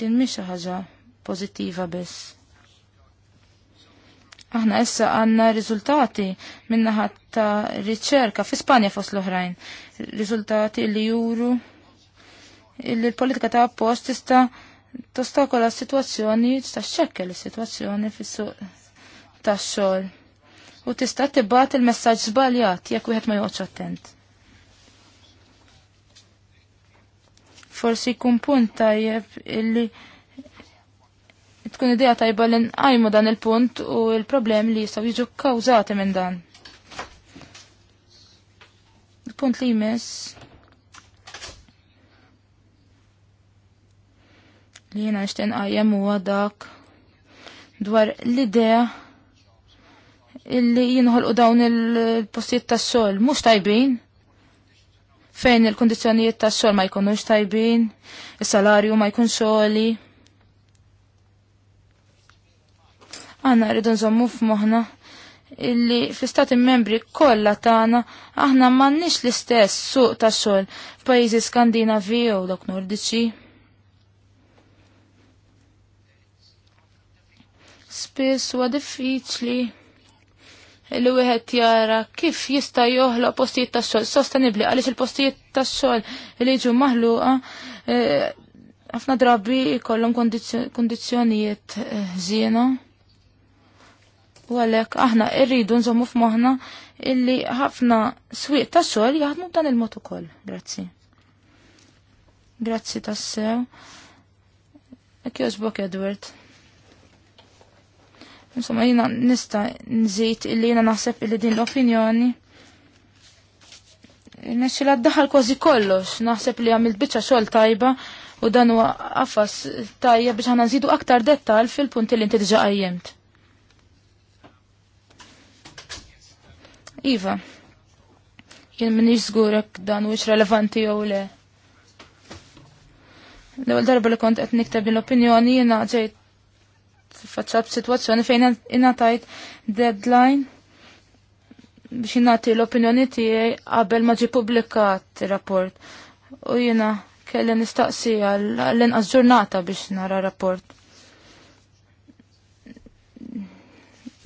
Din mhix ħaġa pożittiva biss. Aħna issa għanna riżultati minnaħat ta' riċerka fi Spanja fost l-oħrajn. Riżultati li juru illi l-politika ta' appost tista' tostakola s-situazzjoni, tista' xekkel s-situazzjoni fis-suq ta' xogħol. U tista' tibbat il-messaġġ żbaljat jekk wieħed ma joqgħodx attent. Forsi jkun punt tajjeb illi tkun idea tajba li nqajmu dan il-punt u il-problem li jistgħu jiġu kkawżati minn dan. Il-punt li jmiss li jiena nixtieq għajem huwa dak dwar l-idea illi jinħolqu dawn il-postijiet tas-sol mhux tajbin fejn il-kondizzjonijiet tas-sol ma jkunux tajbin, is-salarju ma jkunx soli. Aħna rridu nżommu f'moħħna illi fl-istati membri kollha tagħna aħna m'għandniex l-istess suq ta' xogħol f'pajjiżi Skandinavi u dawk Nordiċi. Spiss huwa diffiċli li wieħed jara kif jista' joħloq postijiet tax-xogħol sostenibbli għaliex il-postijiet tax-xogħol li jiġu maħluqa eh, ħafna drabi jkollhom kondizzjonijiet eh, żiena. Eh, U għalek aħna irridu nżommu f'moħna illi ħafna swieq ta' xogħol jaħdmu dan il-mod ukoll. Grazzi. Grazzi tassew. Ek jożbok Edward. Insomma, jina nista nżid illi jina naħseb illi din l-opinjoni. Nesċila la daħal kważi kollox, naħseb li għamil bieċa xogħol tajba u dan huwa għafas tajja biex għana nżidu aktar dettal fil-punti li inti diġa qajjemt. Iva, jien minix zgurek dan wix relevanti jew le. L-ewwel darba li kont qed nikteb l-opinjoni jiena ġejt faċċat situazzjoni fejn ingħatajt deadline biex nagħti l-opinjoni tiegħi qabel ma publikat ir-rapport. U jiena kelli nistaqsi għall-inqas ġurnata biex nara rapport.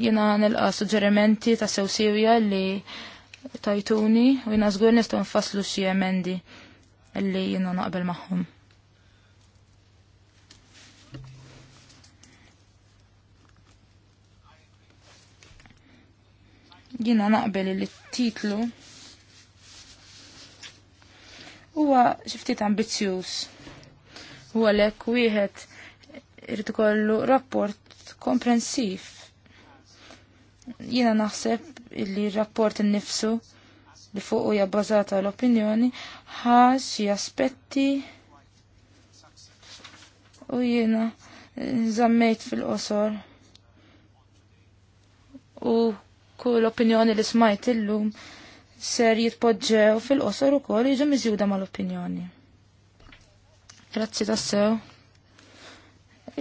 Jena nilqa suġġerimenti ta' sew li tajtuni u jena zgur nistgħu nfaslu xi emendi li jena naqbel magħhom. Jena naqbel li titlu huwa xiftit ambizzjuż. Huwa lek wieħed irid ikollu rapport komprensiv Jiena naħseb li rapport innifsu li fuq huja bbażata l-opinjoni ħa xi aspetti u jiena żammejt fil-qosor u kull opinjoni li smajt illum ser jitpoġġew fil-qosor ukoll jiġu miżjuda mal-opinjoni. Grazzi tassew.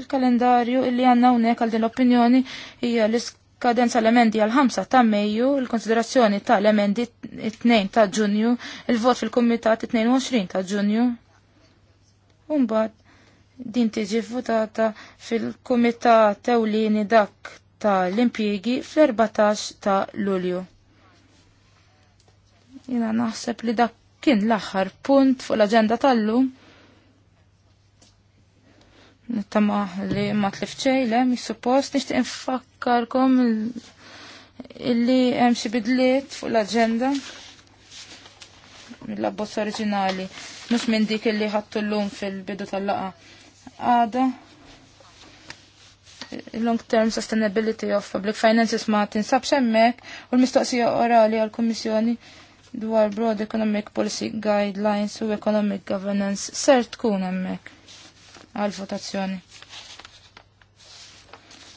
Il-kalendarju illi għanna unek għal din l-opinjoni hija l-isk kadenza l-emendi għal-5 ta' Mejju, il-konsiderazzjoni ta' l-emendi 2 ta' Ġunju, il-vot fil-Kumitat 22 ta' Ġunju. Umbad, din tiġi votata fil-Kumitat Ewlieni dak ta' l impiegi fl-14 ta' Lulju. Jina naħseb li dak kien l-aħħar punt fuq l-agenda tal-lum nittama li ma tlifċej le mi suppost nishtiq infakkarkom illi hemm xi bidliet fuq l-aġenda mill-abbozz oriġinali mhux minn dik illi ħadtu llum fil-bidu tal-laqa. Għada long term sustainability of public finances ma tinsabx hemmhekk u l-mistoqsija orali għall-Kummissjoni dwar Broad Economic Policy Guidelines u Economic Governance ser tkun hemmhekk għal votazzjoni.